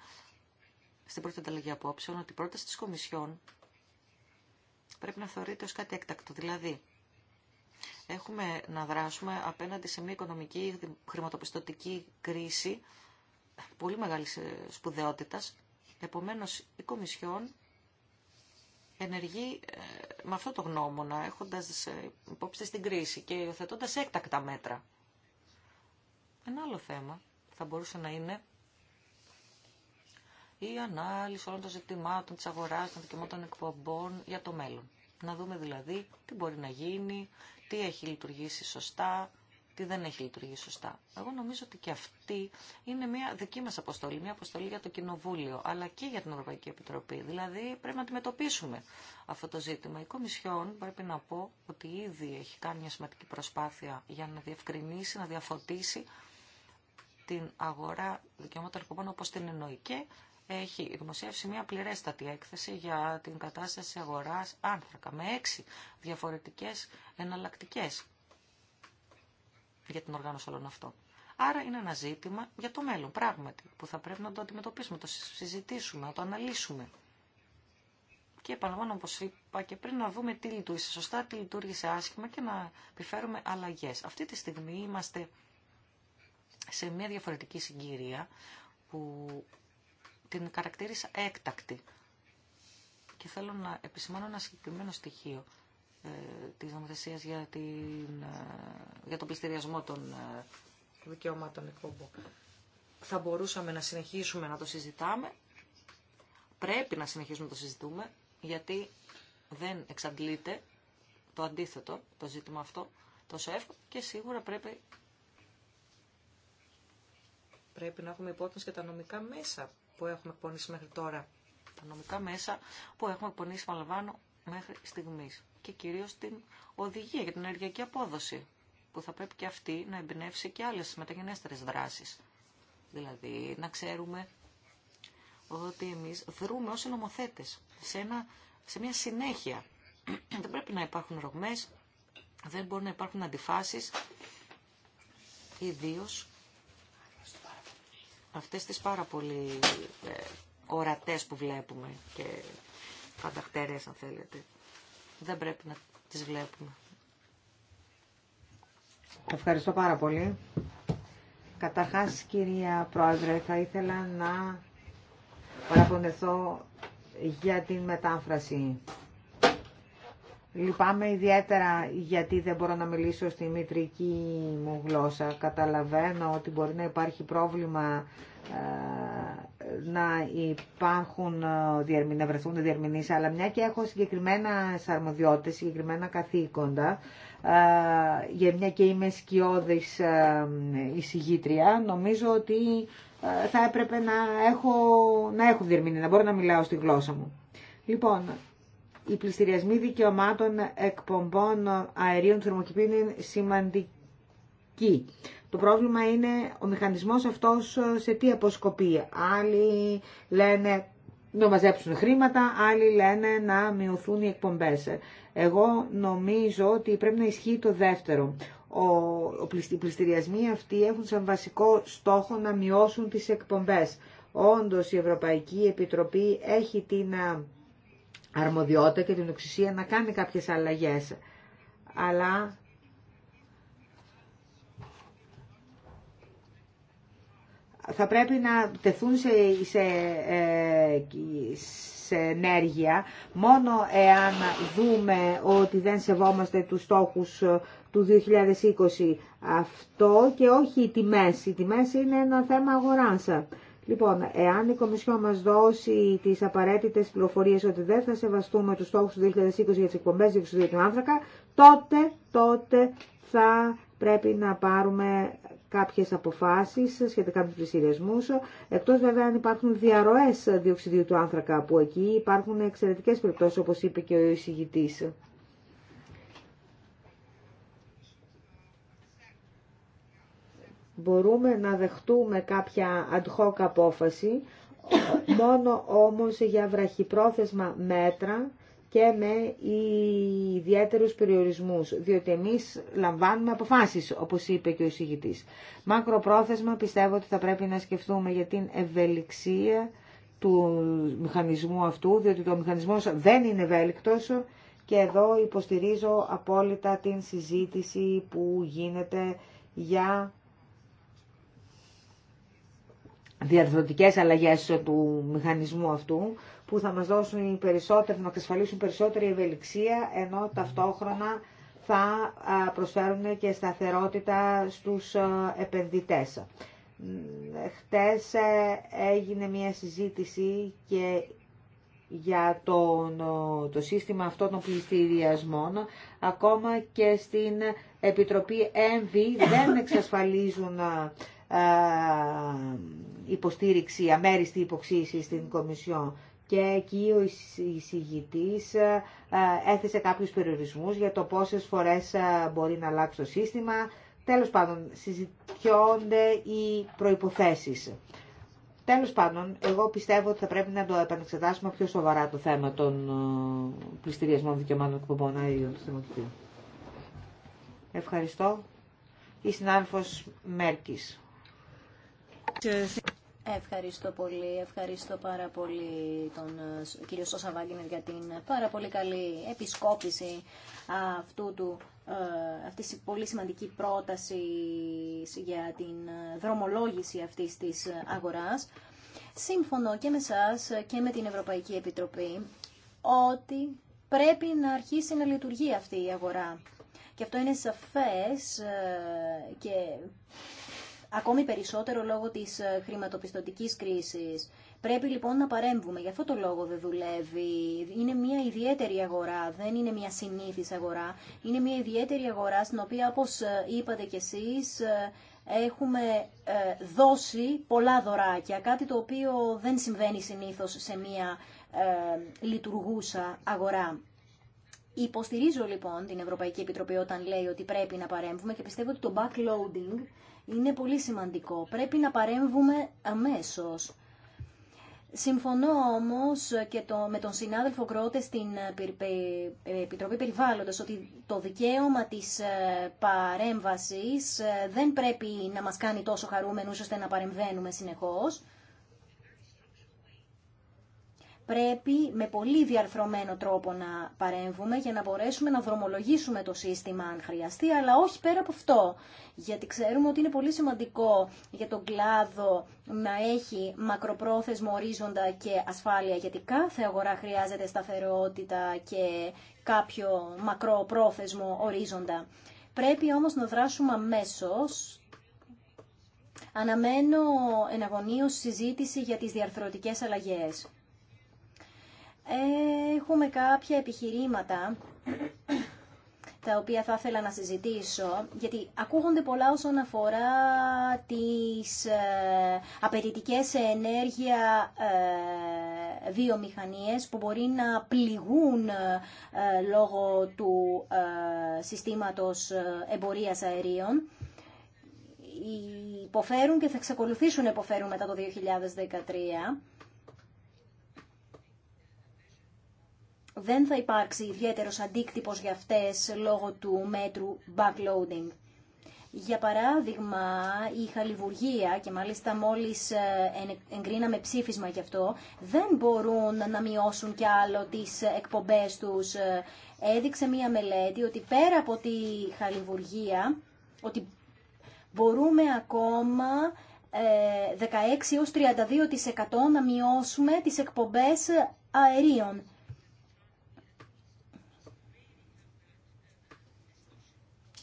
στην πρώτη ανταλλαγή απόψεων ότι η πρόταση της Κομισιόν πρέπει να θεωρείται ως κάτι έκτακτο. Δηλαδή, έχουμε να δράσουμε απέναντι σε μια οικονομική χρηματοπιστωτική κρίση πολύ μεγάλης ε, σπουδαιότητας. Επομένως, η Κομισιόν ενεργεί ε, με αυτό το γνώμονα, έχοντας ε, υπόψη στην κρίση και υιοθετώντα έκτακτα μέτρα. Ένα άλλο θέμα θα μπορούσε να είναι η ανάλυση όλων των ζητημάτων τη αγορά, των δικαιωμάτων εκπομπών για το μέλλον. Να δούμε δηλαδή τι μπορεί να γίνει, τι έχει λειτουργήσει σωστά, τι δεν έχει λειτουργήσει σωστά. Εγώ νομίζω ότι και αυτή είναι μια δική μα αποστολή, μια αποστολή για το Κοινοβούλιο, αλλά και για την Ευρωπαϊκή Επιτροπή. Δηλαδή πρέπει να αντιμετωπίσουμε αυτό το ζήτημα. Η Κομισιόν πρέπει να πω ότι ήδη έχει κάνει μια σημαντική προσπάθεια για να διευκρινίσει, να διαφωτίσει την αγορά δικαιωμάτων εκπομπών όπως την εννοεί έχει δημοσιεύσει μια πληρέστατη έκθεση για την κατάσταση αγοράς άνθρακα με έξι διαφορετικές εναλλακτικέ για την οργάνωση όλων αυτών. Άρα είναι ένα ζήτημα για το μέλλον, πράγματι, που θα πρέπει να το αντιμετωπίσουμε, το συζητήσουμε, να το αναλύσουμε. Και επαναλαμβάνω, όπω είπα και πριν, να δούμε τι λειτουργήσε σωστά, τι λειτουργήσε άσχημα και να επιφέρουμε αλλαγέ. Αυτή τη στιγμή είμαστε σε μια διαφορετική συγκυρία που την χαρακτήρισα έκτακτη. Και θέλω να επισημάνω ένα συγκεκριμένο στοιχείο ε, της νομοθεσίας για, ε, για τον πληστηριασμό των ε, δικαιωμάτων εκπομπών. Θα μπορούσαμε να συνεχίσουμε να το συζητάμε. Πρέπει να συνεχίσουμε να το συζητούμε, γιατί δεν εξαντλείται το αντίθετο, το ζήτημα αυτό, το ΣΕΦ και σίγουρα πρέπει πρέπει να έχουμε υπόθεση και τα νομικά μέσα που έχουμε εκπονήσει μέχρι τώρα, τα νομικά μέσα που έχουμε εκπονήσει, παραλαμβάνω, μέχρι στιγμής και κυρίως την οδηγία για την ενεργειακή απόδοση που θα πρέπει και αυτή να εμπνεύσει και άλλε μεταγενέστερες δράσεις. Δηλαδή να ξέρουμε ότι εμείς δρούμε ω νομοθέτε σε, σε μια συνέχεια. δεν πρέπει να υπάρχουν ρογμές, δεν μπορεί να υπάρχουν αντιφάσεις, ιδίως αυτές τις πάρα πολύ ε, ορατές που βλέπουμε και φανταχτέρες αν θέλετε. Δεν πρέπει να τις βλέπουμε. Ευχαριστώ πάρα πολύ. Καταρχάς, κυρία Πρόεδρε, θα ήθελα να παραπονεθώ για την μετάφραση. Λυπάμαι ιδιαίτερα γιατί δεν μπορώ να μιλήσω στη μητρική μου γλώσσα. Καταλαβαίνω ότι μπορεί να υπάρχει πρόβλημα ε, να υπάρχουν, ε, να βρεθούν διερμηνείς, αλλά μια και έχω συγκεκριμένα αρμοδιότητες, συγκεκριμένα καθήκοντα, ε, για μια και είμαι σκιώδης εισηγήτρια, νομίζω ότι θα έπρεπε να έχω, να έχω να μπορώ να μιλάω στη γλώσσα μου. Λοιπόν, οι πληστηριασμοί δικαιωμάτων εκπομπών αερίων θερμοκηπίων είναι σημαντικοί. Το πρόβλημα είναι ο μηχανισμός αυτός σε τι αποσκοπεί. Άλλοι λένε να μαζέψουν χρήματα, άλλοι λένε να μειωθούν οι εκπομπές. Εγώ νομίζω ότι πρέπει να ισχύει το δεύτερο. Ο, ο, οι πληστηριασμοί αυτοί έχουν σαν βασικό στόχο να μειώσουν τις εκπομπές. Όντως η Ευρωπαϊκή Επιτροπή έχει την αρμοδιότητα και την οξυσία να κάνει κάποιες αλλαγές. Αλλά θα πρέπει να τεθούν ε, σε, ενέργεια μόνο εάν δούμε ότι δεν σεβόμαστε τους στόχους του 2020 αυτό και όχι οι τιμές. Οι τιμές είναι ένα θέμα αγοράς. Λοιπόν, εάν η Κομισιόν μας δώσει τις απαραίτητες πληροφορίες ότι δεν θα σεβαστούμε τους στόχους του 2020 για τις εκπομπές διοξυδίου του άνθρακα, τότε, τότε θα πρέπει να πάρουμε κάποιες αποφάσεις σχετικά με τους πλησιρισμούς, εκτός βέβαια αν υπάρχουν διαρροές διοξιδίου του άνθρακα, που εκεί υπάρχουν εξαιρετικές περιπτώσεις, όπως είπε και ο εισηγητής. Μπορούμε να δεχτούμε κάποια ad hoc απόφαση, μόνο όμως για βραχυπρόθεσμα μέτρα και με ιδιαίτερους περιορισμούς, διότι εμείς λαμβάνουμε αποφάσεις, όπως είπε και ο εισηγητής. Μακροπρόθεσμα πιστεύω ότι θα πρέπει να σκεφτούμε για την ευελιξία του μηχανισμού αυτού, διότι το μηχανισμός δεν είναι ευέλικτος και εδώ υποστηρίζω απόλυτα την συζήτηση που γίνεται για διαδροτικές αλλαγές του μηχανισμού αυτού που θα μας δώσουν περισσότερο, να εξασφαλίσουν περισσότερη ευελιξία ενώ ταυτόχρονα θα προσφέρουν και σταθερότητα στους επενδυτές. Χτες ε, έγινε μια συζήτηση και για τον, το σύστημα αυτό των πληστηριασμών, ακόμα και στην Επιτροπή ΕΜΒΗ δεν εξασφαλίζουν υποστήριξη, αμέριστη υποξήση στην Κομισιόν. Και εκεί ο εισηγητή ε, έθεσε κάποιους περιορισμούς για το πόσε φορέ ε, μπορεί να αλλάξει το σύστημα. Τέλο πάντων, συζητιώνται οι προποθέσει. Τέλο πάντων, εγώ πιστεύω ότι θα πρέπει να το επανεξετάσουμε πιο σοβαρά το θέμα των ε, πληστηριασμών δικαιωμάτων εκπομπών αερίων του Ευχαριστώ. Η συνάδελφος Μέρκης. Ευχαριστώ πολύ, ευχαριστώ πάρα πολύ τον ε, κύριο Σώσα για την πάρα πολύ καλή επισκόπηση αυτού του, ε, αυτής της πολύ σημαντική πρόταση για την δρομολόγηση αυτής της αγοράς. Σύμφωνο και με σας και με την Ευρωπαϊκή Επιτροπή ότι πρέπει να αρχίσει να λειτουργεί αυτή η αγορά. Και αυτό είναι σαφές ε, και ακόμη περισσότερο λόγω της ε, χρηματοπιστωτικής κρίσης. Πρέπει λοιπόν να παρέμβουμε. Γι' αυτό το λόγο δεν δουλεύει. Είναι μια ιδιαίτερη αγορά, δεν είναι μια συνήθις αγορά. Είναι μια ιδιαίτερη αγορά στην οποία, όπως ε, είπατε κι εσείς, ε, έχουμε δώσει πολλά δωράκια. Κάτι το οποίο δεν συμβαίνει συνήθως σε μια λειτουργούσα αγορά. Υποστηρίζω λοιπόν την Ευρωπαϊκή Επιτροπή όταν λέει ότι πρέπει να παρέμβουμε και πιστεύω ότι το backloading είναι πολύ σημαντικό. Πρέπει να παρέμβουμε αμέσως. Συμφωνώ όμως και το, με τον συνάδελφο Κρότε στην ε, ε, Επιτροπή Περιβάλλοντος ότι το δικαίωμα της ε, παρέμβασης δεν πρέπει να μας κάνει τόσο χαρούμενους ώστε να παρεμβαίνουμε συνεχώς πρέπει με πολύ διαρθρωμένο τρόπο να παρέμβουμε για να μπορέσουμε να δρομολογήσουμε το σύστημα αν χρειαστεί, αλλά όχι πέρα από αυτό. Γιατί ξέρουμε ότι είναι πολύ σημαντικό για τον κλάδο να έχει μακροπρόθεσμο ορίζοντα και ασφάλεια, γιατί κάθε αγορά χρειάζεται σταθερότητα και κάποιο μακροπρόθεσμο ορίζοντα. Πρέπει όμως να δράσουμε αμέσως Αναμένω εναγωνίως συζήτηση για τις διαρθρωτικές αλλαγές. Έχουμε κάποια επιχειρήματα τα οποία θα ήθελα να συζητήσω, γιατί ακούγονται πολλά όσον αφορά τις ε, απαιτητικές ενέργεια ε, βιομηχανίες που μπορεί να πληγούν ε, λόγω του ε, συστήματος εμπορίας αερίων. Υποφέρουν και θα εξακολουθήσουν να υποφέρουν μετά το 2013 δεν θα υπάρξει ιδιαίτερος αντίκτυπος για αυτές λόγω του μέτρου backloading. Για παράδειγμα, η χαλιβουργία, και μάλιστα μόλις ε, εγκρίναμε ψήφισμα γι' αυτό, δεν μπορούν να μειώσουν κι άλλο τις εκπομπές τους. Ε, έδειξε μία μελέτη ότι πέρα από τη χαλιβουργία, ότι μπορούμε ακόμα 16 ε, έως 32% να μειώσουμε τις εκπομπές αερίων.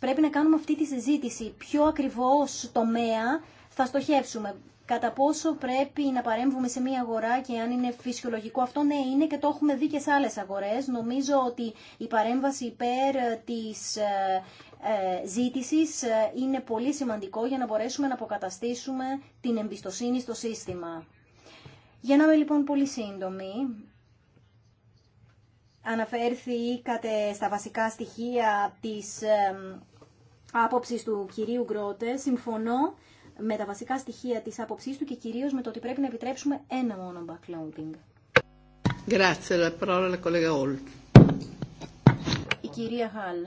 Πρέπει να κάνουμε αυτή τη συζήτηση. Ποιο ακριβώς τομέα θα στοχεύσουμε. Κατά πόσο πρέπει να παρέμβουμε σε μία αγορά και αν είναι φυσιολογικό αυτό, ναι είναι και το έχουμε δει και σε άλλες αγορές. Νομίζω ότι η παρέμβαση υπέρ της ε, ε, ζήτησης ε, είναι πολύ σημαντικό για να μπορέσουμε να αποκαταστήσουμε την εμπιστοσύνη στο σύστημα. Για να είμαι λοιπόν πολύ σύντομη, αναφέρθηκατε στα βασικά στοιχεία της Άποψη του κυρίου Γκρότε. Συμφωνώ με τα βασικά στοιχεία της άποψής του και κυρίως με το ότι πρέπει να επιτρέψουμε ένα μόνο backloading. Η κυρία Χάλ.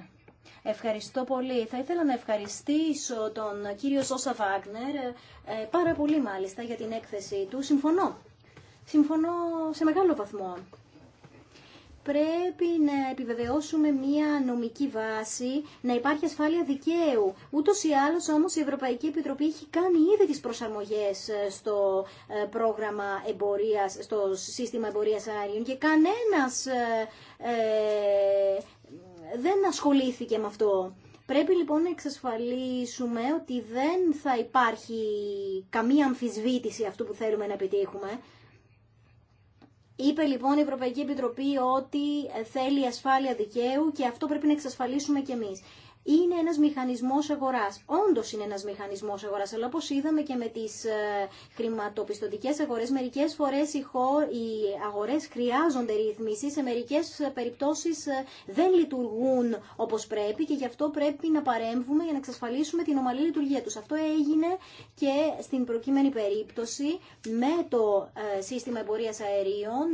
Ευχαριστώ πολύ. Θα ήθελα να ευχαριστήσω τον κύριο Σόσα Βάγνερ, ε, πάρα πολύ μάλιστα, για την έκθεσή του. Συμφωνώ. Συμφωνώ σε μεγάλο βαθμό πρέπει να επιβεβαιώσουμε μία νομική βάση, να υπάρχει ασφάλεια δικαίου. Ούτως ή άλλως όμως η αλλω ομως Επιτροπή έχει κάνει ήδη τις προσαρμογές ε, στο ε, πρόγραμμα εμπορίας, στο σύστημα εμπορία αερίων και κανένας ε, δεν ασχολήθηκε με αυτό. Πρέπει λοιπόν να εξασφαλίσουμε ότι δεν θα υπάρχει καμία αμφισβήτηση αυτού που θέλουμε να επιτύχουμε Είπε λοιπόν η Ευρωπαϊκή Επιτροπή ότι θέλει ασφάλεια δικαίου και αυτό πρέπει να εξασφαλίσουμε κι εμείς είναι ένας μηχανισμός αγοράς. Όντως είναι ένας μηχανισμός αγοράς, αλλά όπως είδαμε και με τις ε, χρηματοπιστωτικές αγορές, μερικές φορές οι, αγορές χρειάζονται ρυθμίσει, σε μερικές ε, περιπτώσεις ε, δεν λειτουργούν όπως πρέπει και γι' αυτό πρέπει να παρέμβουμε για να εξασφαλίσουμε την ομαλή λειτουργία τους. Αυτό έγινε και στην προκείμενη περίπτωση με το σύστημα εμπορίας αερίων.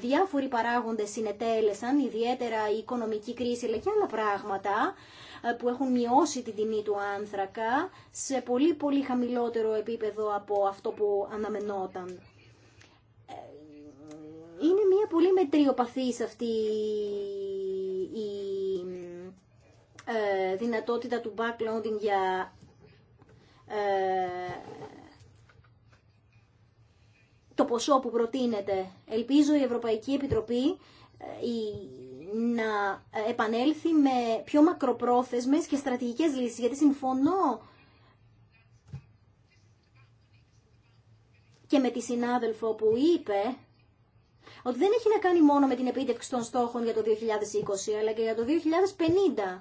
Διάφοροι παράγοντες συνετέλεσαν, ιδιαίτερα η οικονομική κρίση αλλά και άλλα πράγματα. Ε, που έχουν μειώσει την τιμή του άνθρακα σε πολύ πολύ χαμηλότερο επίπεδο από αυτό που αναμενόταν. Ε, είναι μια πολύ μετριοπαθής αυτή η ε, δυνατότητα του backloading για το ποσό που προτείνεται. Ελπίζω η Ευρωπαϊκή Επιτροπή, να επανέλθει με πιο μακροπρόθεσμες και στρατηγικές λύσεις, γιατί συμφωνώ και με τη συνάδελφο που είπε ότι δεν έχει να κάνει μόνο με την επίτευξη των στόχων για το 2020, αλλά και για το 2050.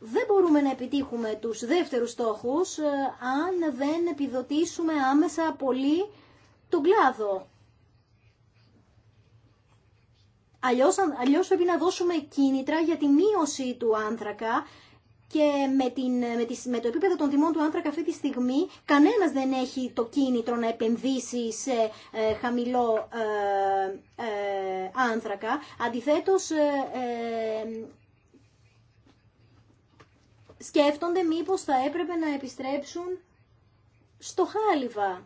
Δεν μπορούμε να επιτύχουμε τους δεύτερους στόχους ε, αν δεν επιδοτήσουμε άμεσα πολύ τον κλάδο. Αλλιώς, αλλιώς πρέπει να δώσουμε κίνητρα για τη μείωση του άνθρακα και με, την, με, τις, με το επίπεδο των τιμών του άνθρακα αυτή τη στιγμή κανένας δεν έχει το κίνητρο να επενδύσει σε ε, χαμηλό ε, ε, άνθρακα. Αντιθέτως, ε, ε, σκέφτονται μήπως θα έπρεπε να επιστρέψουν στο χάλιβα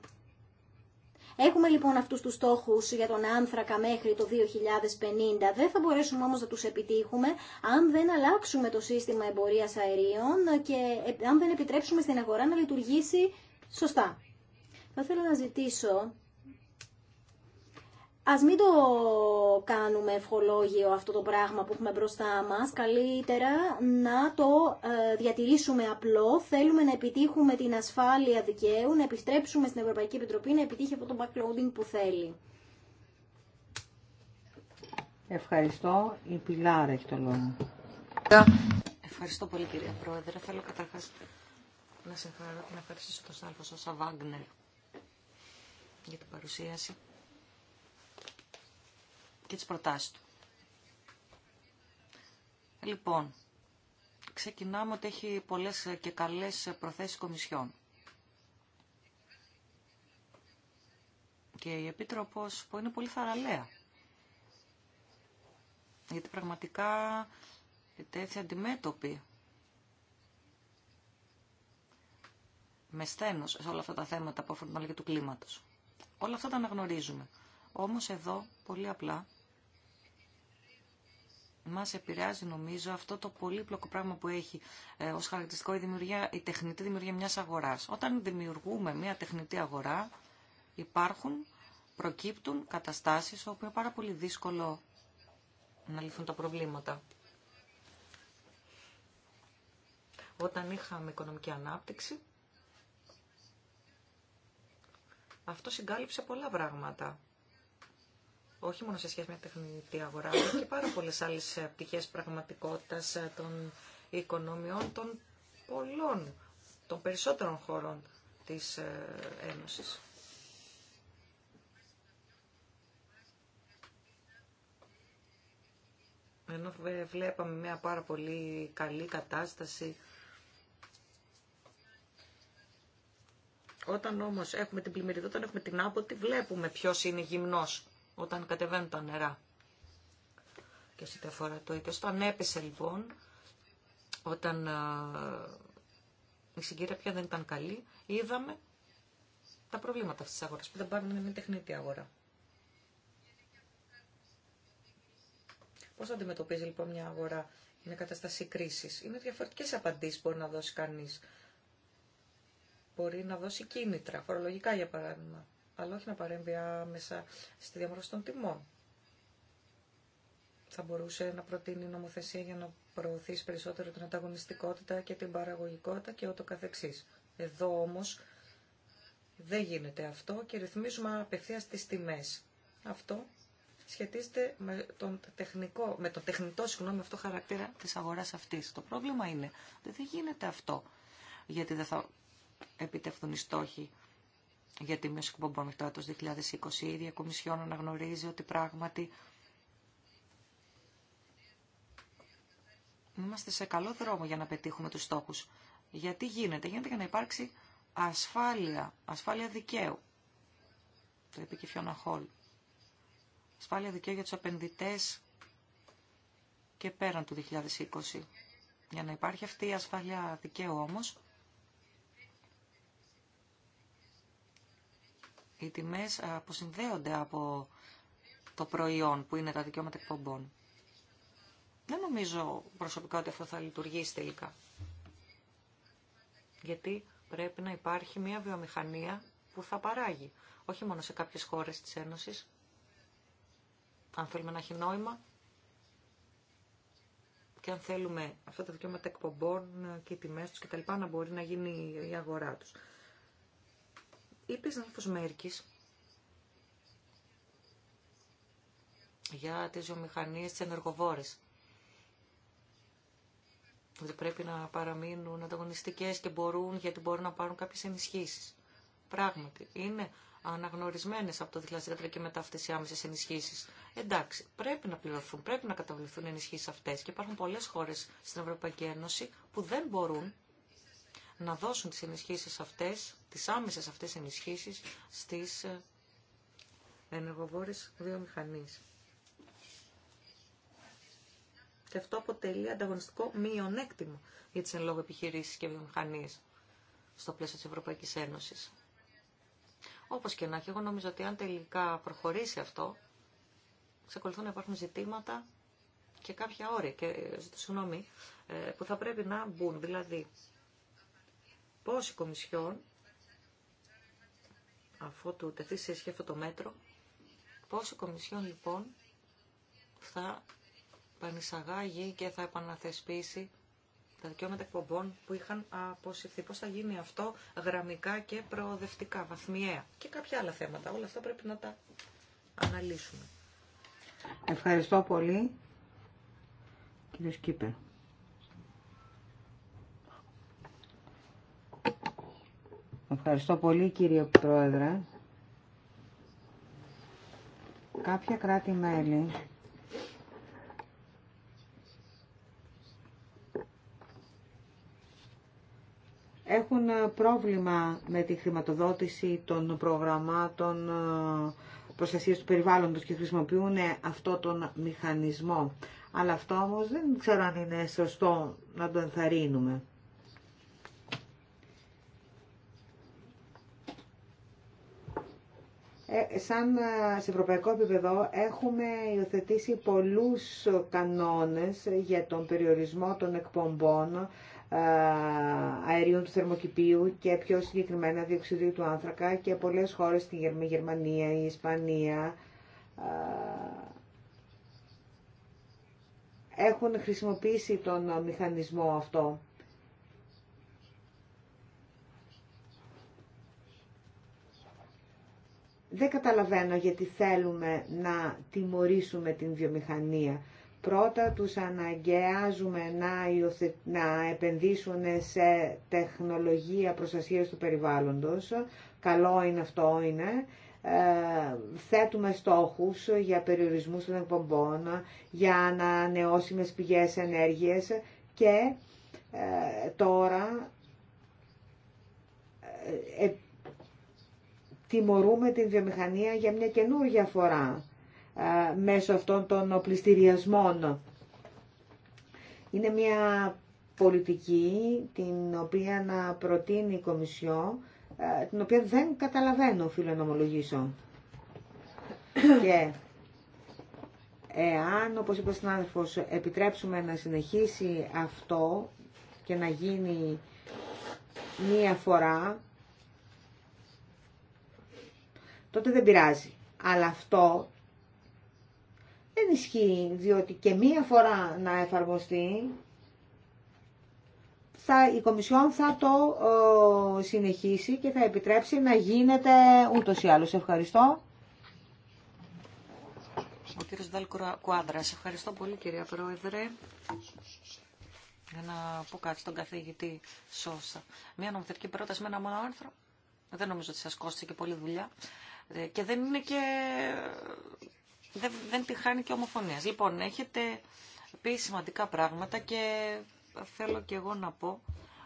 Έχουμε λοιπόν αυτούς τους στόχους για τον άνθρακα μέχρι το 2050. Δεν θα μπορέσουμε όμως να τους επιτύχουμε αν δεν αλλάξουμε το σύστημα εμπορίας αερίων και ε, αν δεν επιτρέψουμε στην αγορά να λειτουργήσει σωστά. Θα ήθελα να ζητήσω Ας μην το κάνουμε ευχολόγιο αυτό το πράγμα που έχουμε μπροστά μα. καλύτερα να το ε, διατηρήσουμε απλό. Θέλουμε να επιτύχουμε την ασφάλεια δικαίου, να επιστρέψουμε στην Ευρωπαϊκή Επιτροπή να επιτύχει αυτό το backloading που θέλει. Ευχαριστώ. Η Πιλάρα έχει το λόγο. Ευχαριστώ πολύ κυρία Πρόεδρε. Θέλω καταρχά να σε να ευχαριστήσω τον Σάλφο Σαβάγκνερ για την παρουσίαση και τις προτάσεις του. Λοιπόν, ξεκινάμε ότι έχει πολλές και καλές προθέσεις κομισιών. Και η Επίτροπος που είναι πολύ θαραλέα. Γιατί πραγματικά τέτοια αντιμέτωπη με σθένος σε όλα αυτά τα θέματα που αφορούν την του κλίματος. Όλα αυτά τα αναγνωρίζουμε. Όμως εδώ, πολύ απλά, μας επηρεάζει νομίζω αυτό το πολύπλοκο πράγμα που έχει ε, ως χαρακτηριστικό η, δημιουργία, η τεχνητή δημιουργία μιας αγοράς. Όταν δημιουργούμε μια τεχνητή αγορά υπάρχουν, προκύπτουν καταστάσεις όπου είναι πάρα πολύ δύσκολο να λυθούν τα προβλήματα. Όταν είχαμε οικονομική ανάπτυξη, αυτό συγκάλυψε πολλά πράγματα όχι μόνο σε σχέση με την τεχνητή αγορά, αλλά και πάρα πολλές άλλες πτυχές πραγματικότητας ε, των οικονομιών των πολλών, των περισσότερων χωρών της ε, Ένωσης. Ενώ βλέπαμε μια πάρα πολύ καλή κατάσταση Όταν όμως έχουμε την πλημμυρίδα, όταν έχουμε την άποτη, βλέπουμε ποιος είναι γυμνός όταν κατεβαίνουν τα νερά. Και σε φόρα το είτε. Στον έπεσε λοιπόν, όταν η συγκύρια πια δεν ήταν καλή, είδαμε τα προβλήματα αυτής της αγοράς, που δεν με μια τεχνητή αγορά. Πώς αντιμετωπίζει λοιπόν μια αγορά, μια κατάσταση κρίσης. Είναι διαφορετικές απαντήσεις που μπορεί να δώσει κανείς. Μπορεί να δώσει κίνητρα, φορολογικά για παράδειγμα αλλά όχι να παρέμβει άμεσα στη διαμόρφωση των τιμών. Θα μπορούσε να προτείνει νομοθεσία για να προωθήσει περισσότερο την ανταγωνιστικότητα και την παραγωγικότητα και ούτω καθεξής. Εδώ όμως δεν γίνεται αυτό και ρυθμίζουμε απευθεία τις τιμές. Αυτό σχετίζεται με τον, τεχνικό, με τον τεχνητό συγγνώμη, αυτό χαρακτήρα της αγοράς αυτής. Το πρόβλημα είναι ότι δεν γίνεται αυτό γιατί δεν θα επιτευχθούν οι στόχοι για τη μείωση εκπομπών το 2020. Η ίδια Κομισιόν αναγνωρίζει ότι πράγματι είμαστε σε καλό δρόμο για να πετύχουμε τους στόχους. Γιατί γίνεται. Γίνεται για να υπάρξει ασφάλεια, ασφάλεια δικαίου. Το είπε και η Φιώνα Χόλ. Ασφάλεια δικαίου για τους επενδυτές και πέραν του 2020. Για να υπάρχει αυτή η ασφάλεια δικαίου όμως, οι τιμές αποσυνδέονται από το προϊόν που είναι τα δικαιώματα εκπομπών. Δεν νομίζω προσωπικά ότι αυτό θα λειτουργήσει τελικά. Γιατί πρέπει να υπάρχει μια βιομηχανία που θα παράγει. Όχι μόνο σε κάποιες χώρες της Ένωσης. Αν θέλουμε να έχει νόημα και αν θέλουμε αυτά τα δικαιώματα εκπομπών και οι τιμές τους και να μπορεί να γίνει η αγορά τους είπε πως Μέρκης για τις βιομηχανίες τις ενεργοβόρες. Ότι πρέπει να παραμείνουν ανταγωνιστικές και μπορούν, γιατί μπορούν να πάρουν κάποιες ενισχύσεις. Πράγματι, είναι αναγνωρισμένες από το 2013 και μετά αυτές οι άμεσες ενισχύσεις. Εντάξει, πρέπει να πληρωθούν, πρέπει να καταβληθούν ενισχύσεις αυτές και υπάρχουν πολλές χώρες στην Ευρωπαϊκή Ένωση που δεν μπορούν να δώσουν τις ενισχύσεις αυτές, τις άμεσες αυτές ενισχύσεις στις ε, ενεργοβόρες βιομηχανίες. Και αυτό αποτελεί ανταγωνιστικό μειονέκτημα για τις εν λόγω επιχειρήσεις και βιομηχανίες στο πλαίσιο της Ευρωπαϊκής Ένωσης. Όπως και να έχει, εγώ νομίζω ότι αν τελικά προχωρήσει αυτό, ξεκολουθούν να υπάρχουν ζητήματα και κάποια όρια, και, ε, ε, που θα πρέπει να μπουν. Δηλαδή, πώς η Κομισιόν, αφού του τεθεί σε αυτό το μέτρο, πώς η Κομισιόν λοιπόν θα πανησαγάγει και θα επαναθεσπίσει τα δικαιώματα εκπομπών που είχαν αποσυρθεί. Πώς θα γίνει αυτό γραμμικά και προοδευτικά, βαθμιαία και κάποια άλλα θέματα. Όλα αυτά πρέπει να τα αναλύσουμε. Ευχαριστώ πολύ. Κύριε Σκύπερ. Ευχαριστώ πολύ κύριε Πρόεδρε. Κάποια κράτη-μέλη έχουν πρόβλημα με τη χρηματοδότηση των προγραμμάτων ε, προστασίας του περιβάλλοντος και χρησιμοποιούν αυτό τον μηχανισμό. Αλλά αυτό όμως δεν ξέρω αν είναι σωστό να το ενθαρρύνουμε. Ε, σαν ε, σε ευρωπαϊκό επίπεδο έχουμε υιοθετήσει πολλούς κανόνες για τον περιορισμό των εκπομπών ε, αερίων του θερμοκηπίου και πιο συγκεκριμένα διοξιδίου του άνθρακα και πολλές χώρες στη Γερμανία, η Ισπανία έχουν χρησιμοποιήσει τον μηχανισμό αυτό. Δεν καταλαβαίνω γιατί θέλουμε να τιμωρήσουμε την βιομηχανία. Πρώτα τους αναγκαιάζουμε να, υιοθε... να επενδύσουν σε τεχνολογία προστασίας του περιβάλλοντος. Καλό είναι αυτό είναι. Ε, θέτουμε στόχους για περιορισμούς των εκπομπών, για ανανεώσιμες πηγές ενέργειας και ε, τώρα ε, τιμωρούμε την βιομηχανία για μια καινούργια φορά μέσω αυτών των οπλιστηριασμών. Είναι μια πολιτική την οποία να προτείνει η Κομισιό, την οποία δεν καταλαβαίνω, φίλο να ομολογήσω. Και εάν, όπως είπε ο συνάδελφος, επιτρέψουμε να συνεχίσει αυτό και να γίνει μία φορά, τότε δεν πειράζει. Αλλά αυτό δεν ισχύει, διότι και μία φορά να εφαρμοστεί, θα, η Κομισιόν θα το συνεχίσει και θα επιτρέψει να γίνεται ούτως ή άλλως. Ευχαριστώ. Ο κύριος Δάλκουρα Σε Ευχαριστώ πολύ κυρία Πρόεδρε. Για να πω κάτι στον καθηγητή Σώσα. Μια νομοθετική πρόταση με ένα μόνο άρθρο. Δεν νομίζω ότι σας κόστησε και πολλή δουλειά. Ε, και δεν είναι και... Δεν, δεν τη χάνει και ομοφωνίας. Λοιπόν, έχετε πει σημαντικά πράγματα και θέλω και εγώ να πω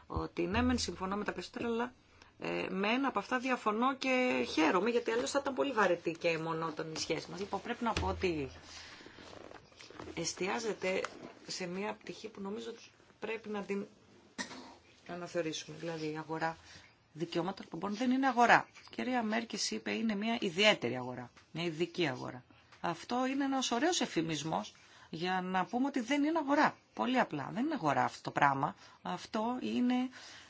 ότι ναι, μεν συμφωνώ με τα περισσότερα, αλλά ε, με ένα από αυτά διαφωνώ και χαίρομαι, γιατί αλλιώς θα ήταν πολύ βαρετή και μονότονη η σχέση μας. Λοιπόν, πρέπει να πω ότι εστιάζεται σε μια πτυχή που νομίζω πρέπει να την αναθεωρήσουμε, δηλαδή η αγορά δικαιώματα μπορεί να δεν είναι αγορά. Η κυρία Μέρκης είπε είναι μια ιδιαίτερη αγορά, μια ειδική αγορά. Αυτό είναι ένας ωραίος εφημισμός για να πούμε ότι δεν είναι αγορά. Πολύ απλά. Δεν είναι αγορά αυτό το πράγμα. Αυτό είναι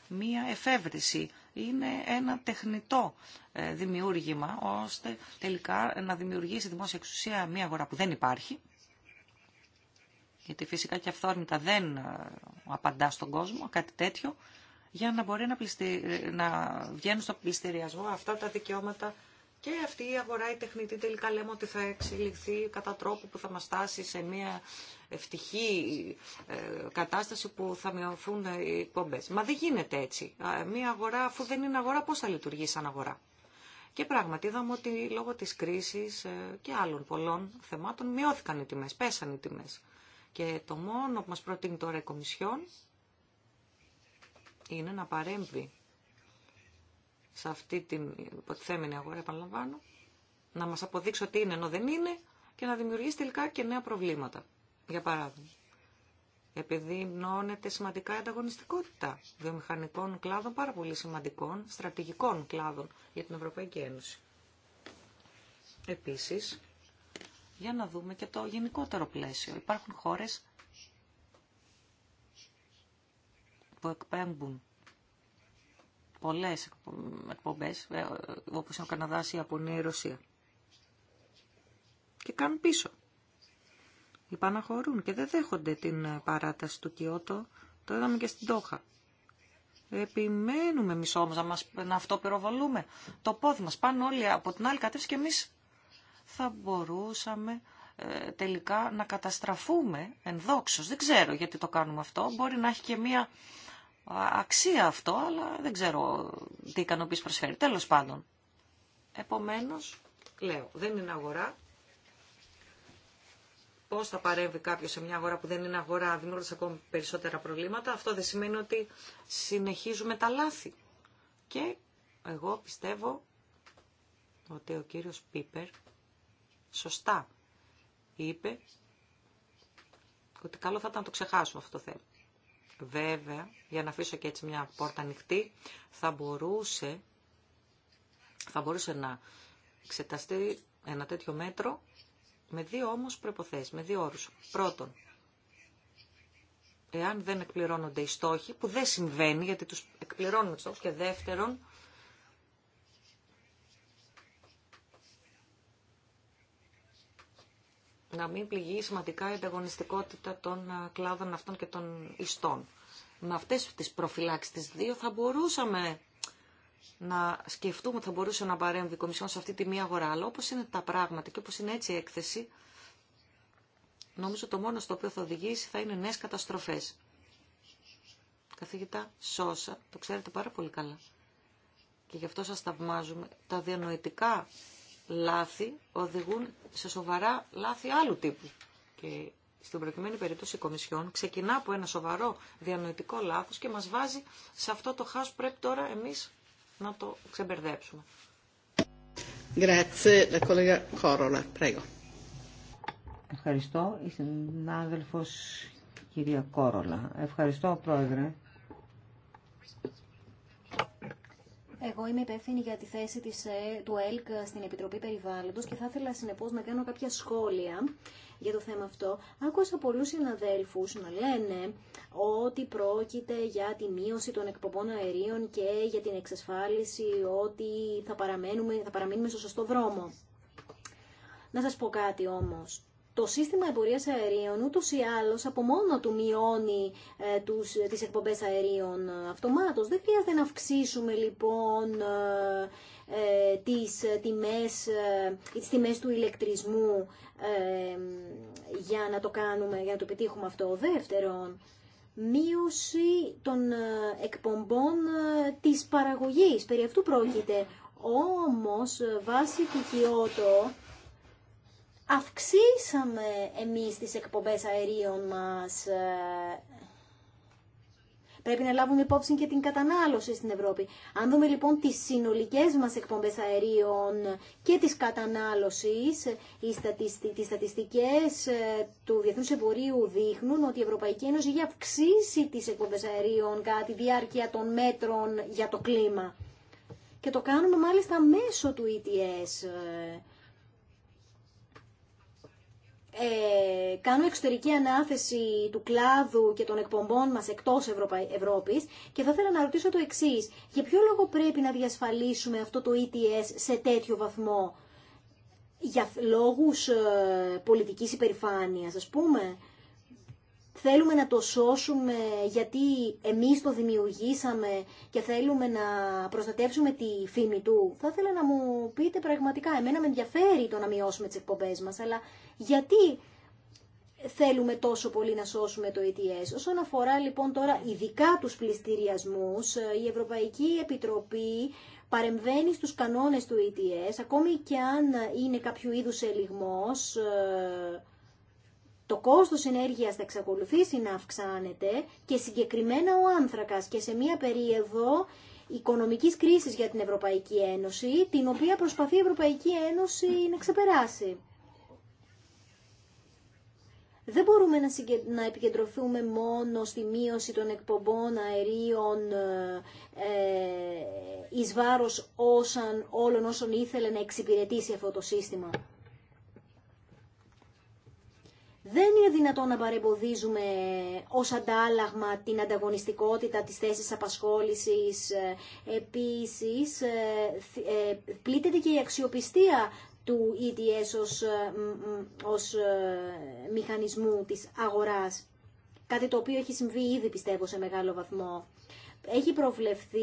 μία εφεύρεση. Είναι ένα τεχνητό ε, δημιούργημα ώστε τελικά να δημιουργήσει δημόσια εξουσία μία αγορά που δεν υπάρχει. Γιατί φυσικά και αυθόρμητα δεν ε, απαντά στον κόσμο κάτι τέτοιο για να μπορεί να, πληστη... να βγαίνουν στο πληστηριασμό αυτά τα δικαιώματα και αυτή η αγορά η τεχνητή τελικά λέμε ότι θα εξελιχθεί κατά τρόπο που θα μας στάσει σε μια ευτυχή ε, κατάσταση που θα μειωθούν οι κόμπες. Μα δεν γίνεται έτσι. Μια αγορά αφού δεν είναι αγορά πώς θα λειτουργεί σαν αγορά. Και πράγματι είδαμε ότι λόγω της κρίσης ε, και άλλων πολλών θεμάτων μειώθηκαν οι τιμές, πέσαν οι τιμές. Και το μόνο που μας προτείνει τώρα η Κομισιόν είναι να παρέμβει σε αυτή την υποτιθέμενη αγορά, επαναλαμβάνω, να μας αποδείξει ότι είναι ενώ δεν είναι και να δημιουργήσει τελικά και νέα προβλήματα. Για παράδειγμα, επειδή μνώνεται σημαντικά η ανταγωνιστικότητα βιομηχανικών κλάδων, πάρα πολύ σημαντικών, στρατηγικών κλάδων για την Ευρωπαϊκή Ένωση. Επίσης, για να δούμε και το γενικότερο πλαίσιο. Υπάρχουν χώρες που εκπέμπουν πολλές εκπομπές, ε, όπως είναι ο Καναδάς, η Ιαπωνία, η Ρωσία. Και κάνουν πίσω. Υπαναχωρούν και δεν δέχονται την παράταση του Κιώτο. Το είδαμε και στην Τόχα. Επιμένουμε εμείς όμως να, μας, αυτό Το πόδι μας πάνε όλοι από την άλλη κατεύθυνση και εμείς θα μπορούσαμε ε, τελικά να καταστραφούμε ενδόξως. Δεν ξέρω γιατί το κάνουμε αυτό. Μπορεί να έχει και μία αξία αυτό, αλλά δεν ξέρω τι ικανοποίηση προσφέρει. Τέλος πάντων. Επομένως, λέω, δεν είναι αγορά. Πώς θα παρέμβει κάποιος σε μια αγορά που δεν είναι αγορά, δημιουργώντας ακόμη περισσότερα προβλήματα. Αυτό δεν σημαίνει ότι συνεχίζουμε τα λάθη. Και εγώ πιστεύω ότι ο κύριος Πίπερ σωστά είπε ότι καλό θα ήταν να το ξεχάσουμε αυτό το θέμα. Βέβαια, για να αφήσω και έτσι μια πόρτα ανοιχτή, θα μπορούσε, θα μπορούσε να εξεταστεί ένα τέτοιο μέτρο με δύο όμως προϋποθέσεις, με δύο όρους. Πρώτον, εάν δεν εκπληρώνονται οι στόχοι, που δεν συμβαίνει γιατί τους εκπληρώνουμε τους στόχους και δεύτερον, να μην πληγεί σημαντικά η ανταγωνιστικότητα των ε, κλάδων αυτών και των ιστών. Με αυτές τις προφυλάξεις τις δύο θα μπορούσαμε να σκεφτούμε ότι θα μπορούσε να παρέμβει η Κομισιόν σε αυτή τη μία αγορά. Αλλά όπως είναι τα πράγματα και όπως είναι έτσι η έκθεση, νομίζω το μόνο στο οποίο θα οδηγήσει θα είναι νέες καταστροφές. Καθηγητά Σώσα, το ξέρετε πάρα πολύ καλά. Και γι' αυτό σας θαυμάζουμε Τα διανοητικά λάθη οδηγούν σε σοβαρά λάθη άλλου τύπου. Και στην προκειμένη περίπτωση η Κομισιόν ξεκινά από ένα σοβαρό διανοητικό λάθος και μας βάζει σε αυτό το χάος που πρέπει τώρα εμείς να το ξεμπερδέψουμε. Ευχαριστώ, η συνάδελφος κυρία Κόρολα. Ευχαριστώ, Πρόεδρε. Εγώ είμαι υπεύθυνη για τη θέση της, ε, του ΕΛΚ στην Επιτροπή Περιβάλλοντος και θα ήθελα συνεπώς να κάνω κάποια σχόλια για το θέμα αυτό. Άκουσα πολλούς συναδέλφους να λένε ότι πρόκειται για τη μείωση των εκπομπών αερίων και για την εξασφάλιση ότι θα, παραμένουμε, θα παραμείνουμε στο σωστό δρόμο. Να σας πω κάτι όμως. Το σύστημα εμπορίας αερίων ούτως ή άλλως από μόνο του μειώνει ε, τους, ε, τις εκπομπές αερίων αυτομάτως. Δεν χρειάζεται να αυξήσουμε λοιπόν ε, ε τις, ε, τιμές, τις τιμές του ηλεκτρισμού για να το κάνουμε, για να το πετύχουμε αυτό. Δεύτερον, μείωση των εκπομπών της παραγωγής. Περί αυτού πρόκειται. Όμως, βάσει του Κιώτο, αυξήσαμε εμείς τις εκπομπές αερίων μας. Ε, πρέπει να λάβουμε υπόψη και την κατανάλωση στην Ευρώπη. Αν δούμε λοιπόν τις συνολικές μας εκπομπές αερίων και τις κατανάλωσης, οι στατιστικές ε, του Διεθνούς Εμπορίου δείχνουν ότι η Ευρωπαϊκή Ένωση έχει αυξήσει τις εκπομπές αερίων κατά τη διάρκεια των μέτρων για το κλίμα. Και το κάνουμε μάλιστα μέσω του ETS. Ε, ε, Κάνω εξωτερική ανάθεση του κλάδου και των εκπομπών μας εκτός Ευρωπα... Ευρώπης και θα ήθελα να ρωτήσω το εξής. Για ποιο λόγο πρέπει να διασφαλίσουμε αυτό το ETS σε τέτοιο βαθμό για λόγους ε, πολιτικής υπερηφάνειας, ας πούμε. Θέλουμε να το σώσουμε γιατί εμείς το δημιουργήσαμε και θέλουμε να προστατεύσουμε τη φήμη του. Θα ήθελα να μου πείτε πραγματικά, εμένα με ενδιαφέρει το να μειώσουμε τις εκπομπές μας, αλλά γιατί θέλουμε τόσο πολύ να σώσουμε το ETS. Ε Όσον αφορά λοιπόν τώρα ειδικά τους πληστηριασμούς, η Ευρωπαϊκή Επιτροπή παρεμβαίνει στους κανόνες του ETS, ε ακόμη και αν είναι κάποιο είδους ελιγμός, ε, το κόστος ενέργειας θα εξακολουθήσει να αυξάνεται και συγκεκριμένα ο άνθρακας και σε μία περίοδο οικονομικής κρίσης για την Ευρωπαϊκή Ένωση, την οποία προσπαθεί η Ευρωπαϊκή Ένωση να ξεπεράσει. Δεν μπορούμε να επικεντρωθούμε μόνο στη μείωση των εκπομπών αερίων ε, ε, εις βάρος όλων όσων ήθελε να εξυπηρετήσει αυτό το σύστημα. Δεν είναι δυνατόν να παρεμποδίζουμε ως αντάλλαγμα την ανταγωνιστικότητα της θέσης απασχόλησης. Ε, επίσης, ε, ε, πλήττεται και η αξιοπιστία του ETS ως, ως μηχανισμού της αγοράς. Κάτι το οποίο έχει συμβεί ήδη πιστεύω σε μεγάλο βαθμό έχει προβλεφθεί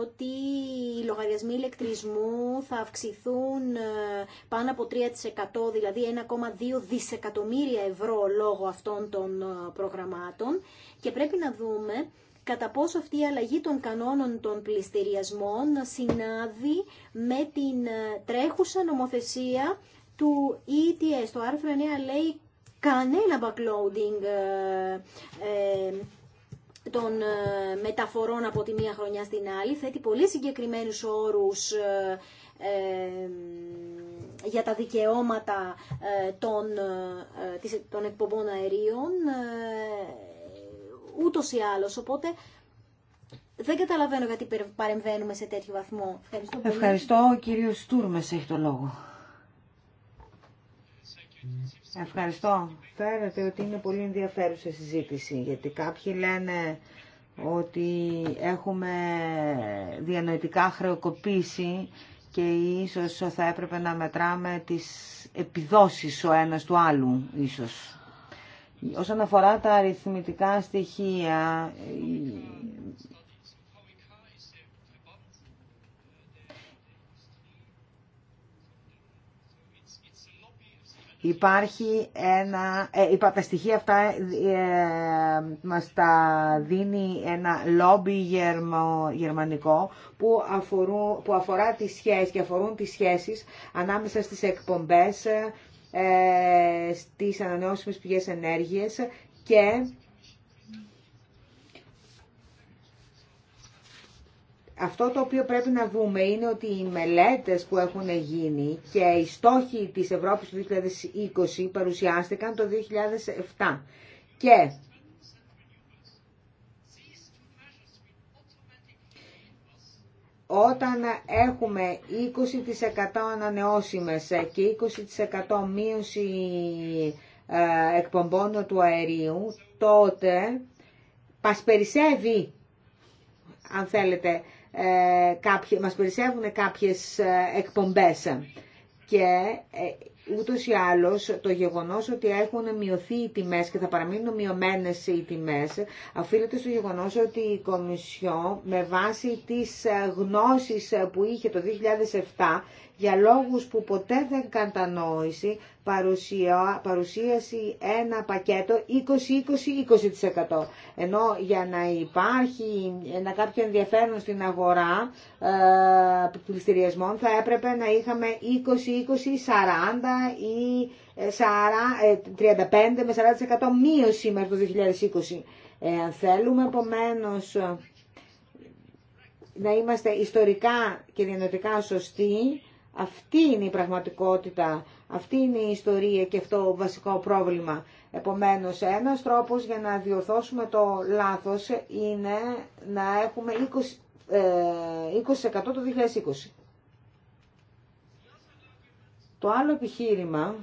ότι οι λογαριασμοί ηλεκτρισμού θα αυξηθούν ε, πάνω από 3%, δηλαδή 1,2 δισεκατομμύρια ευρώ λόγω αυτών των ε, προγραμμάτων και πρέπει να δούμε κατά πόσο αυτή η αλλαγή των κανόνων των πληστηριασμών συνάδει με την ε, τρέχουσα νομοθεσία του ETS. Το άρθρο 9 λέει κανένα backloading των ε, μεταφορών από τη μία χρονιά στην άλλη, θέτει πολύ συγκεκριμένους όρους ε, ε, για τα δικαιώματα των, των εκπομπών αερίων, ούτως ή άλλως, οπότε... Δεν καταλαβαίνω γιατί παρεμβαίνουμε σε τέτοιο βαθμό. Ευχαριστώ πολύ. Ευχαριστώ. Ο κύριος Στούρμες έχει το λόγο. Ευχαριστώ. Φαίνεται ότι είναι πολύ ενδιαφέρουσα συζήτηση, γιατί κάποιοι λένε ότι έχουμε διανοητικά χρεοκοπήσει και ίσως θα έπρεπε να μετράμε τις επιδόσεις ο ένας του άλλου, ίσως. Όσον αφορά τα αριθμητικά στοιχεία, Υπάρχει ένα, ε, τα στοιχεία αυτά ε, μας τα δίνει ένα λόμπι γερμανικό που, αφορού, που αφορά τις σχέσεις και αφορούν τις σχέσεις ανάμεσα στις εκπομπές, ε, στις ανανεώσιμες πηγές ενέργειας και αυτό το οποίο πρέπει να δούμε είναι ότι οι μελέτες που έχουν γίνει και οι στόχοι της Ευρώπης του 2020 παρουσιάστηκαν το 2007. Και όταν έχουμε 20% ανανεώσιμες και 20% μείωση ε, εκπομπών του αερίου, τότε πασπερισσεύει, αν θέλετε, ε, κάποιες μας περισσεύουν κάποιες ε, εκπομπές και ε, ούτως ή άλλως το γεγονός ότι έχουν μειωθεί οι τιμές και θα παραμείνουν μειωμένες οι τιμές οφείλεται στο γεγονός ότι η Κομισιό με βάση τις γνώσεις που είχε το 2007 για λόγους που ποτέ δεν κατανόησε παρουσίαση ένα πακέτο 20-20-20%. Ενώ για να υπάρχει ένα κάποιο ενδιαφέρον στην αγορά ε, πληστηριασμών θα έπρεπε να είχαμε 20-20-40 ή 35 ε, με 40% μείωση μέχρι το 2020. Ε, θέλουμε επομένω ε, να είμαστε ιστορικά και διανοητικά σωστοί αυτή είναι η πραγματικότητα, αυτή είναι η ιστορία και αυτό το βασικό πρόβλημα. Επομένως, ένας τρόπος για να διορθώσουμε το λάθος είναι να έχουμε 20%, 20 ε, το 2020. Το άλλο επιχείρημα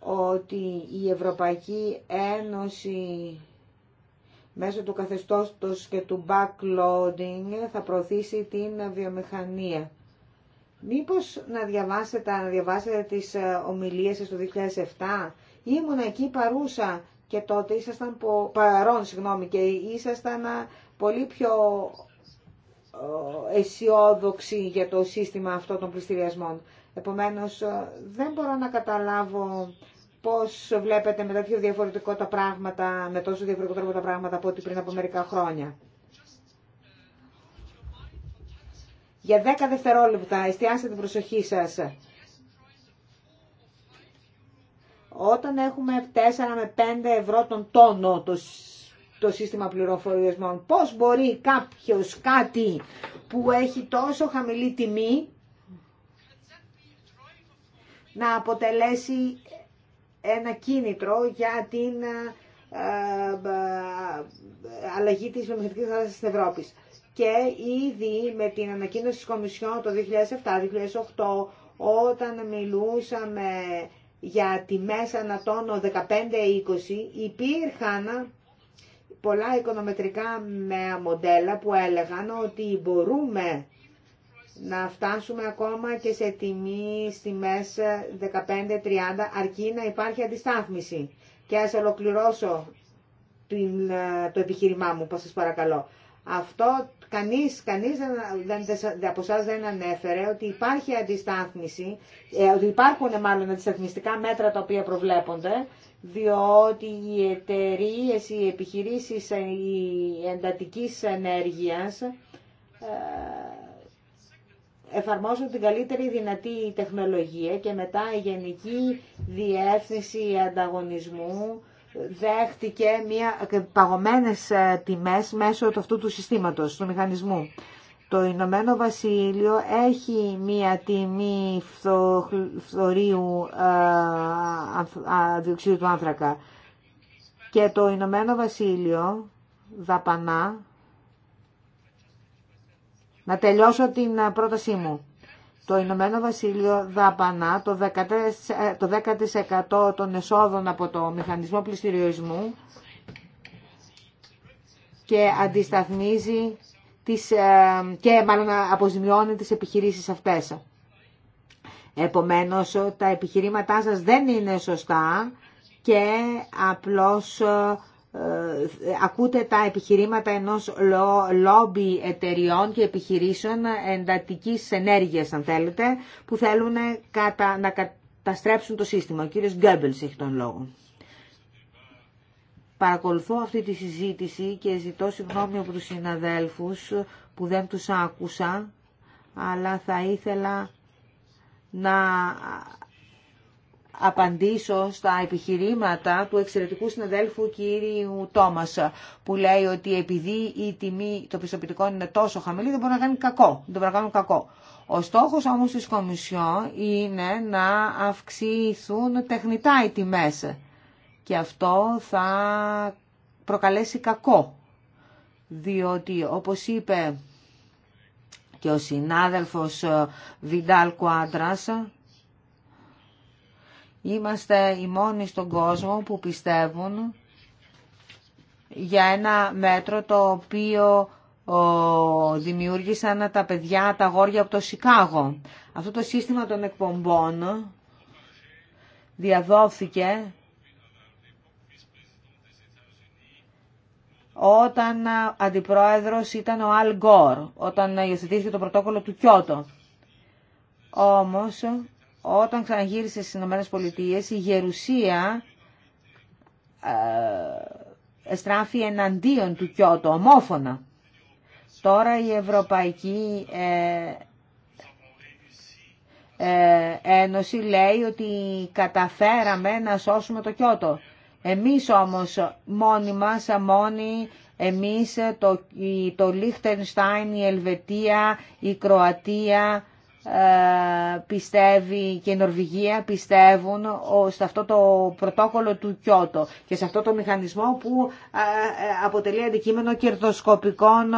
ότι η Ευρωπαϊκή Ένωση μέσω του καθεστώτος και του backloading θα προωθήσει την βιομηχανία. Μήπως να διαβάσετε, να διαβάσετε τις ε, ομιλίες σας το 2007. Ήμουν εκεί παρούσα και τότε ήσασταν παρόν συγγνώμη, και ήσασταν ε, πολύ πιο ε, αισιόδοξοι για το σύστημα αυτό των πληστηριασμών. Επομένως δεν μπορώ να καταλάβω πώς βλέπετε με τέτοιο διαφορετικό τα πράγματα, με τόσο διαφορετικό τρόπο τα πράγματα από ό,τι πριν από μερικά χρόνια. Για 10 δευτερόλεπτα εστιάστε την προσοχή σας. Όταν έχουμε 4 με 5 ευρώ τον τόνο το, το σύστημα πληροφοριασμών, πώς μπορεί κάποιος κάτι που έχει τόσο χαμηλή τιμή να αποτελέσει ένα κίνητρο για την ε, ε, ε, αλλαγή της βιομηχανικής θάλασσας της Ευρώπης. Και ήδη με την ανακοίνωση της Κομισιόν το 2007-2008, όταν μιλούσαμε για τη μεσα τονο ανατόνο 15-20, υπήρχαν πολλά οικονομετρικά μοντέλα που έλεγαν ότι μπορούμε να φτάσουμε ακόμα και σε τιμή στη μέσα 15-30 αρκεί να υπάρχει αντιστάθμιση. Και ας ολοκληρώσω ε, το επιχείρημά μου, πως σας παρακαλώ. Αυτό κανείς, κανείς δεν, δεν, από εσά δεν ανέφερε ότι υπάρχει αντιστάθμιση, ε, ότι υπάρχουν μάλλον αντισταθμιστικά μέτρα τα οποία προβλέπονται, διότι οι εταιρείε, οι επιχειρήσεις οι ε, εντατικής ενέργειας εφαρμόζουν την καλύτερη δυνατή τεχνολογία και μετά η Γενική Διεύθυνση Ανταγωνισμού δέχτηκε μια παγωμένες ε, τιμές μέσω αυτού του συστήματος, του μηχανισμού. Το Ηνωμένο Βασίλειο έχει μία τιμή φθορίου ε, διοξείδου του άνθρακα και το Ηνωμένο Βασίλειο δαπανά να τελειώσω την ε, πρότασή μου. Το Ηνωμένο Βασίλειο δαπανά το 10% ε, των εσόδων από το μηχανισμό πληστηριορισμού και αντισταθμίζει τις, ε, και μάλλον αποζημιώνει τις επιχειρήσεις αυτές. Επομένως, τα επιχειρήματά σας δεν είναι σωστά και απλώς ε, ακούτε τα επιχειρήματα ενός λόμπι εταιριών και επιχειρήσεων εντατικής ενέργειας, αν θέλετε, που θέλουν να καταστρέψουν το σύστημα. Ο κύριος Γκέμπελς έχει τον λόγο. Παρακολουθώ αυτή τη συζήτηση και ζητώ συγγνώμη από τους συναδέλφους που δεν τους άκουσα, αλλά θα ήθελα να απαντήσω στα επιχειρήματα του εξαιρετικού συναδέλφου κύριου Τόμας που λέει ότι επειδή η τιμή των πιστοποιητικών είναι τόσο χαμηλή δεν μπορεί να κάνει κακό, δεν μπορεί να κάνουν κακό. Ο στόχος όμως της Κομισιόν είναι να αυξηθούν τεχνητά οι τιμές και αυτό θα προκαλέσει κακό διότι όπως είπε και ο συνάδελφος Βιντάλ Κουάντρας Είμαστε οι μόνοι στον κόσμο που πιστεύουν για ένα μέτρο το οποίο δημιούργησαν τα παιδιά, τα αγόρια από το Σικάγο. Αυτό το σύστημα των εκπομπών διαδόθηκε όταν αντιπρόεδρος ήταν ο Αλ Γκόρ, όταν υιοθετήθηκε το πρωτόκολλο του Κιώτο. Όμως όταν ξαναγύρισε στις Ηνωμένες Πολιτείες, η γερουσία ε, στράφει εναντίον του Κιώτο, ομόφωνα. Τώρα η Ευρωπαϊκή ε, ε, Ένωση λέει ότι καταφέραμε να σώσουμε το Κιώτο. Εμείς όμως μόνοι μας, μόνοι εμείς, το, το Λίχτενστάιν, η Ελβετία, η Κροατία, ε, πιστεύει και η Νορβηγία πιστεύουν σε αυτό το πρωτόκολλο του Κιώτο και σε αυτό το μηχανισμό που ε, ε, αποτελεί αντικείμενο κερδοσκοπικών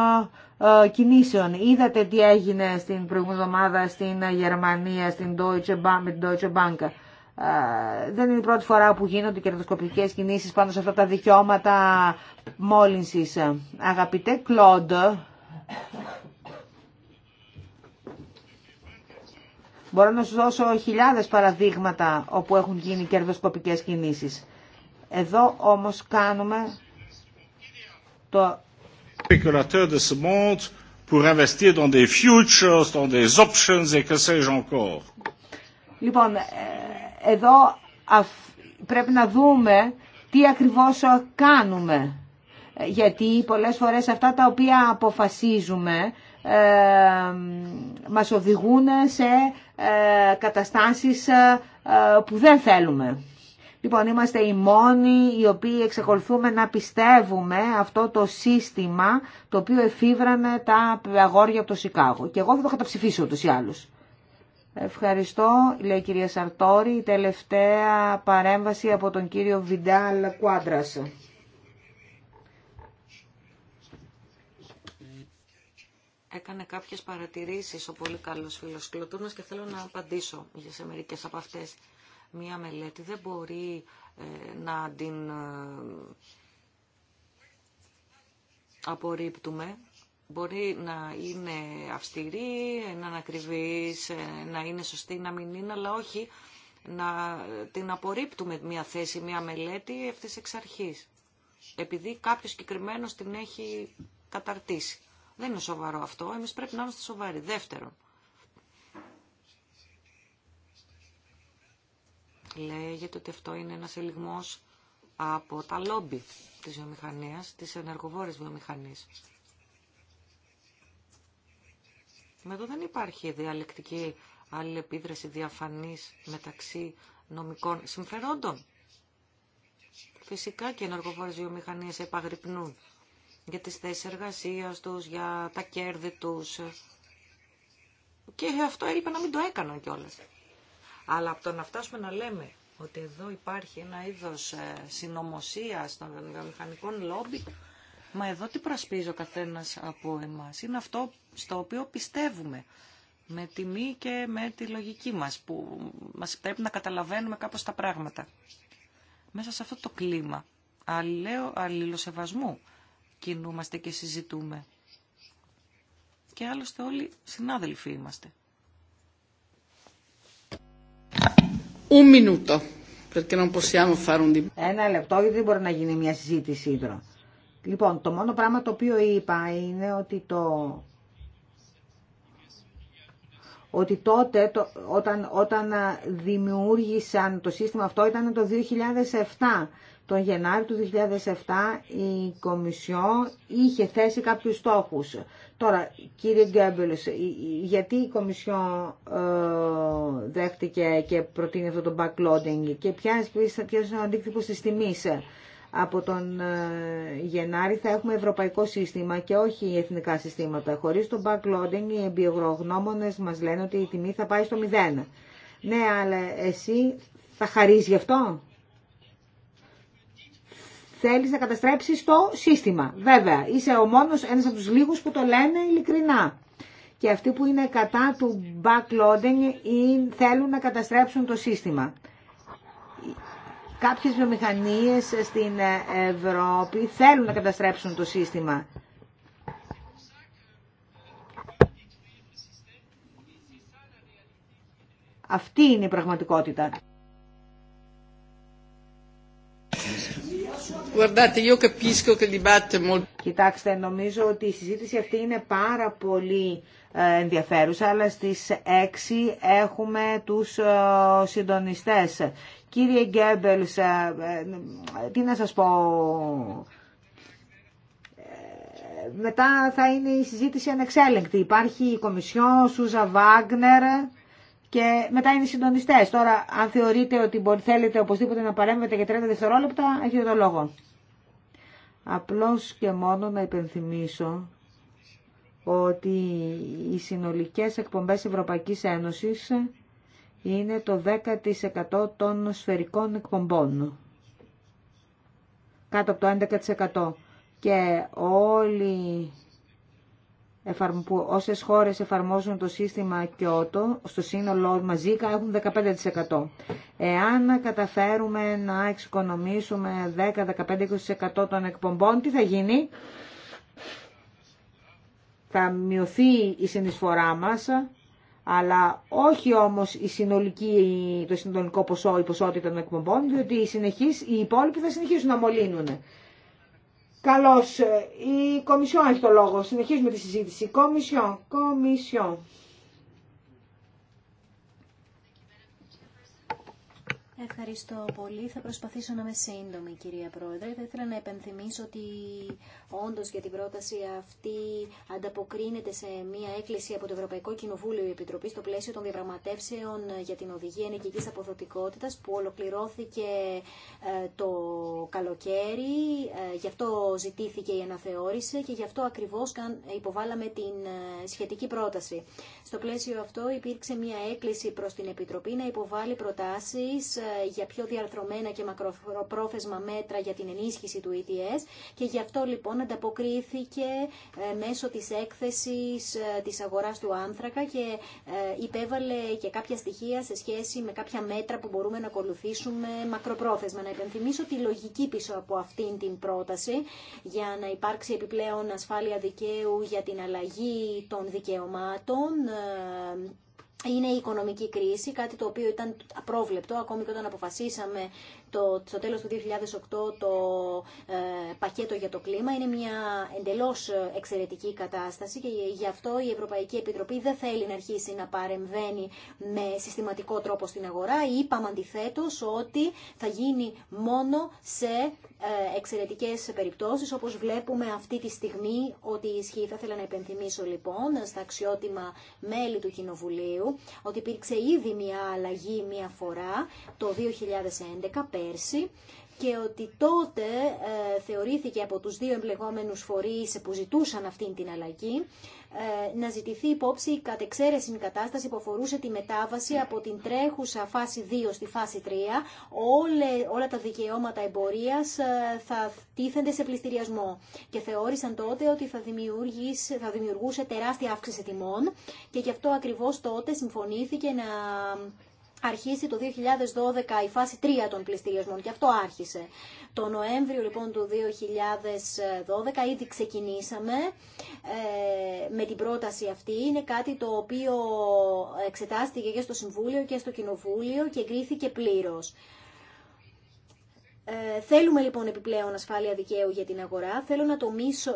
κινήσεων. Είδατε τι έγινε στην προηγούμενη εβδομάδα στην Γερμανία, στην Deutsche Bank, με την Deutsche Bank. Δεν είναι η πρώτη φορά που γίνονται κερδοσκοπικές κινήσεις πάνω σε αυτά τα δικαιώματα μόλυνσης. Αγαπητέ Κλοντ, Μπορώ να σου δώσω χιλιάδες παραδείγματα όπου έχουν γίνει κερδοσκοπικές κινήσεις. Εδώ όμως κάνουμε το... Λοιπόν, εδώ πρέπει να δούμε τι ακριβώς κάνουμε. Ε, γιατί πολλές φορές αυτά τα οποία αποφασίζουμε ε, μας οδηγούν σε ε, καταστάσεις ε, που δεν θέλουμε. Λοιπόν, είμαστε οι μόνοι οι οποίοι εξακολουθούμε να πιστεύουμε αυτό το σύστημα το οποίο εφήβρανε τα αγόρια από το Σικάγο. Και εγώ θα το καταψηφίσω τους ή άλλους. Ευχαριστώ, λέει η κυρία Σαρτόρη, η τελευταία παρέμβαση από τον κύριο Βιντάλ Κουάντρας. έκανε κάποιες παρατηρήσεις ο πολύ καλός φίλος Κλωτούρνας και θέλω να απαντήσω για σε μερικές από αυτές. Μία μελέτη δεν μπορεί ε, να την ε, απορρίπτουμε. Μπορεί να είναι αυστηρή, να είναι ακριβής, ε, να είναι σωστή, να μην είναι, αλλά όχι να την απορρίπτουμε μία θέση, μία μελέτη αυτής εξ αρχής. Επειδή κάποιος συγκεκριμένο την έχει καταρτήσει. Δεν είναι σοβαρό αυτό. Εμεί πρέπει να είμαστε σοβαροί. Δεύτερον, λέγεται ότι αυτό είναι ένας ελιγμός από τα λόμπι της βιομηχανία, της ενεργοβόρη βιομηχανία. Με εδώ δεν υπάρχει διαλεκτική αλληλεπίδραση διαφανής μεταξύ νομικών συμφερόντων. Φυσικά και οι ενεργοβόρες βιομηχανίες επαγρυπνούν για τις θέσεις εργασίας τους, για τα κέρδη τους. Και αυτό έλειπε να μην το έκαναν κιόλα. Αλλά από το να φτάσουμε να λέμε ότι εδώ υπάρχει ένα είδος ε, συνωμοσία των βιομηχανικών λόμπι, μα εδώ τι προσπίζει ο καθένας από εμάς. Είναι αυτό στο οποίο πιστεύουμε με τιμή και με τη λογική μας, που μας πρέπει να καταλαβαίνουμε κάπως τα πράγματα. Μέσα σε αυτό το κλίμα αλληλοσεβασμού κινούμαστε και συζητούμε. Και άλλωστε όλοι συνάδελφοι είμαστε. Ένα λεπτό γιατί δεν μπορεί να γίνει μια συζήτηση ίδρο. Λοιπόν, το μόνο πράγμα το οποίο είπα είναι ότι το ότι τότε το, όταν, όταν δημιούργησαν το σύστημα αυτό ήταν το 2007 τον Γενάρη του 2007 η Κομισιό είχε θέσει κάποιους στόχους. Τώρα, κύριε Γκέμπελος, γιατί η Κομισιό ε, δέχτηκε και προτείνει αυτό το backloading και ποια είναι ο αντίκτυπος της τιμής. Από τον ε, Γενάρη θα έχουμε ευρωπαϊκό σύστημα και όχι εθνικά συστήματα. Χωρίς το backloading οι εμπειρογνώμονες μας λένε ότι η τιμή θα πάει στο μηδέν. Ναι, αλλά εσύ θα χαρείς γι' αυτό. Θέλει να καταστρέψεις το σύστημα. Βέβαια, είσαι ο μόνος, ένα από τους λίγους που το λένε ειλικρινά. Και αυτοί που είναι κατά του backloading ή θέλουν να καταστρέψουν το σύστημα. Κάποιες βιομηχανίες στην Ευρώπη θέλουν να καταστρέψουν το σύστημα. Αυτή είναι η πραγματικότητα. Κοιτάξτε, νομίζω ότι η συζήτηση αυτή είναι πάρα πολύ ε, ενδιαφέρουσα, αλλά στις 6 έχουμε τους ε, συντονιστές. Κύριε Γκέμπελς, ε, τι να σας πω... Μετά θα είναι η συζήτηση ανεξέλεγκτη. Υπάρχει η Κομισιόν Σούζα Βάγνερ, και μετά είναι οι συντονιστέ. Τώρα, αν θεωρείτε ότι θέλετε οπωσδήποτε να παρέμβετε για 30 δευτερόλεπτα, έχετε το λόγο. Απλώ και μόνο να υπενθυμίσω ότι οι συνολικές εκπομπές Ευρωπαϊκής Ένωσης είναι το 10% των σφαιρικών εκπομπών. Κάτω από το 11%. Και όλοι που όσες χώρες εφαρμόζουν το σύστημα Κιώτο, στο σύνολο μαζί έχουν 15%. Εάν καταφέρουμε να εξοικονομήσουμε 15 των εκπομπών, τι θα γίνει? Θα μειωθεί η συνεισφορά μας, αλλά όχι όμως η συνολική, το συνολικό ποσό, η ποσότητα των εκπομπών, διότι οι, οι υπόλοιποι θα συνεχίσουν να μολύνουν. Καλώς, ε, η Κομισιόν έχει το λόγο. Συνεχίζουμε τη συζήτηση. Κομισιόν, Κομισιόν. Ευχαριστώ πολύ. Θα προσπαθήσω να είμαι σύντομη, κυρία Πρόεδρε. Θα ήθελα να επενθυμίσω ότι όντως για την πρόταση αυτή ανταποκρίνεται σε μία έκκληση από το Ευρωπαϊκό Κοινοβούλιο η Επιτροπή στο πλαίσιο των διαπραγματεύσεων για την οδηγία ενεργικής αποδοτικότητας που ολοκληρώθηκε ε, το καλοκαίρι. Ε, γι' αυτό ζητήθηκε η αναθεώρηση και γι' αυτό ακριβώς υποβάλαμε την ε, σχετική πρόταση. Στο πλαίσιο αυτό υπήρξε μία έκκληση προς την Επιτροπή να υποβάλει προτάσεις για πιο διαρθρωμένα και μακροπρόθεσμα μέτρα για την ενίσχυση του ETS και γι' αυτό λοιπόν ανταποκρίθηκε ε, μέσω της έκθεσης ε, της αγοράς του άνθρακα και ε, υπέβαλε και κάποια στοιχεία σε σχέση με κάποια μέτρα που μπορούμε να ακολουθήσουμε μακροπρόθεσμα. Να υπενθυμίσω τη λογική πίσω από αυτήν την πρόταση για να υπάρξει επιπλέον ασφάλεια δικαίου για την αλλαγή των δικαιωμάτων είναι η οικονομική κρίση, κάτι το οποίο ήταν απρόβλεπτο ακόμη και όταν αποφασίσαμε το, στο τέλος του 2008 το ε, πακέτο για το κλίμα. Είναι μια εντελώς εξαιρετική κατάσταση και γι' αυτό η Ευρωπαϊκή Επιτροπή δεν θέλει να αρχίσει να παρεμβαίνει με συστηματικό τρόπο στην αγορά. Είπαμε αντιθέτω ότι θα γίνει μόνο σε ε, εξαιρετικές περιπτώσεις όπως βλέπουμε αυτή τη στιγμή ότι ισχύει. Θα ήθελα να υπενθυμίσω λοιπόν στα αξιότιμα μέλη του Κοινοβουλίου ότι υπήρξε ήδη μια αλλαγή μια φορά το 2011 και ότι τότε ε, θεωρήθηκε από τους δύο εμπλεγόμενους φορείς που ζητούσαν αυτήν την αλλαγή ε, να ζητηθεί υπόψη κατ' εξαίρεση κατάσταση που αφορούσε τη μετάβαση από την τρέχουσα φάση 2 στη φάση 3. Όλε, όλα τα δικαιώματα εμπορίας ε, θα τίθενται σε πληστηριασμό και θεώρησαν τότε ότι θα, θα δημιουργούσε τεράστια αύξηση τιμών και γι' αυτό ακριβώς τότε συμφωνήθηκε να αρχίσει το 2012 η φάση 3 των πληστηριασμών και αυτό άρχισε. Το Νοέμβριο λοιπόν του 2012 ήδη ξεκινήσαμε ε, με την πρόταση αυτή. Είναι κάτι το οποίο εξετάστηκε και στο Συμβούλιο και στο Κοινοβούλιο και εγκρίθηκε πλήρως. Ε, θέλουμε λοιπόν επιπλέον ασφάλεια δικαίου για την αγορά. Θέλω να,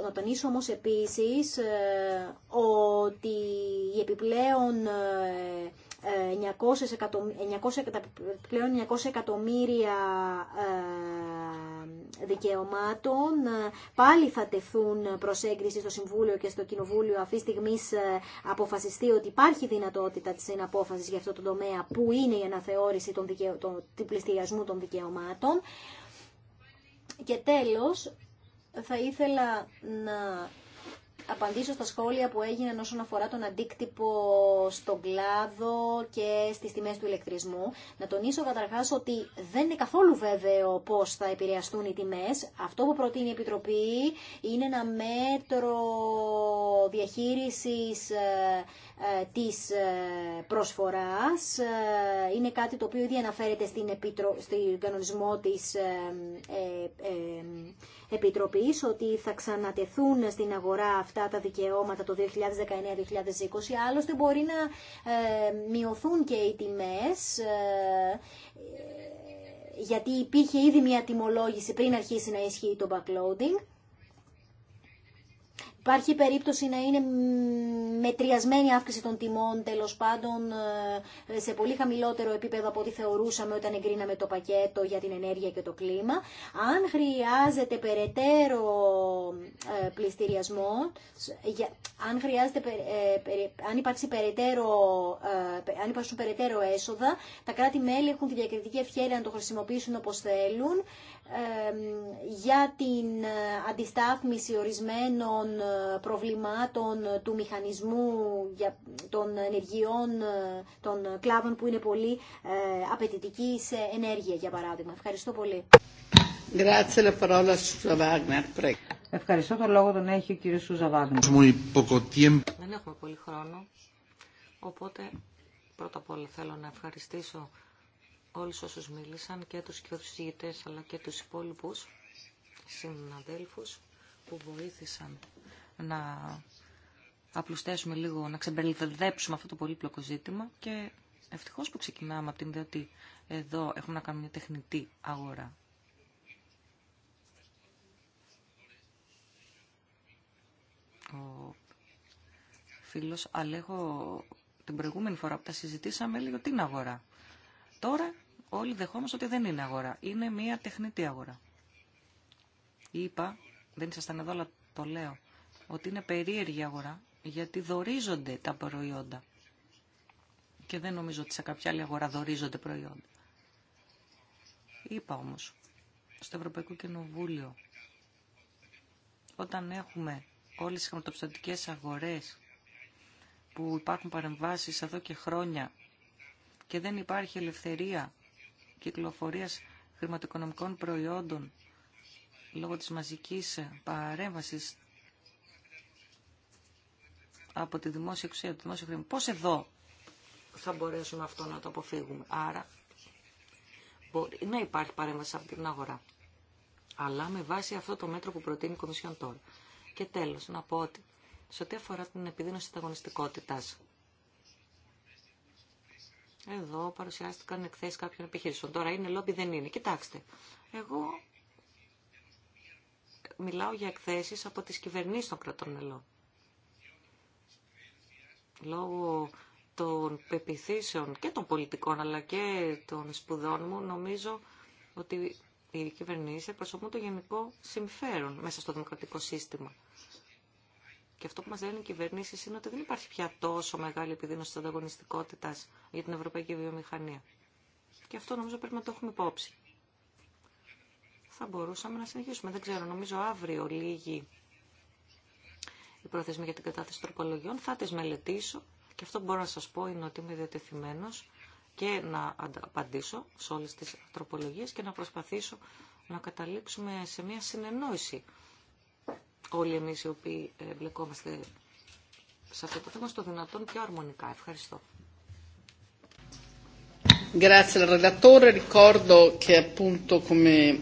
να τονίσω όμως επίσης ε, ότι η επιπλέον... Ε, 900 πλέον 900 εκατομμύρια ε, δικαιωμάτων πάλι θα τεθούν προς έγκριση στο Συμβούλιο και στο Κοινοβούλιο αυτή τη στιγμή ε, αποφασιστεί ότι υπάρχει δυνατότητα της συναπόφασης για αυτό το τομέα που είναι η αναθεώρηση των του πληστηριασμού των δικαιωμάτων. Και τέλος, θα ήθελα να απαντήσω στα σχόλια που έγιναν όσον αφορά τον αντίκτυπο στον κλάδο και στις τιμές του ηλεκτρισμού. Να τονίσω καταρχάς ότι δεν είναι καθόλου βέβαιο πώς θα επηρεαστούν οι τιμές. Αυτό που προτείνει η Επιτροπή είναι ένα μέτρο διαχείρισης ε, ε, της ε, προσφοράς. Ε, είναι κάτι το οποίο ήδη αναφέρεται στην επιτρο... στον κανονισμό της Επιτροπής, ότι θα ξανατεθούν στην αγορά αυτά τα δικαιώματα το 2019-2020. Άλλωστε μπορεί να μειωθούν και οι τιμές γιατί υπήρχε ήδη μια τιμολόγηση πριν αρχίσει να ισχύει το backloading. Υπάρχει περίπτωση να είναι μετριασμένη αύξηση των τιμών, τέλος πάντων, ε, σε πολύ χαμηλότερο επίπεδο από ό,τι θεωρούσαμε όταν εγκρίναμε το πακέτο για την ενέργεια και το κλίμα. Αν χρειάζεται περαιτέρω ε, πληστηριασμό, αν, χρειάζεται, ε, αν, υπάρξει περαιτέρω, αν υπάρξουν περαιτέρω έσοδα, τα κράτη-μέλη έχουν τη διακριτική ευχαίρεια να το χρησιμοποιήσουν όπως θέλουν για την ε, αντιστάθμιση ορισμένων ε, προβλημάτων του μηχανισμού για των ενεργειών ε, των κλάβων που είναι πολύ απαιτητικοί σε ενέργεια, για παράδειγμα. Ευχαριστώ πολύ. Ευχαριστώ. τον λόγο τον έχει ο κύριος Σούζα Βάγνερ. Δεν έχουμε πολύ χρόνο, οπότε πρώτα απ' όλα θέλω να ευχαριστήσω όλους όσους μίλησαν και τους και τους αλλά και τους υπόλοιπους συναδέλφους που βοήθησαν να απλουστεύσουμε λίγο, να ξεμπεριλδέψουμε αυτό το πολύπλοκο ζήτημα και ευτυχώς που ξεκινάμε από την ιδέα ότι εδώ έχουμε να κάνουμε μια τεχνητή αγορά. Ο φίλος Αλέχο την προηγούμενη φορά που τα συζητήσαμε λίγο ότι είναι αγορά. Τώρα όλοι δεχόμαστε ότι δεν είναι αγορά. Είναι μια τεχνητή αγορά. Είπα, δεν ήσασταν εδώ, αλλά το λέω, ότι είναι περίεργη αγορά γιατί δορίζονται τα προϊόντα. Και δεν νομίζω ότι σε κάποια άλλη αγορά δορίζονται προϊόντα. Είπα όμως, στο Ευρωπαϊκό Κοινοβούλιο, όταν έχουμε όλες τις χρηματοπιστωτικές αγορές που υπάρχουν παρεμβάσεις εδώ και χρόνια και δεν υπάρχει ελευθερία κυκλοφορίας χρηματοοικονομικών προϊόντων λόγω της μαζικής παρέμβασης από τη δημόσια εξουσία, τη δημόσια χρήμα. Πώς εδώ θα μπορέσουμε αυτό να το αποφύγουμε. Άρα μπορεί να υπάρχει παρέμβαση από την αγορά. Αλλά με βάση αυτό το μέτρο που προτείνει η Κομισιόν τώρα. Και τέλος, να πω ότι σε ό,τι αφορά την επιδείνωση της αγωνιστικότητας, εδώ παρουσιάστηκαν εκθέσει κάποιων επιχειρήσεων. Τώρα είναι λόμπι, δεν είναι. Κοιτάξτε, εγώ μιλάω για εκθέσεις από τις κυβερνήσεις των κρατών μελών. Λόγω των πεπιθήσεων και των πολιτικών αλλά και των σπουδών μου νομίζω ότι οι κυβερνήσεις εκπροσωπούν το γενικό συμφέρον μέσα στο δημοκρατικό σύστημα. Και αυτό που μα λένε οι κυβερνήσει είναι ότι δεν υπάρχει πια τόσο μεγάλη επιδείνωση τη ανταγωνιστικότητα για την ευρωπαϊκή βιομηχανία. Και αυτό νομίζω πρέπει να το έχουμε υπόψη. Θα μπορούσαμε να συνεχίσουμε. Δεν ξέρω, νομίζω αύριο λίγοι οι προθεσμοί για την κατάθεση τροπολογιών. Θα τι μελετήσω και αυτό που μπορώ να σα πω είναι ότι είμαι διατεθειμένο και να απαντήσω σε όλε τι τροπολογίε και να προσπαθήσω να καταλήξουμε σε μια συνεννόηση όλοι εμείς οι οποίοι ε, μπλεκόμαστε σε αυτό το θέμα στο δυνατόν πιο αρμονικά. Ευχαριστώ. Grazie al relatore, ricordo che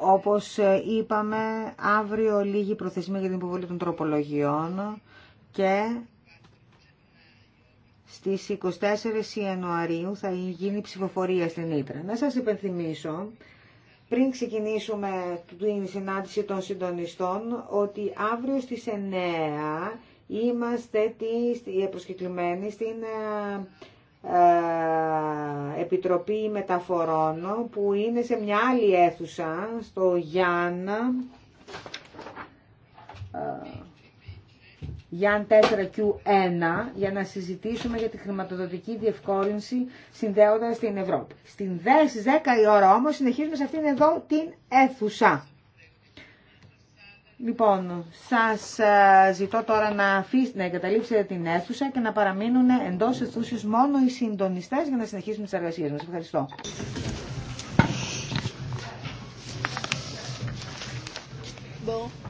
όπως ε, είπαμε, αύριο λίγη προθεσμία για την υποβολή των τροπολογιών και στις 24 Ιανουαρίου θα γίνει ψηφοφορία στην Ήτρα. Να σας υπενθυμίσω πριν ξεκινήσουμε την συνάντηση των συντονιστών ότι αύριο στις 9 είμαστε τις προσκεκλημένοι στην ε, ε, Επιτροπή Μεταφορών που είναι σε μια άλλη αίθουσα στο Γιάννα ε, Γιάν 4Q1 για να συζητήσουμε για τη χρηματοδοτική διευκόλυνση συνδέοντας την Ευρώπη. Στην 10 η ώρα όμως συνεχίζουμε σε αυτήν εδώ την αίθουσα. Λοιπόν, σας ε, ζητώ τώρα να, αφήσετε, να εγκαταλείψετε την αίθουσα και να παραμείνουν εντός αιθούσης μόνο οι συντονιστές για να συνεχίσουμε τις εργασίες μας. Ευχαριστώ. Bon.